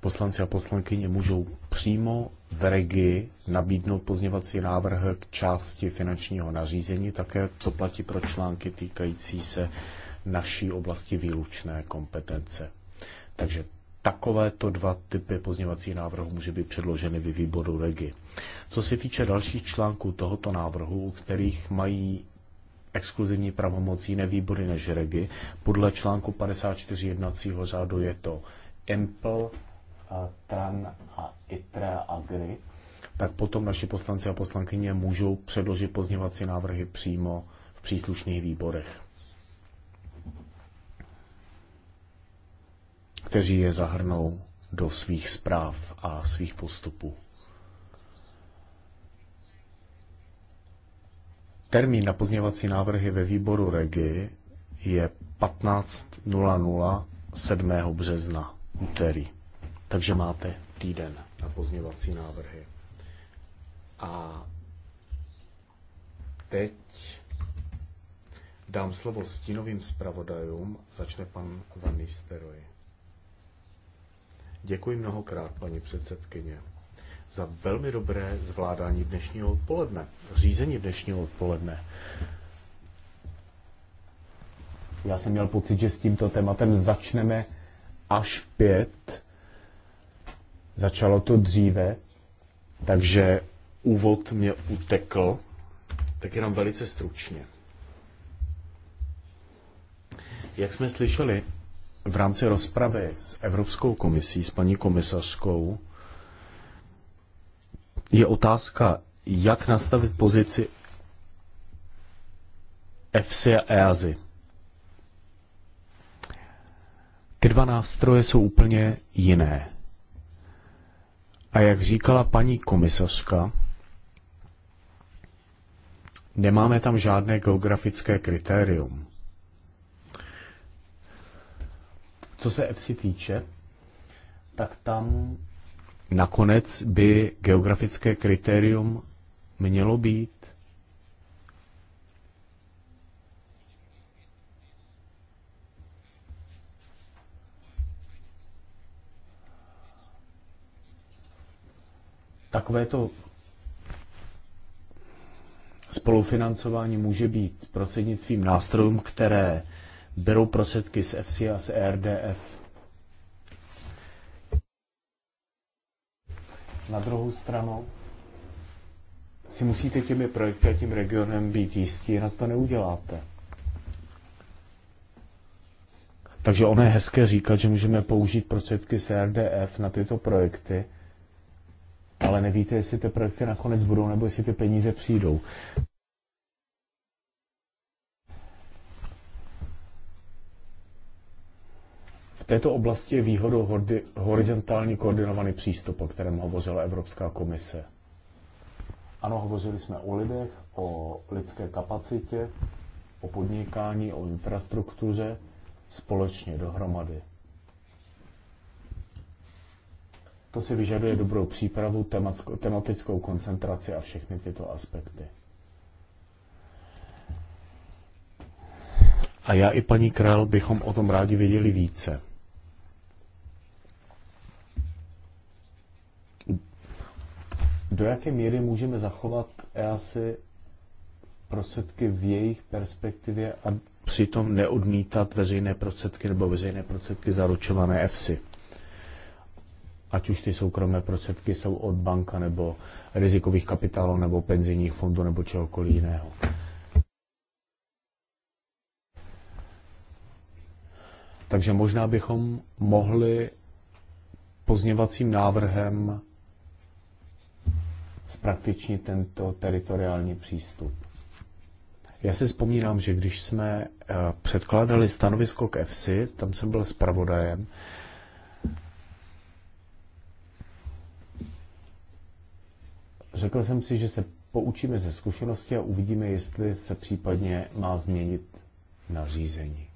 Speaker 2: poslanci a poslankyně můžou přímo v regii nabídnout pozměňovací návrh k části finančního nařízení, také to platí pro články týkající se naší oblasti výlučné kompetence. Takže takovéto dva typy pozněvací návrhu může být předloženy ve výboru REGI. Co se týče dalších článků tohoto návrhu, u kterých mají exkluzivní pravomoc jiné výbory než REGI, podle článku 54 jednacího řádu je to EMPL, TRAN a ITRE a GRI, tak potom naši poslanci a poslankyně můžou předložit pozněvací návrhy přímo v příslušných výborech. kteří je zahrnou do svých zpráv a svých postupů. Termín na pozněvací návrhy ve výboru Regi je 15.00 7. března, úterý. Takže máte týden na pozněvací návrhy. A teď dám slovo stínovým zpravodajům. Začne pan Van Nistelrooy. Děkuji mnohokrát, paní předsedkyně, za velmi dobré zvládání dnešního odpoledne, řízení dnešního odpoledne. Já jsem měl pocit, že s tímto tématem začneme až v pět. Začalo to dříve, takže úvod mě utekl, tak jenom velice stručně. Jak jsme slyšeli, v rámci rozpravy s Evropskou komisí, s paní komisařkou, je otázka, jak nastavit pozici EFSI a EASY. Ty dva nástroje jsou úplně jiné. A jak říkala paní komisařka, nemáme tam žádné geografické kritérium. Co se FC týče, tak tam nakonec by geografické kritérium mělo být takové to spolufinancování může být prostřednictvím nástrojů, které berou prostředky z EFSI a z ERDF. Na druhou stranu si musíte těmi projekty a tím regionem být jistí, jinak to neuděláte. Takže ono je hezké říkat, že můžeme použít prostředky z e RDF na tyto projekty, ale nevíte, jestli ty projekty nakonec budou, nebo jestli ty peníze přijdou. této oblasti je výhodou horizontální koordinovaný přístup, o kterém hovořila Evropská komise. Ano, hovořili jsme o lidech, o lidské kapacitě, o podnikání, o infrastruktuře společně dohromady. To si vyžaduje dobrou přípravu, tematickou koncentraci a všechny tyto aspekty. A já i paní Král bychom o tom rádi věděli více. Do jaké míry můžeme zachovat EASY prostředky v jejich perspektivě a přitom neodmítat veřejné prostředky nebo veřejné prostředky zaručované EFSI? Ať už ty soukromé prostředky jsou od banka nebo rizikových kapitálů nebo penzijních fondů nebo čehokoliv jiného. Takže možná bychom mohli pozněvacím návrhem zpraktičnit tento teritoriální přístup. Já si vzpomínám, že když jsme eh, předkládali stanovisko k EFSI, tam jsem byl zpravodajem, řekl jsem si, že se poučíme ze zkušenosti a uvidíme, jestli se případně má změnit nařízení.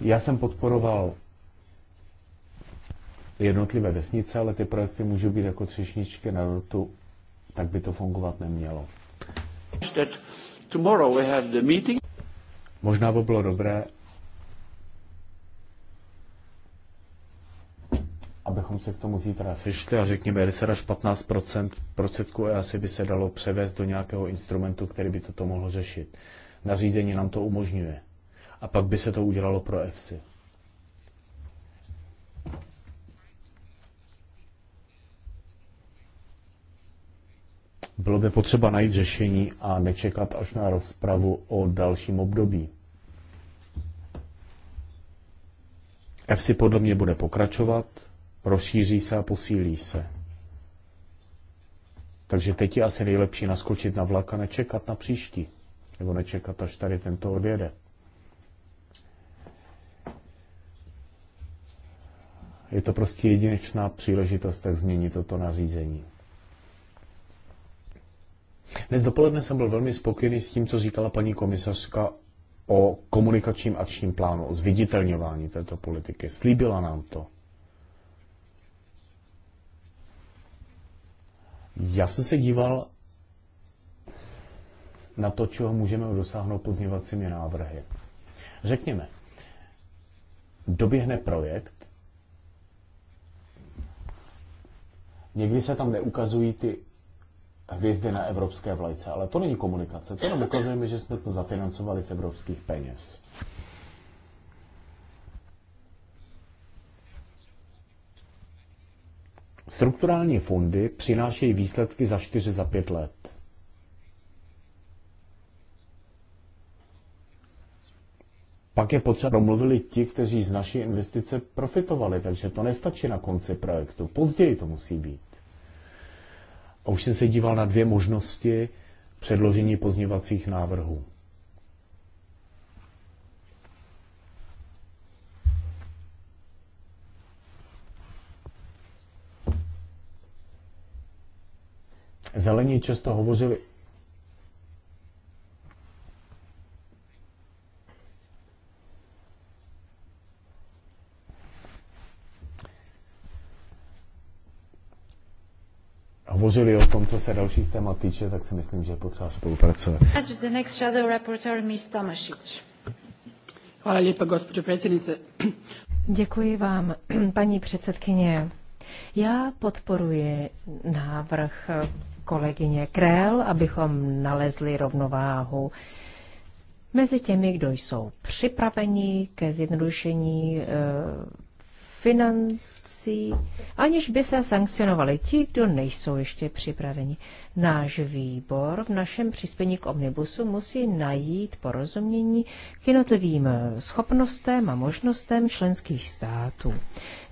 Speaker 2: Já jsem podporoval jednotlivé vesnice, ale ty projekty můžou být jako třešničky na dortu, tak by to fungovat nemělo. Možná by bylo dobré, abychom se k tomu zítra sešli a řekněme, když se 15% prostředků asi by se dalo převést do nějakého instrumentu, který by toto mohl řešit. Nařízení nám to umožňuje. A pak by se to udělalo pro EFSI. Bylo by potřeba najít řešení a nečekat až na rozpravu o dalším období. EFSI podle mě bude pokračovat, rozšíří se a posílí se. Takže teď je asi nejlepší naskočit na vlak a nečekat na příští. Nebo nečekat, až tady tento odjede. Je to prostě jedinečná příležitost, tak změnit toto nařízení. Dnes dopoledne jsem byl velmi spokojený s tím, co říkala paní komisařka o komunikačním akčním plánu, o zviditelňování této politiky. Slíbila nám to. Já jsem se díval na to, čeho můžeme dosáhnout pozněvacími návrhy. Řekněme, doběhne projekt, někdy se tam neukazují ty hvězdy na evropské vlajce. Ale to není komunikace, to nám ukazujeme, že jsme to zafinancovali z evropských peněz. Strukturální fondy přinášejí výsledky za 4 za 5 let. Pak je potřeba domluvili ti, kteří z naší investice profitovali, takže to nestačí na konci projektu. Později to musí být už jsem se díval na dvě možnosti předložení pozněvacích návrhů. Zelení často hovořili hovořili o tom, co se dalších témat týče, tak si myslím, že je potřeba spolupracovat.
Speaker 1: Hvala lijepa, gospođo predsjednice. Děkuji vám, (clears throat) paní předsedkyně. Já podporuji návrh kolegyně Krell, abychom nalezli rovnováhu mezi těmi, kdo jsou připraveni ke zjednodušení eh, financí, aniž by se sankcionovali ti, kdo nejsou ještě připraveni. Náš výbor v našem příspění k omnibusu musí najít porozumění k jednotlivým schopnostem a možnostem členských států.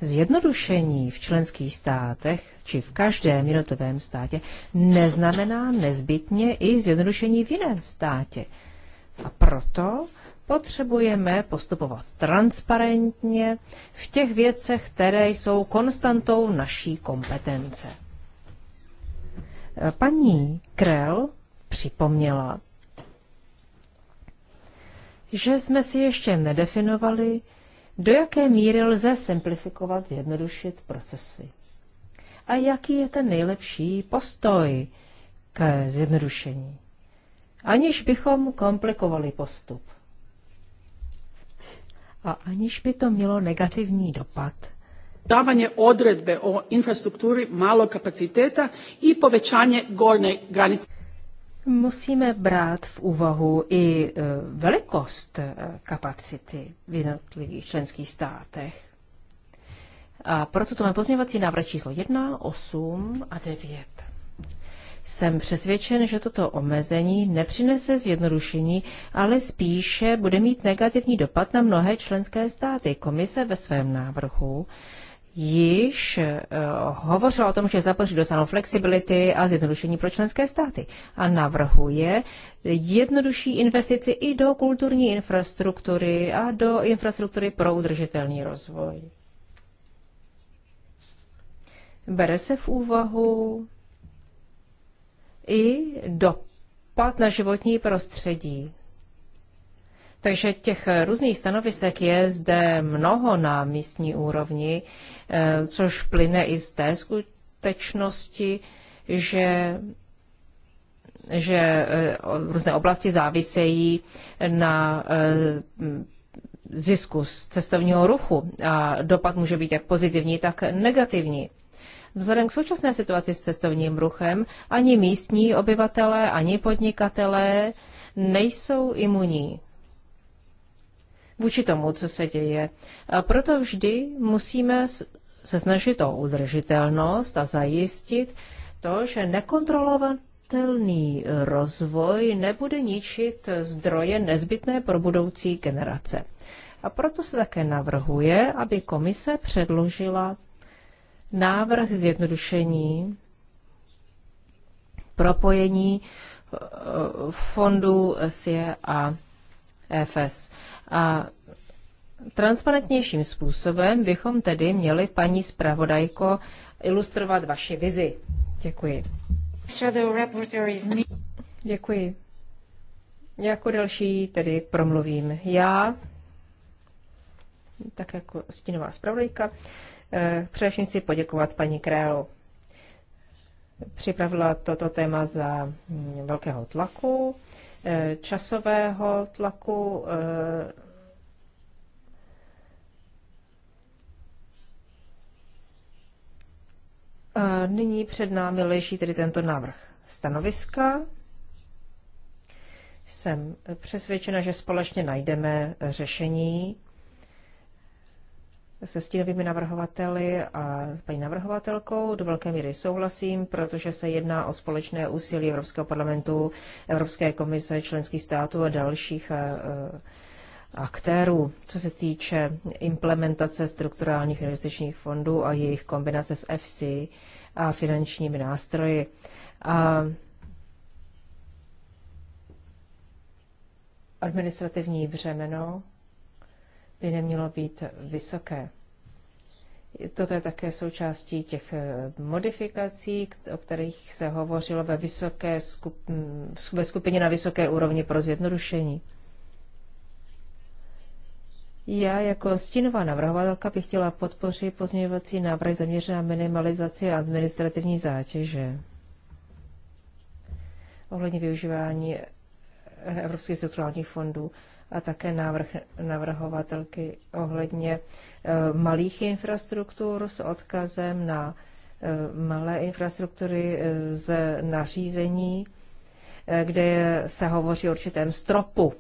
Speaker 1: Zjednodušení v členských státech či v každém jednotlivém státě neznamená nezbytně i zjednodušení v jiném státě. A proto Potřebujeme postupovat transparentně v těch věcech, které jsou konstantou naší kompetence. Paní Krell připomněla, že jsme si ještě nedefinovali, do jaké míry lze simplifikovat, zjednodušit procesy. A jaký je ten nejlepší postoj k zjednodušení, aniž bychom komplikovali postup a aniž by to mělo negativní dopad
Speaker 2: Dávání odredbe o infrastruktury málo kapaciteta i
Speaker 3: povečání gorné granice.
Speaker 1: Musíme brát v úvahu i e, velikost e, kapacity v jednotlivých členských státech. A proto to má pozměňovací návrh číslo 1, 8 a 9. Jsem přesvědčen, že toto omezení nepřinese zjednodušení, ale spíše bude mít negativní dopad na mnohé členské státy. Komise ve svém návrhu již uh, hovořila o tom, že zapotřebí dosáhnout flexibility a zjednodušení pro členské státy a navrhuje jednodušší investici i do kulturní infrastruktury a do infrastruktury pro udržitelný rozvoj. Bere se v úvahu i dopad na životní prostředí. Takže těch různých stanovisek je zde mnoho na místní úrovni, eh, což plyne i z té skutečnosti, že že eh, různé oblasti závisejí na eh, zisku z cestovního ruchu a dopad může být jak pozitivní, tak negativní. Vzhledem k současné situaci s cestovním ruchem ani místní obyvatelé, ani podnikatelé nejsou imunní vůči tomu, co se děje. A proto vždy musíme se snažit o udržitelnost a zajistit to, že nekontrolovatelný rozvoj nebude ničit zdroje nezbytné pro budoucí generace. A proto se také navrhuje, aby komise předložila Návrh zjednodušení propojení eh, fondů SIE a FS. A transparentnějším způsobem bychom tedy měli, paní zpravodajko, ilustrovat vaši vizi. Děkuji. Děkuji. Jako další tedy promluvím já, tak jako stínová zpravodajka. Eh, především chci poděkovat paní Králu. Připravila toto téma za mm, velkého tlaku, eh, časového tlaku, eh, A nyní před námi leží tedy tento návrh stanoviska. Jsem přesvědčena, že společně najdeme řešení se stínovými navrhovateli a paní navrhovatelkou. Do velké míry souhlasím, protože se jedná o společné úsilí Evropského parlamentu, Evropské komise, členských států a dalších eh, eh, aktérů, co se týče implementace strukturálních investičních fondů a jejich kombinace s FC a finančními nástroji. A administrativní břemeno by nemělo být vysoké. Toto je také součástí těch eh, modifikací, o kterých se hovořilo ve, vysoké skup, ve skupině na vysoké úrovni pro zjednodušení. Já jako stínová navrhovatelka bych chtěla podpořit pozměňovací návrh zaměřený na minimalizaci administrativní zátěže ohledně využívání eh, evropských strukturálních fondů a také návrh navrhovatelky ohledně eh, malých infrastruktur s odkazem na eh, malé infrastruktury eh, z nařízení, kde se hovoří o určitém stropu.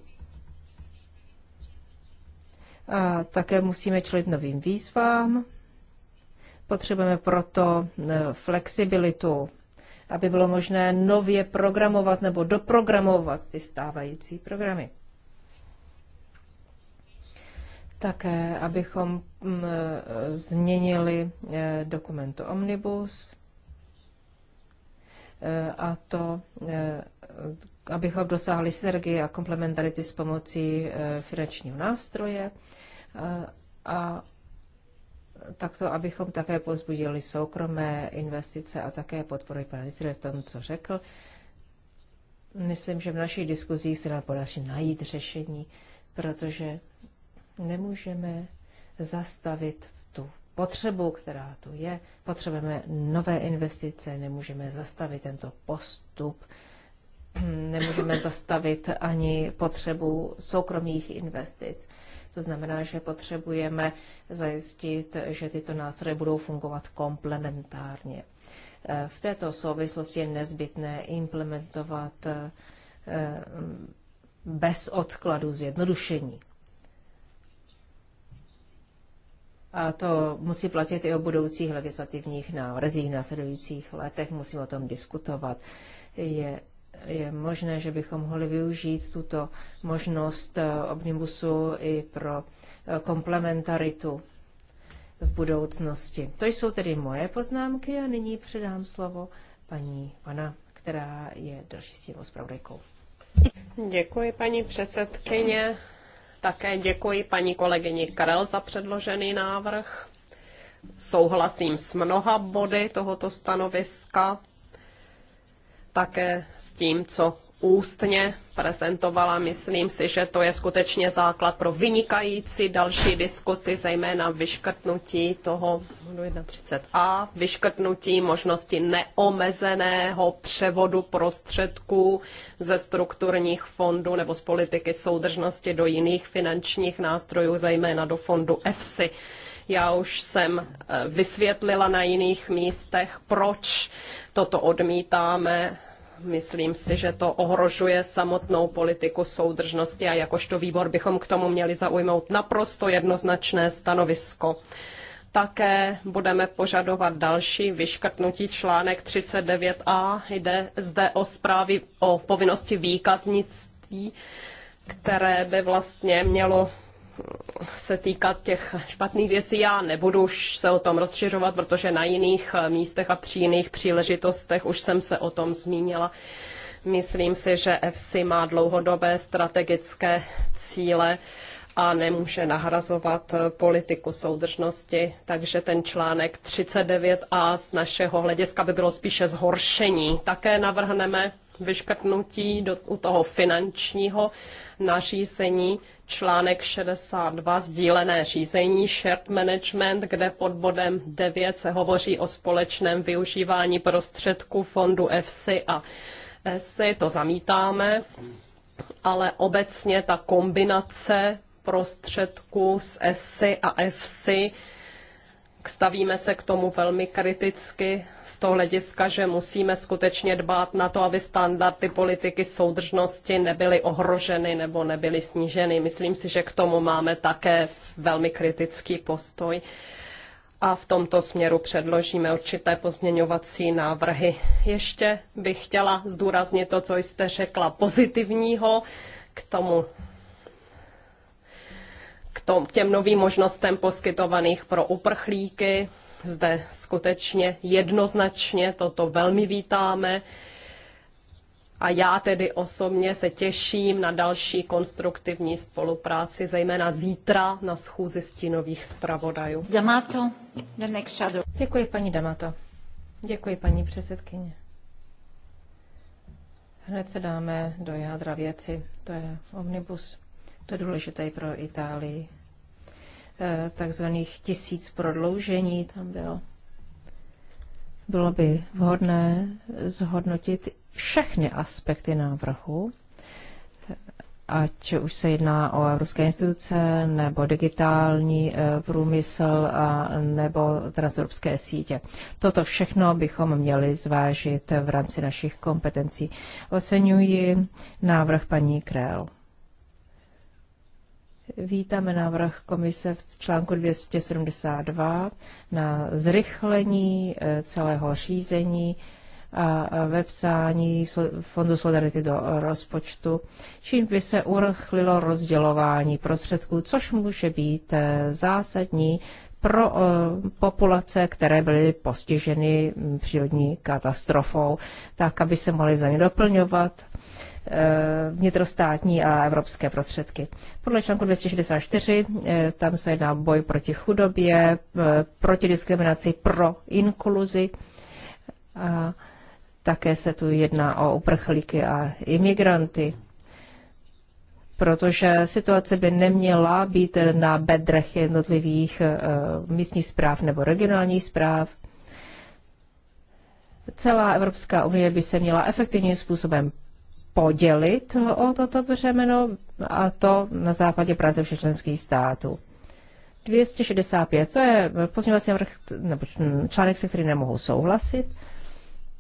Speaker 1: A také musíme čelit novým výzvám. Potřebujeme proto flexibilitu, aby bylo možné nově programovat nebo doprogramovat ty stávající programy také, abychom mm, změnili eh, dokument Omnibus, eh, a to, eh, abychom dosáhli synergie a komplementarity s pomocí finančního nástroje a takto, abychom také pozbudili soukromé investice a také podporu pana v tom, co řekl. Myslím, že v našich diskuzích se nám podaří najít řešení, protože nemůžeme zastavit tu potřebu, která tu je. Potřebujeme nové investice, nemůžeme zastavit tento postup, nemůžeme zastavit ani potřebu soukromých investic. To znamená, že potřebujeme zajistit, že tyto nástroje budou fungovat komplementárně. V této souvislosti je nezbytné implementovat eh, bez odkladu zjednodušení. A to musí platit i o budoucích legislativních návrzích v následujících letech. Musíme o tom diskutovat. Je, je možné, že bychom mohli využít tuto možnost eh, omnibusu i pro eh, komplementaritu v budoucnosti. To jsou tedy moje poznámky a nyní předám slovo paní Vana, která je další s tím
Speaker 3: Děkuji, paní předsedkyně. Také děkuji paní kolegyni Karel za předložený návrh. Souhlasím s mnoha body tohoto stanoviska, také s tím, co ústně prezentovala. Myslím si, že to je skutečně základ pro vynikající další diskusy, zejména vyškrtnutí toho 31a, vyškrtnutí možnosti neomezeného převodu prostředků ze strukturních fondů nebo z politiky soudržnosti do jiných finančních nástrojů, zejména do fondu EFSI. Já už jsem eh, vysvětlila na jiných místech, proč toto odmítáme Myslím si, že to ohrožuje samotnou politiku soudržnosti a jakožto výbor bychom k tomu měli zaujmout naprosto jednoznačné stanovisko. Také budeme požadovat další vyškrtnutí článek 39a. Jde zde o zprávy o povinnosti výkaznictví, které by vlastně mělo se týkat těch špatných věcí. Já nebudu už se o tom rozšiřovat, protože na jiných eh, místech a při jiných příležitostech už jsem se o tom zmínila. Myslím si, že FC má dlouhodobé strategické cíle a nemůže nahrazovat eh, politiku soudržnosti. Takže ten článek 39a z našeho hlediska by bylo spíše zhoršení. Také navrhneme vyškrtnutí do, u toho finančního nařízení článek 62 sdílené řízení shared management, kde pod bodem 9 se hovoří o společném využívání prostředků fondu EFSI a ESI, to zamítáme, ale obecně ta kombinace prostředků z ESI a EFSI stavíme se k tomu velmi kriticky z toho hlediska, že musíme skutečně dbát na to, aby standardy politiky soudržnosti nebyly ohroženy nebo nebyly sníženy. Myslím si, že k tomu máme také velmi kritický postoj. A v tomto směru předložíme určité pozměňovací návrhy. Ještě bych chtěla zdůraznit to, co jste řekla pozitivního k tomu k, tom, těm novým možnostem poskytovaných pro uprchlíky. Zde skutečně jednoznačně toto velmi vítáme. A já tedy osobně se těším na další konstruktivní spolupráci, zejména zítra na schůzi stínových zpravodajů. Damato,
Speaker 1: the next shadow. Děkuji, paní Damato. Děkuji, paní předsedkyně. Hned se dáme do jádra věci, to je omnibus to je důležité i pro Itálii, eh, takzvaných tisíc prodloužení tam bylo. Bylo by vhodné zhodnotit všechny aspekty návrhu, ať už se jedná o evropské instituce, nebo digitální eh, průmysl, a, nebo transevropské sítě. Toto všechno bychom měli zvážit v rámci našich kompetencí. Oceňuji návrh paní Krell. Vítáme návrh komise v článku 272 na zrychlení eh, celého řízení a vepsání Fondu Solidarity do rozpočtu, čím by se urychlilo rozdělování prostředků, což může být eh, zásadní pro eh, populace, které byly postiženy mm, přírodní katastrofou, tak aby se mohly za ně doplňovat Eh, vnitrostátní a evropské prostředky. Podle článku 264 eh, tam se jedná boj proti chudobě, eh, proti diskriminaci, pro inkluzi. A také se tu jedná o uprchlíky a imigranty, protože situace by neměla být na bedrech jednotlivých místních zpráv nebo regionálních zpráv. Celá Evropská unie by se měla efektivním způsobem podělit o toto břemeno a to na základě práce všech členských států. 265, to je pozměňovací nebo článek, se který nemohu souhlasit.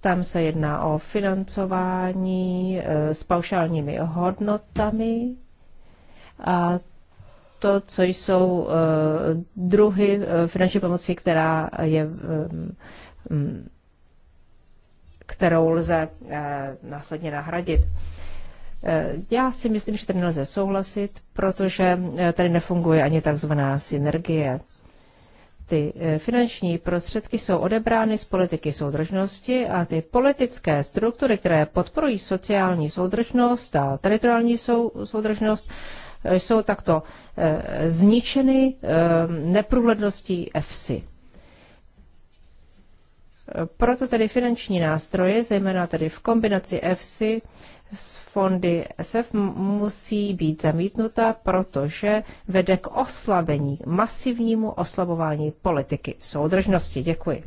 Speaker 1: Tam se jedná o financování e, s paušálními hodnotami a to, co jsou e, druhy e, finanční pomoci, která je kterou lze eh, následně nahradit. Eh, já si myslím, že tady nelze souhlasit, protože eh, tady nefunguje ani takzvaná synergie. Ty finanční prostředky jsou odebrány z politiky soudržnosti a ty politické struktury, které podporují sociální soudržnost a teritoriální sou, soudržnost, jsou takto zničeny neprůhledností EFSI. Proto tedy finanční nástroje, zejména tedy v kombinaci EFSI s fondy SF, musí být zamítnuta, protože vede k oslabení, masivnímu oslabování politiky soudržnosti. Děkuji.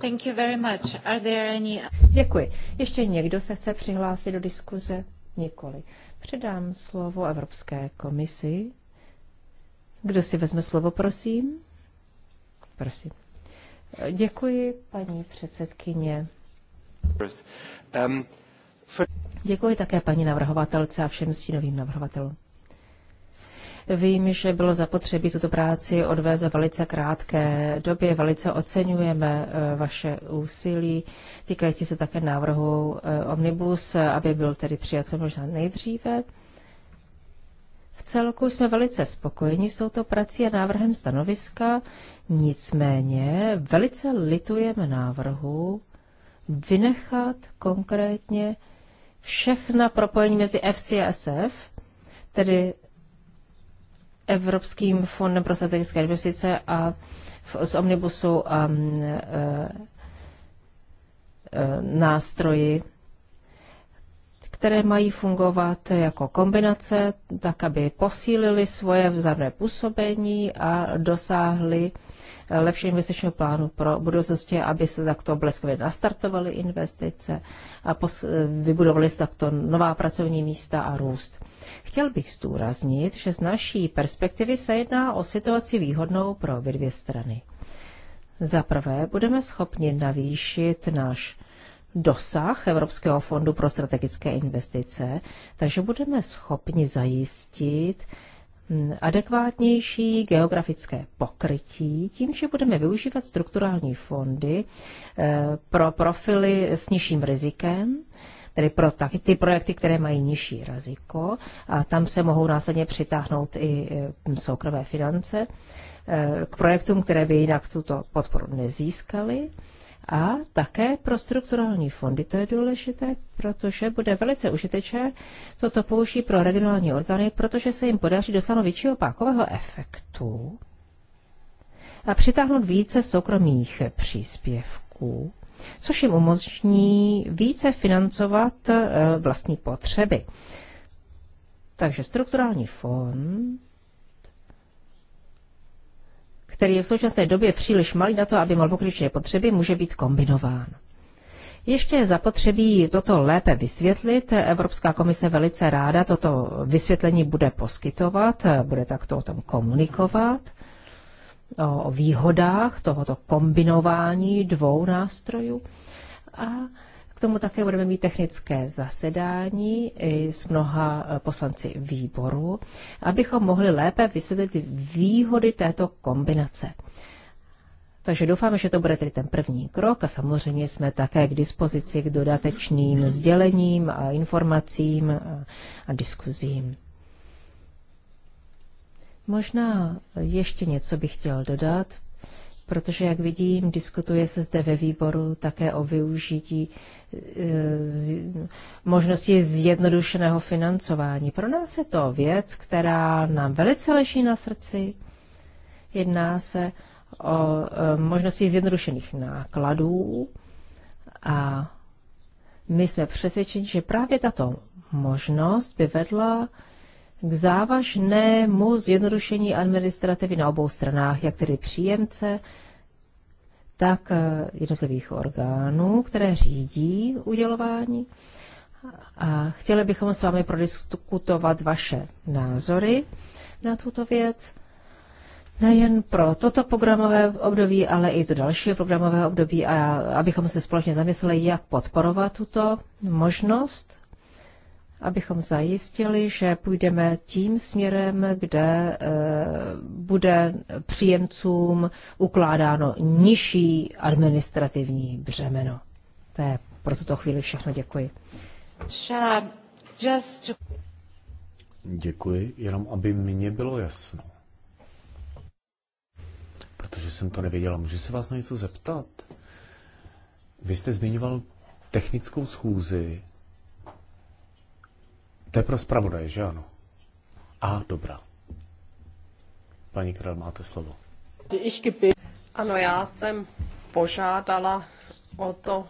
Speaker 1: Thank you very much. Are there any... Děkuji. Ještě někdo se chce přihlásit do diskuze? Nikoli. Předám slovo Evropské komisi. Kdo si vezme slovo, prosím? Prosím. Děkuji, paní předsedkyně. Um, Děkuji také paní navrhovatelce a všem stínovým navrhovatelům. Vím, že bylo zapotřebí tuto práci odvést ve velice krátké době. Velice oceňujeme eh, vaše úsilí, týkající se také návrhu eh, Omnibus, aby byl tedy přijat co možná nejdříve. V celku jsme velice spokojeni s touto prací a návrhem stanoviska, nicméně velice litujeme návrhu vynechat konkrétně všechna propojení mezi FC a SF, tedy Evropským fondem pro strategické investice a v, z Omnibusu a a, mm, a e, e, nástroji které mají fungovat jako kombinace, tak aby posílili svoje vzájemné působení a dosáhli lepšího investičního plánu pro budoucnosti, aby se takto bleskově nastartovaly investice a vybudovaly se takto nová pracovní místa a růst. Chtěl bych zdůraznit, že z naší perspektivy se jedná o situaci výhodnou pro obě dvě strany. Za prvé budeme schopni navýšit náš dosah Evropského fondu pro strategické investice, takže budeme schopni zajistit mm, adekvátnější geografické pokrytí tím, že budeme využívat strukturální fondy eh, pro profily s nižším rizikem, tedy pro taky ty projekty, které mají nižší riziko a tam se mohou následně přitáhnout i eh, soukromé finance eh, k projektům, které by jinak tuto podporu nezískaly. A také pro strukturální fondy to je důležité, protože bude velice užitečné toto použít pro regionální orgány, protože se jim podaří dosáhnout většího pákového efektu a přitáhnout více soukromých příspěvků, což jim umožní více financovat eh, vlastní potřeby. Takže strukturální fond který je v současné době příliš malý na to, aby mohl pokryt potřeby, může být kombinován. Ještě zapotřebí toto lépe vysvětlit. Evropská komise velice ráda toto vysvětlení bude poskytovat, bude takto o tom komunikovat, o výhodách tohoto kombinování dvou nástrojů. A k tomu také budeme mít technické zasedání s mnoha eh, poslanci výboru, abychom mohli lépe vysvětlit výhody této kombinace. Takže doufáme, že to bude tedy ten první krok a samozřejmě jsme také k dispozici k dodatečným sdělením a informacím a diskuzím. Možná ještě něco bych chtěl dodat, protože, jak vidím, diskutuje se zde ve výboru také o využití e, z, možnosti zjednodušeného financování. Pro nás je to věc, která nám velice leží na srdci. Jedná se o e, možnosti zjednodušených nákladů a my jsme přesvědčeni, že právě tato možnost by vedla k závažnému zjednodušení administrativy na obou stranách, jak tedy příjemce, tak eh, jednotlivých orgánů, které řídí udělování. A chtěli bychom s vámi prodiskutovat vaše názory na tuto věc. Nejen pro toto programové období, ale i to další programové období, a abychom se společně zamysleli, jak podporovat tuto možnost abychom zajistili, že půjdeme tím směrem, kde eh, bude příjemcům ukládáno nižší administrativní břemeno. To je pro tuto chvíli všechno. Děkuji.
Speaker 2: Děkuji, jenom aby mně bylo jasno. Protože jsem to nevěděla. Můžu se vás na něco zeptat? Vy jste zmiňoval technickou schůzi to je pro zpravodaj, že ano? A, dobrá. Paní Král, máte slovo.
Speaker 3: Ano, já jsem požádala o to,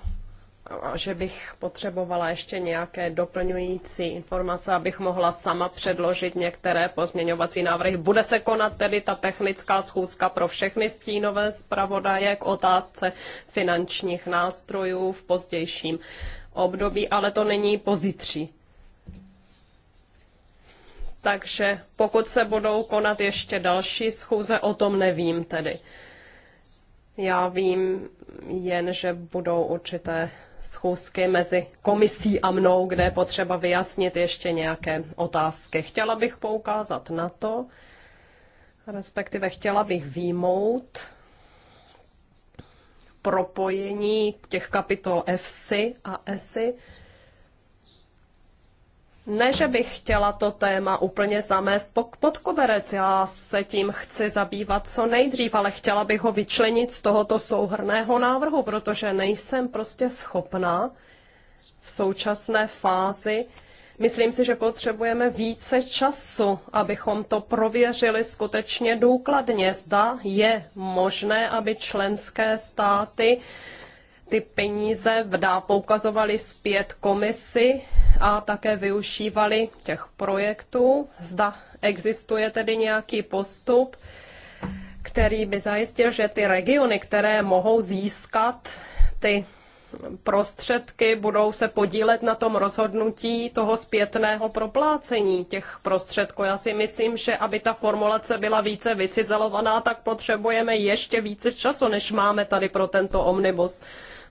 Speaker 3: že bych potřebovala ještě nějaké doplňující informace, abych mohla sama předložit některé pozměňovací návrhy. Bude se konat tedy ta technická schůzka pro všechny stínové zpravodaje k otázce finančních nástrojů v pozdějším období, ale to není pozítří takže pokud se budou konat ještě další schůze, o tom nevím tedy. Já vím jen, že budou určité schůzky mezi komisí a mnou, kde je potřeba vyjasnit ještě nějaké otázky. Chtěla bych poukázat na to, respektive chtěla bych výmout propojení těch kapitol FSI a ESI ne, že bych chtěla to téma úplně zamést pod koberec, já se tím chci zabývat co nejdřív, ale chtěla bych ho vyčlenit z tohoto souhrného návrhu, protože nejsem prostě schopná v současné fázi. Myslím si, že potřebujeme více času, abychom to prověřili skutečně důkladně. Zda je možné, aby členské státy ty peníze dá poukazovali zpět komisi a také využívali těch projektů. Zda existuje tedy nějaký postup, který by zajistil, že ty regiony, které mohou získat ty prostředky, budou se podílet na tom rozhodnutí toho zpětného proplácení těch prostředků. Já si myslím, že aby ta formulace byla více vycizelovaná, tak potřebujeme ještě více času, než máme tady pro tento omnibus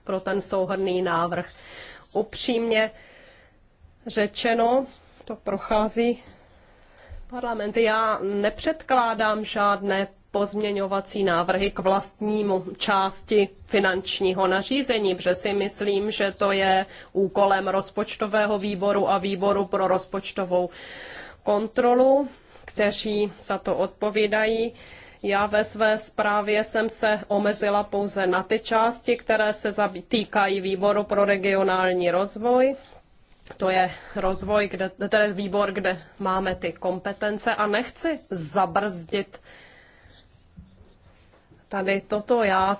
Speaker 3: pro ten souhrný návrh. Upřímně řečeno, to prochází parlamenty. Já nepředkládám žádné pozměňovací návrhy k vlastnímu části finančního nařízení, protože si myslím, že to je úkolem rozpočtového výboru a výboru pro rozpočtovou kontrolu, kteří za to odpovídají. Já ve své zprávě jsem se omezila pouze na ty části, které se týkají výboru pro regionální rozvoj. To je rozvoj, kde, to je výbor, kde máme ty kompetence a nechci zabrzdit tady toto já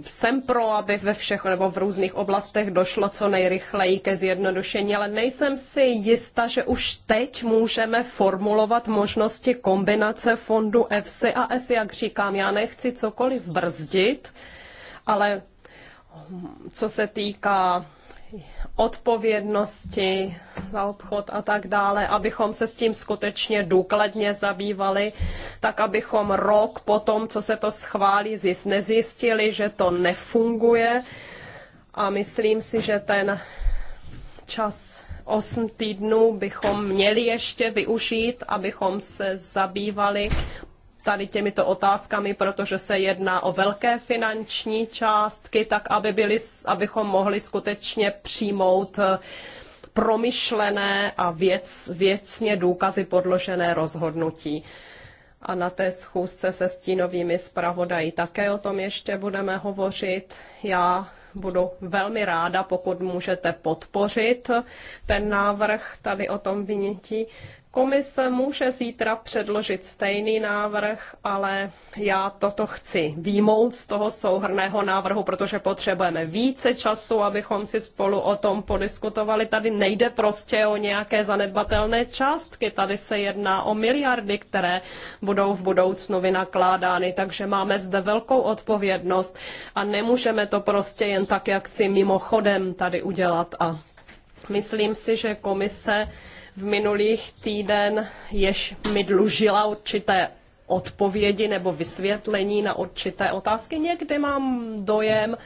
Speaker 3: jsem pro, aby ve všech nebo v různých oblastech došlo co nejrychleji ke zjednodušení, ale nejsem si jista, že už teď můžeme formulovat možnosti kombinace fondu EFSI a S, jak říkám, já nechci cokoliv brzdit, ale co se týká odpovědnosti za obchod a tak dále, abychom se s tím skutečně důkladně zabývali, tak abychom rok po tom, co se to schválí, zjist, nezjistili, že to nefunguje. A myslím si, že ten čas 8 týdnů bychom měli ještě využít, abychom se zabývali tady těmito otázkami, protože se jedná o velké finanční částky, tak aby byli, abychom mohli skutečně přijmout eh, promyšlené a věc, věcně důkazy podložené rozhodnutí. A na té schůzce se stínovými zpravodají také o tom ještě budeme hovořit. Já budu velmi ráda, pokud můžete podpořit ten návrh tady o tom vynětí Komise může zítra předložit stejný návrh, ale já toto chci výmout z toho souhrného návrhu, protože potřebujeme více času, abychom si spolu o tom podiskutovali. Tady nejde prostě o nějaké zanedbatelné částky, tady se jedná o miliardy, které budou v budoucnu vynakládány, takže máme zde velkou odpovědnost a nemůžeme to prostě jen tak, jak si mimochodem tady udělat a Myslím si, že komise v minulých týden jež mi dlužila určité odpovědi nebo vysvětlení na určité otázky. Někdy mám dojem,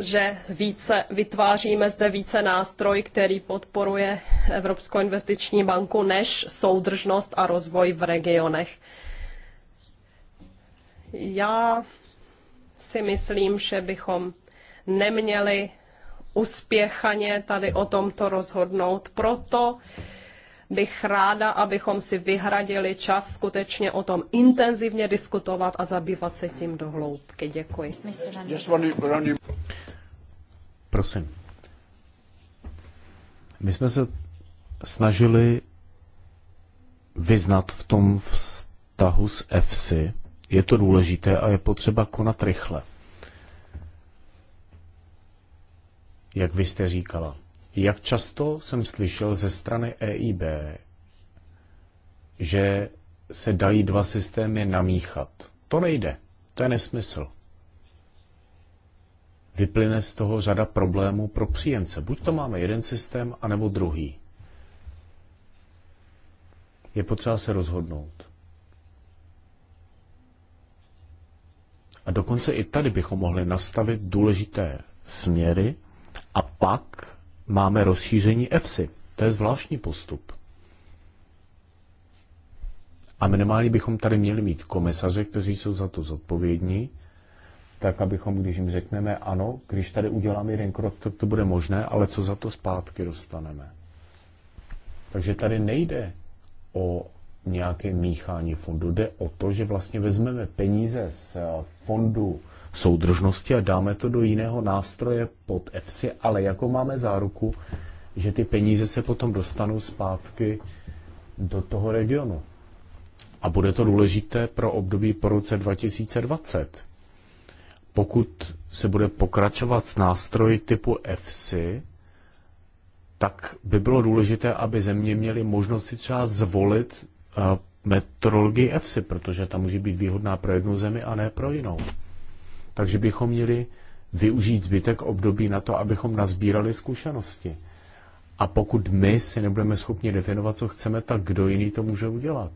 Speaker 3: že více, vytváříme zde více nástroj, který podporuje Evropskou investiční banku, než soudržnost a rozvoj v regionech. Já si myslím, že bychom neměli uspěchaně tady o tomto rozhodnout. Proto bych ráda, abychom si vyhradili čas skutečně o tom intenzivně diskutovat a zabývat se tím do hloubky. Děkuji.
Speaker 2: Prosím. My jsme se snažili vyznat v tom vztahu s EFSI. Je to důležité a je potřeba konat rychle. jak vy jste říkala. Jak často jsem slyšel ze strany EIB, že se dají dva systémy namíchat. To nejde. To je nesmysl. Vyplyne z toho řada problémů pro příjemce. Buď to máme jeden systém, anebo druhý. Je potřeba se rozhodnout. A dokonce i tady bychom mohli nastavit důležité směry, a pak máme rozšíření EFSI. To je zvláštní postup. A minimálně bychom tady měli mít komisaře, kteří jsou za to zodpovědní, tak abychom, když jim řekneme ano, když tady uděláme jeden krok, tak to bude možné, ale co za to zpátky dostaneme. Takže tady nejde o nějaké míchání fondu. Jde o to, že vlastně vezmeme peníze z eh, fondu soudržnosti a dáme to do jiného nástroje pod EFSI, ale jako máme záruku, že ty peníze se potom dostanou zpátky do toho regionu. A bude to důležité pro období po roce 2020. Pokud se bude pokračovat s nástroji typu EFSI, tak by bylo důležité, aby země měly možnost si třeba zvolit eh, metrologii EFSI, protože ta může být výhodná pro jednu zemi a ne pro jinou. Takže bychom měli využít zbytek období na to, abychom nazbírali zkušenosti. A pokud my si nebudeme schopni definovat, co chceme, tak kdo jiný to může udělat?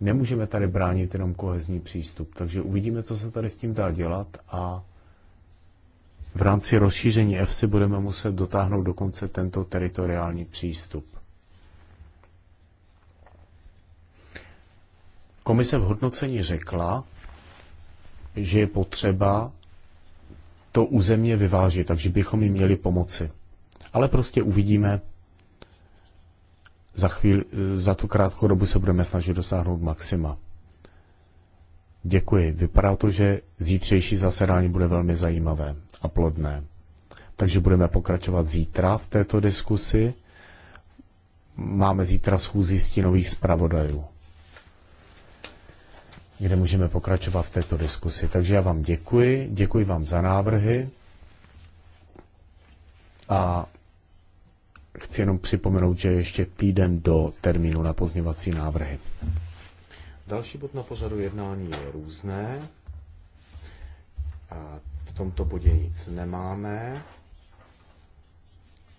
Speaker 2: Nemůžeme tady bránit jenom kohezní přístup, takže uvidíme, co se tady s tím dá dělat a v rámci rozšíření EFSI budeme muset dotáhnout dokonce tento teritoriální přístup. Komise v hodnocení řekla, že je potřeba to země vyvážit, takže bychom jim měli pomoci. Ale prostě uvidíme, za, chvíli, za tu krátkou dobu se budeme snažit dosáhnout maxima. Děkuji. Vypadá to, že zítřejší zasedání bude velmi zajímavé a plodné. Takže budeme pokračovat zítra v této diskusi. Máme zítra schůzi stínových zpravodajů kde můžeme pokračovat v této diskusi. Takže já vám děkuji, děkuji vám za návrhy a chci jenom připomenout, že ještě týden do termínu na pozněvací návrhy. Další bod na pořadu jednání je různé. A v tomto bodě nic nemáme.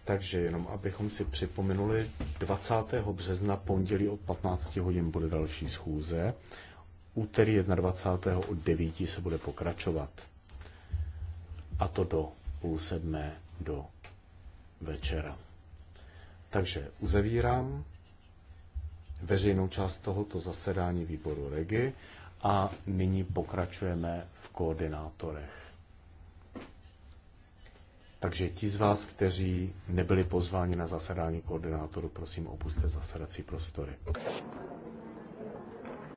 Speaker 2: Takže jenom abychom si připomenuli, 20. března pondělí od 15 hodin bude další schůze úterý 21. od 9. se bude pokračovat. A to do půl sedmé do večera. Takže uzavírám veřejnou část tohoto zasedání výboru Regi a nyní pokračujeme v koordinátorech. Takže ti z vás, kteří nebyli pozváni na zasedání koordinátoru, prosím opuste zasedací prostory.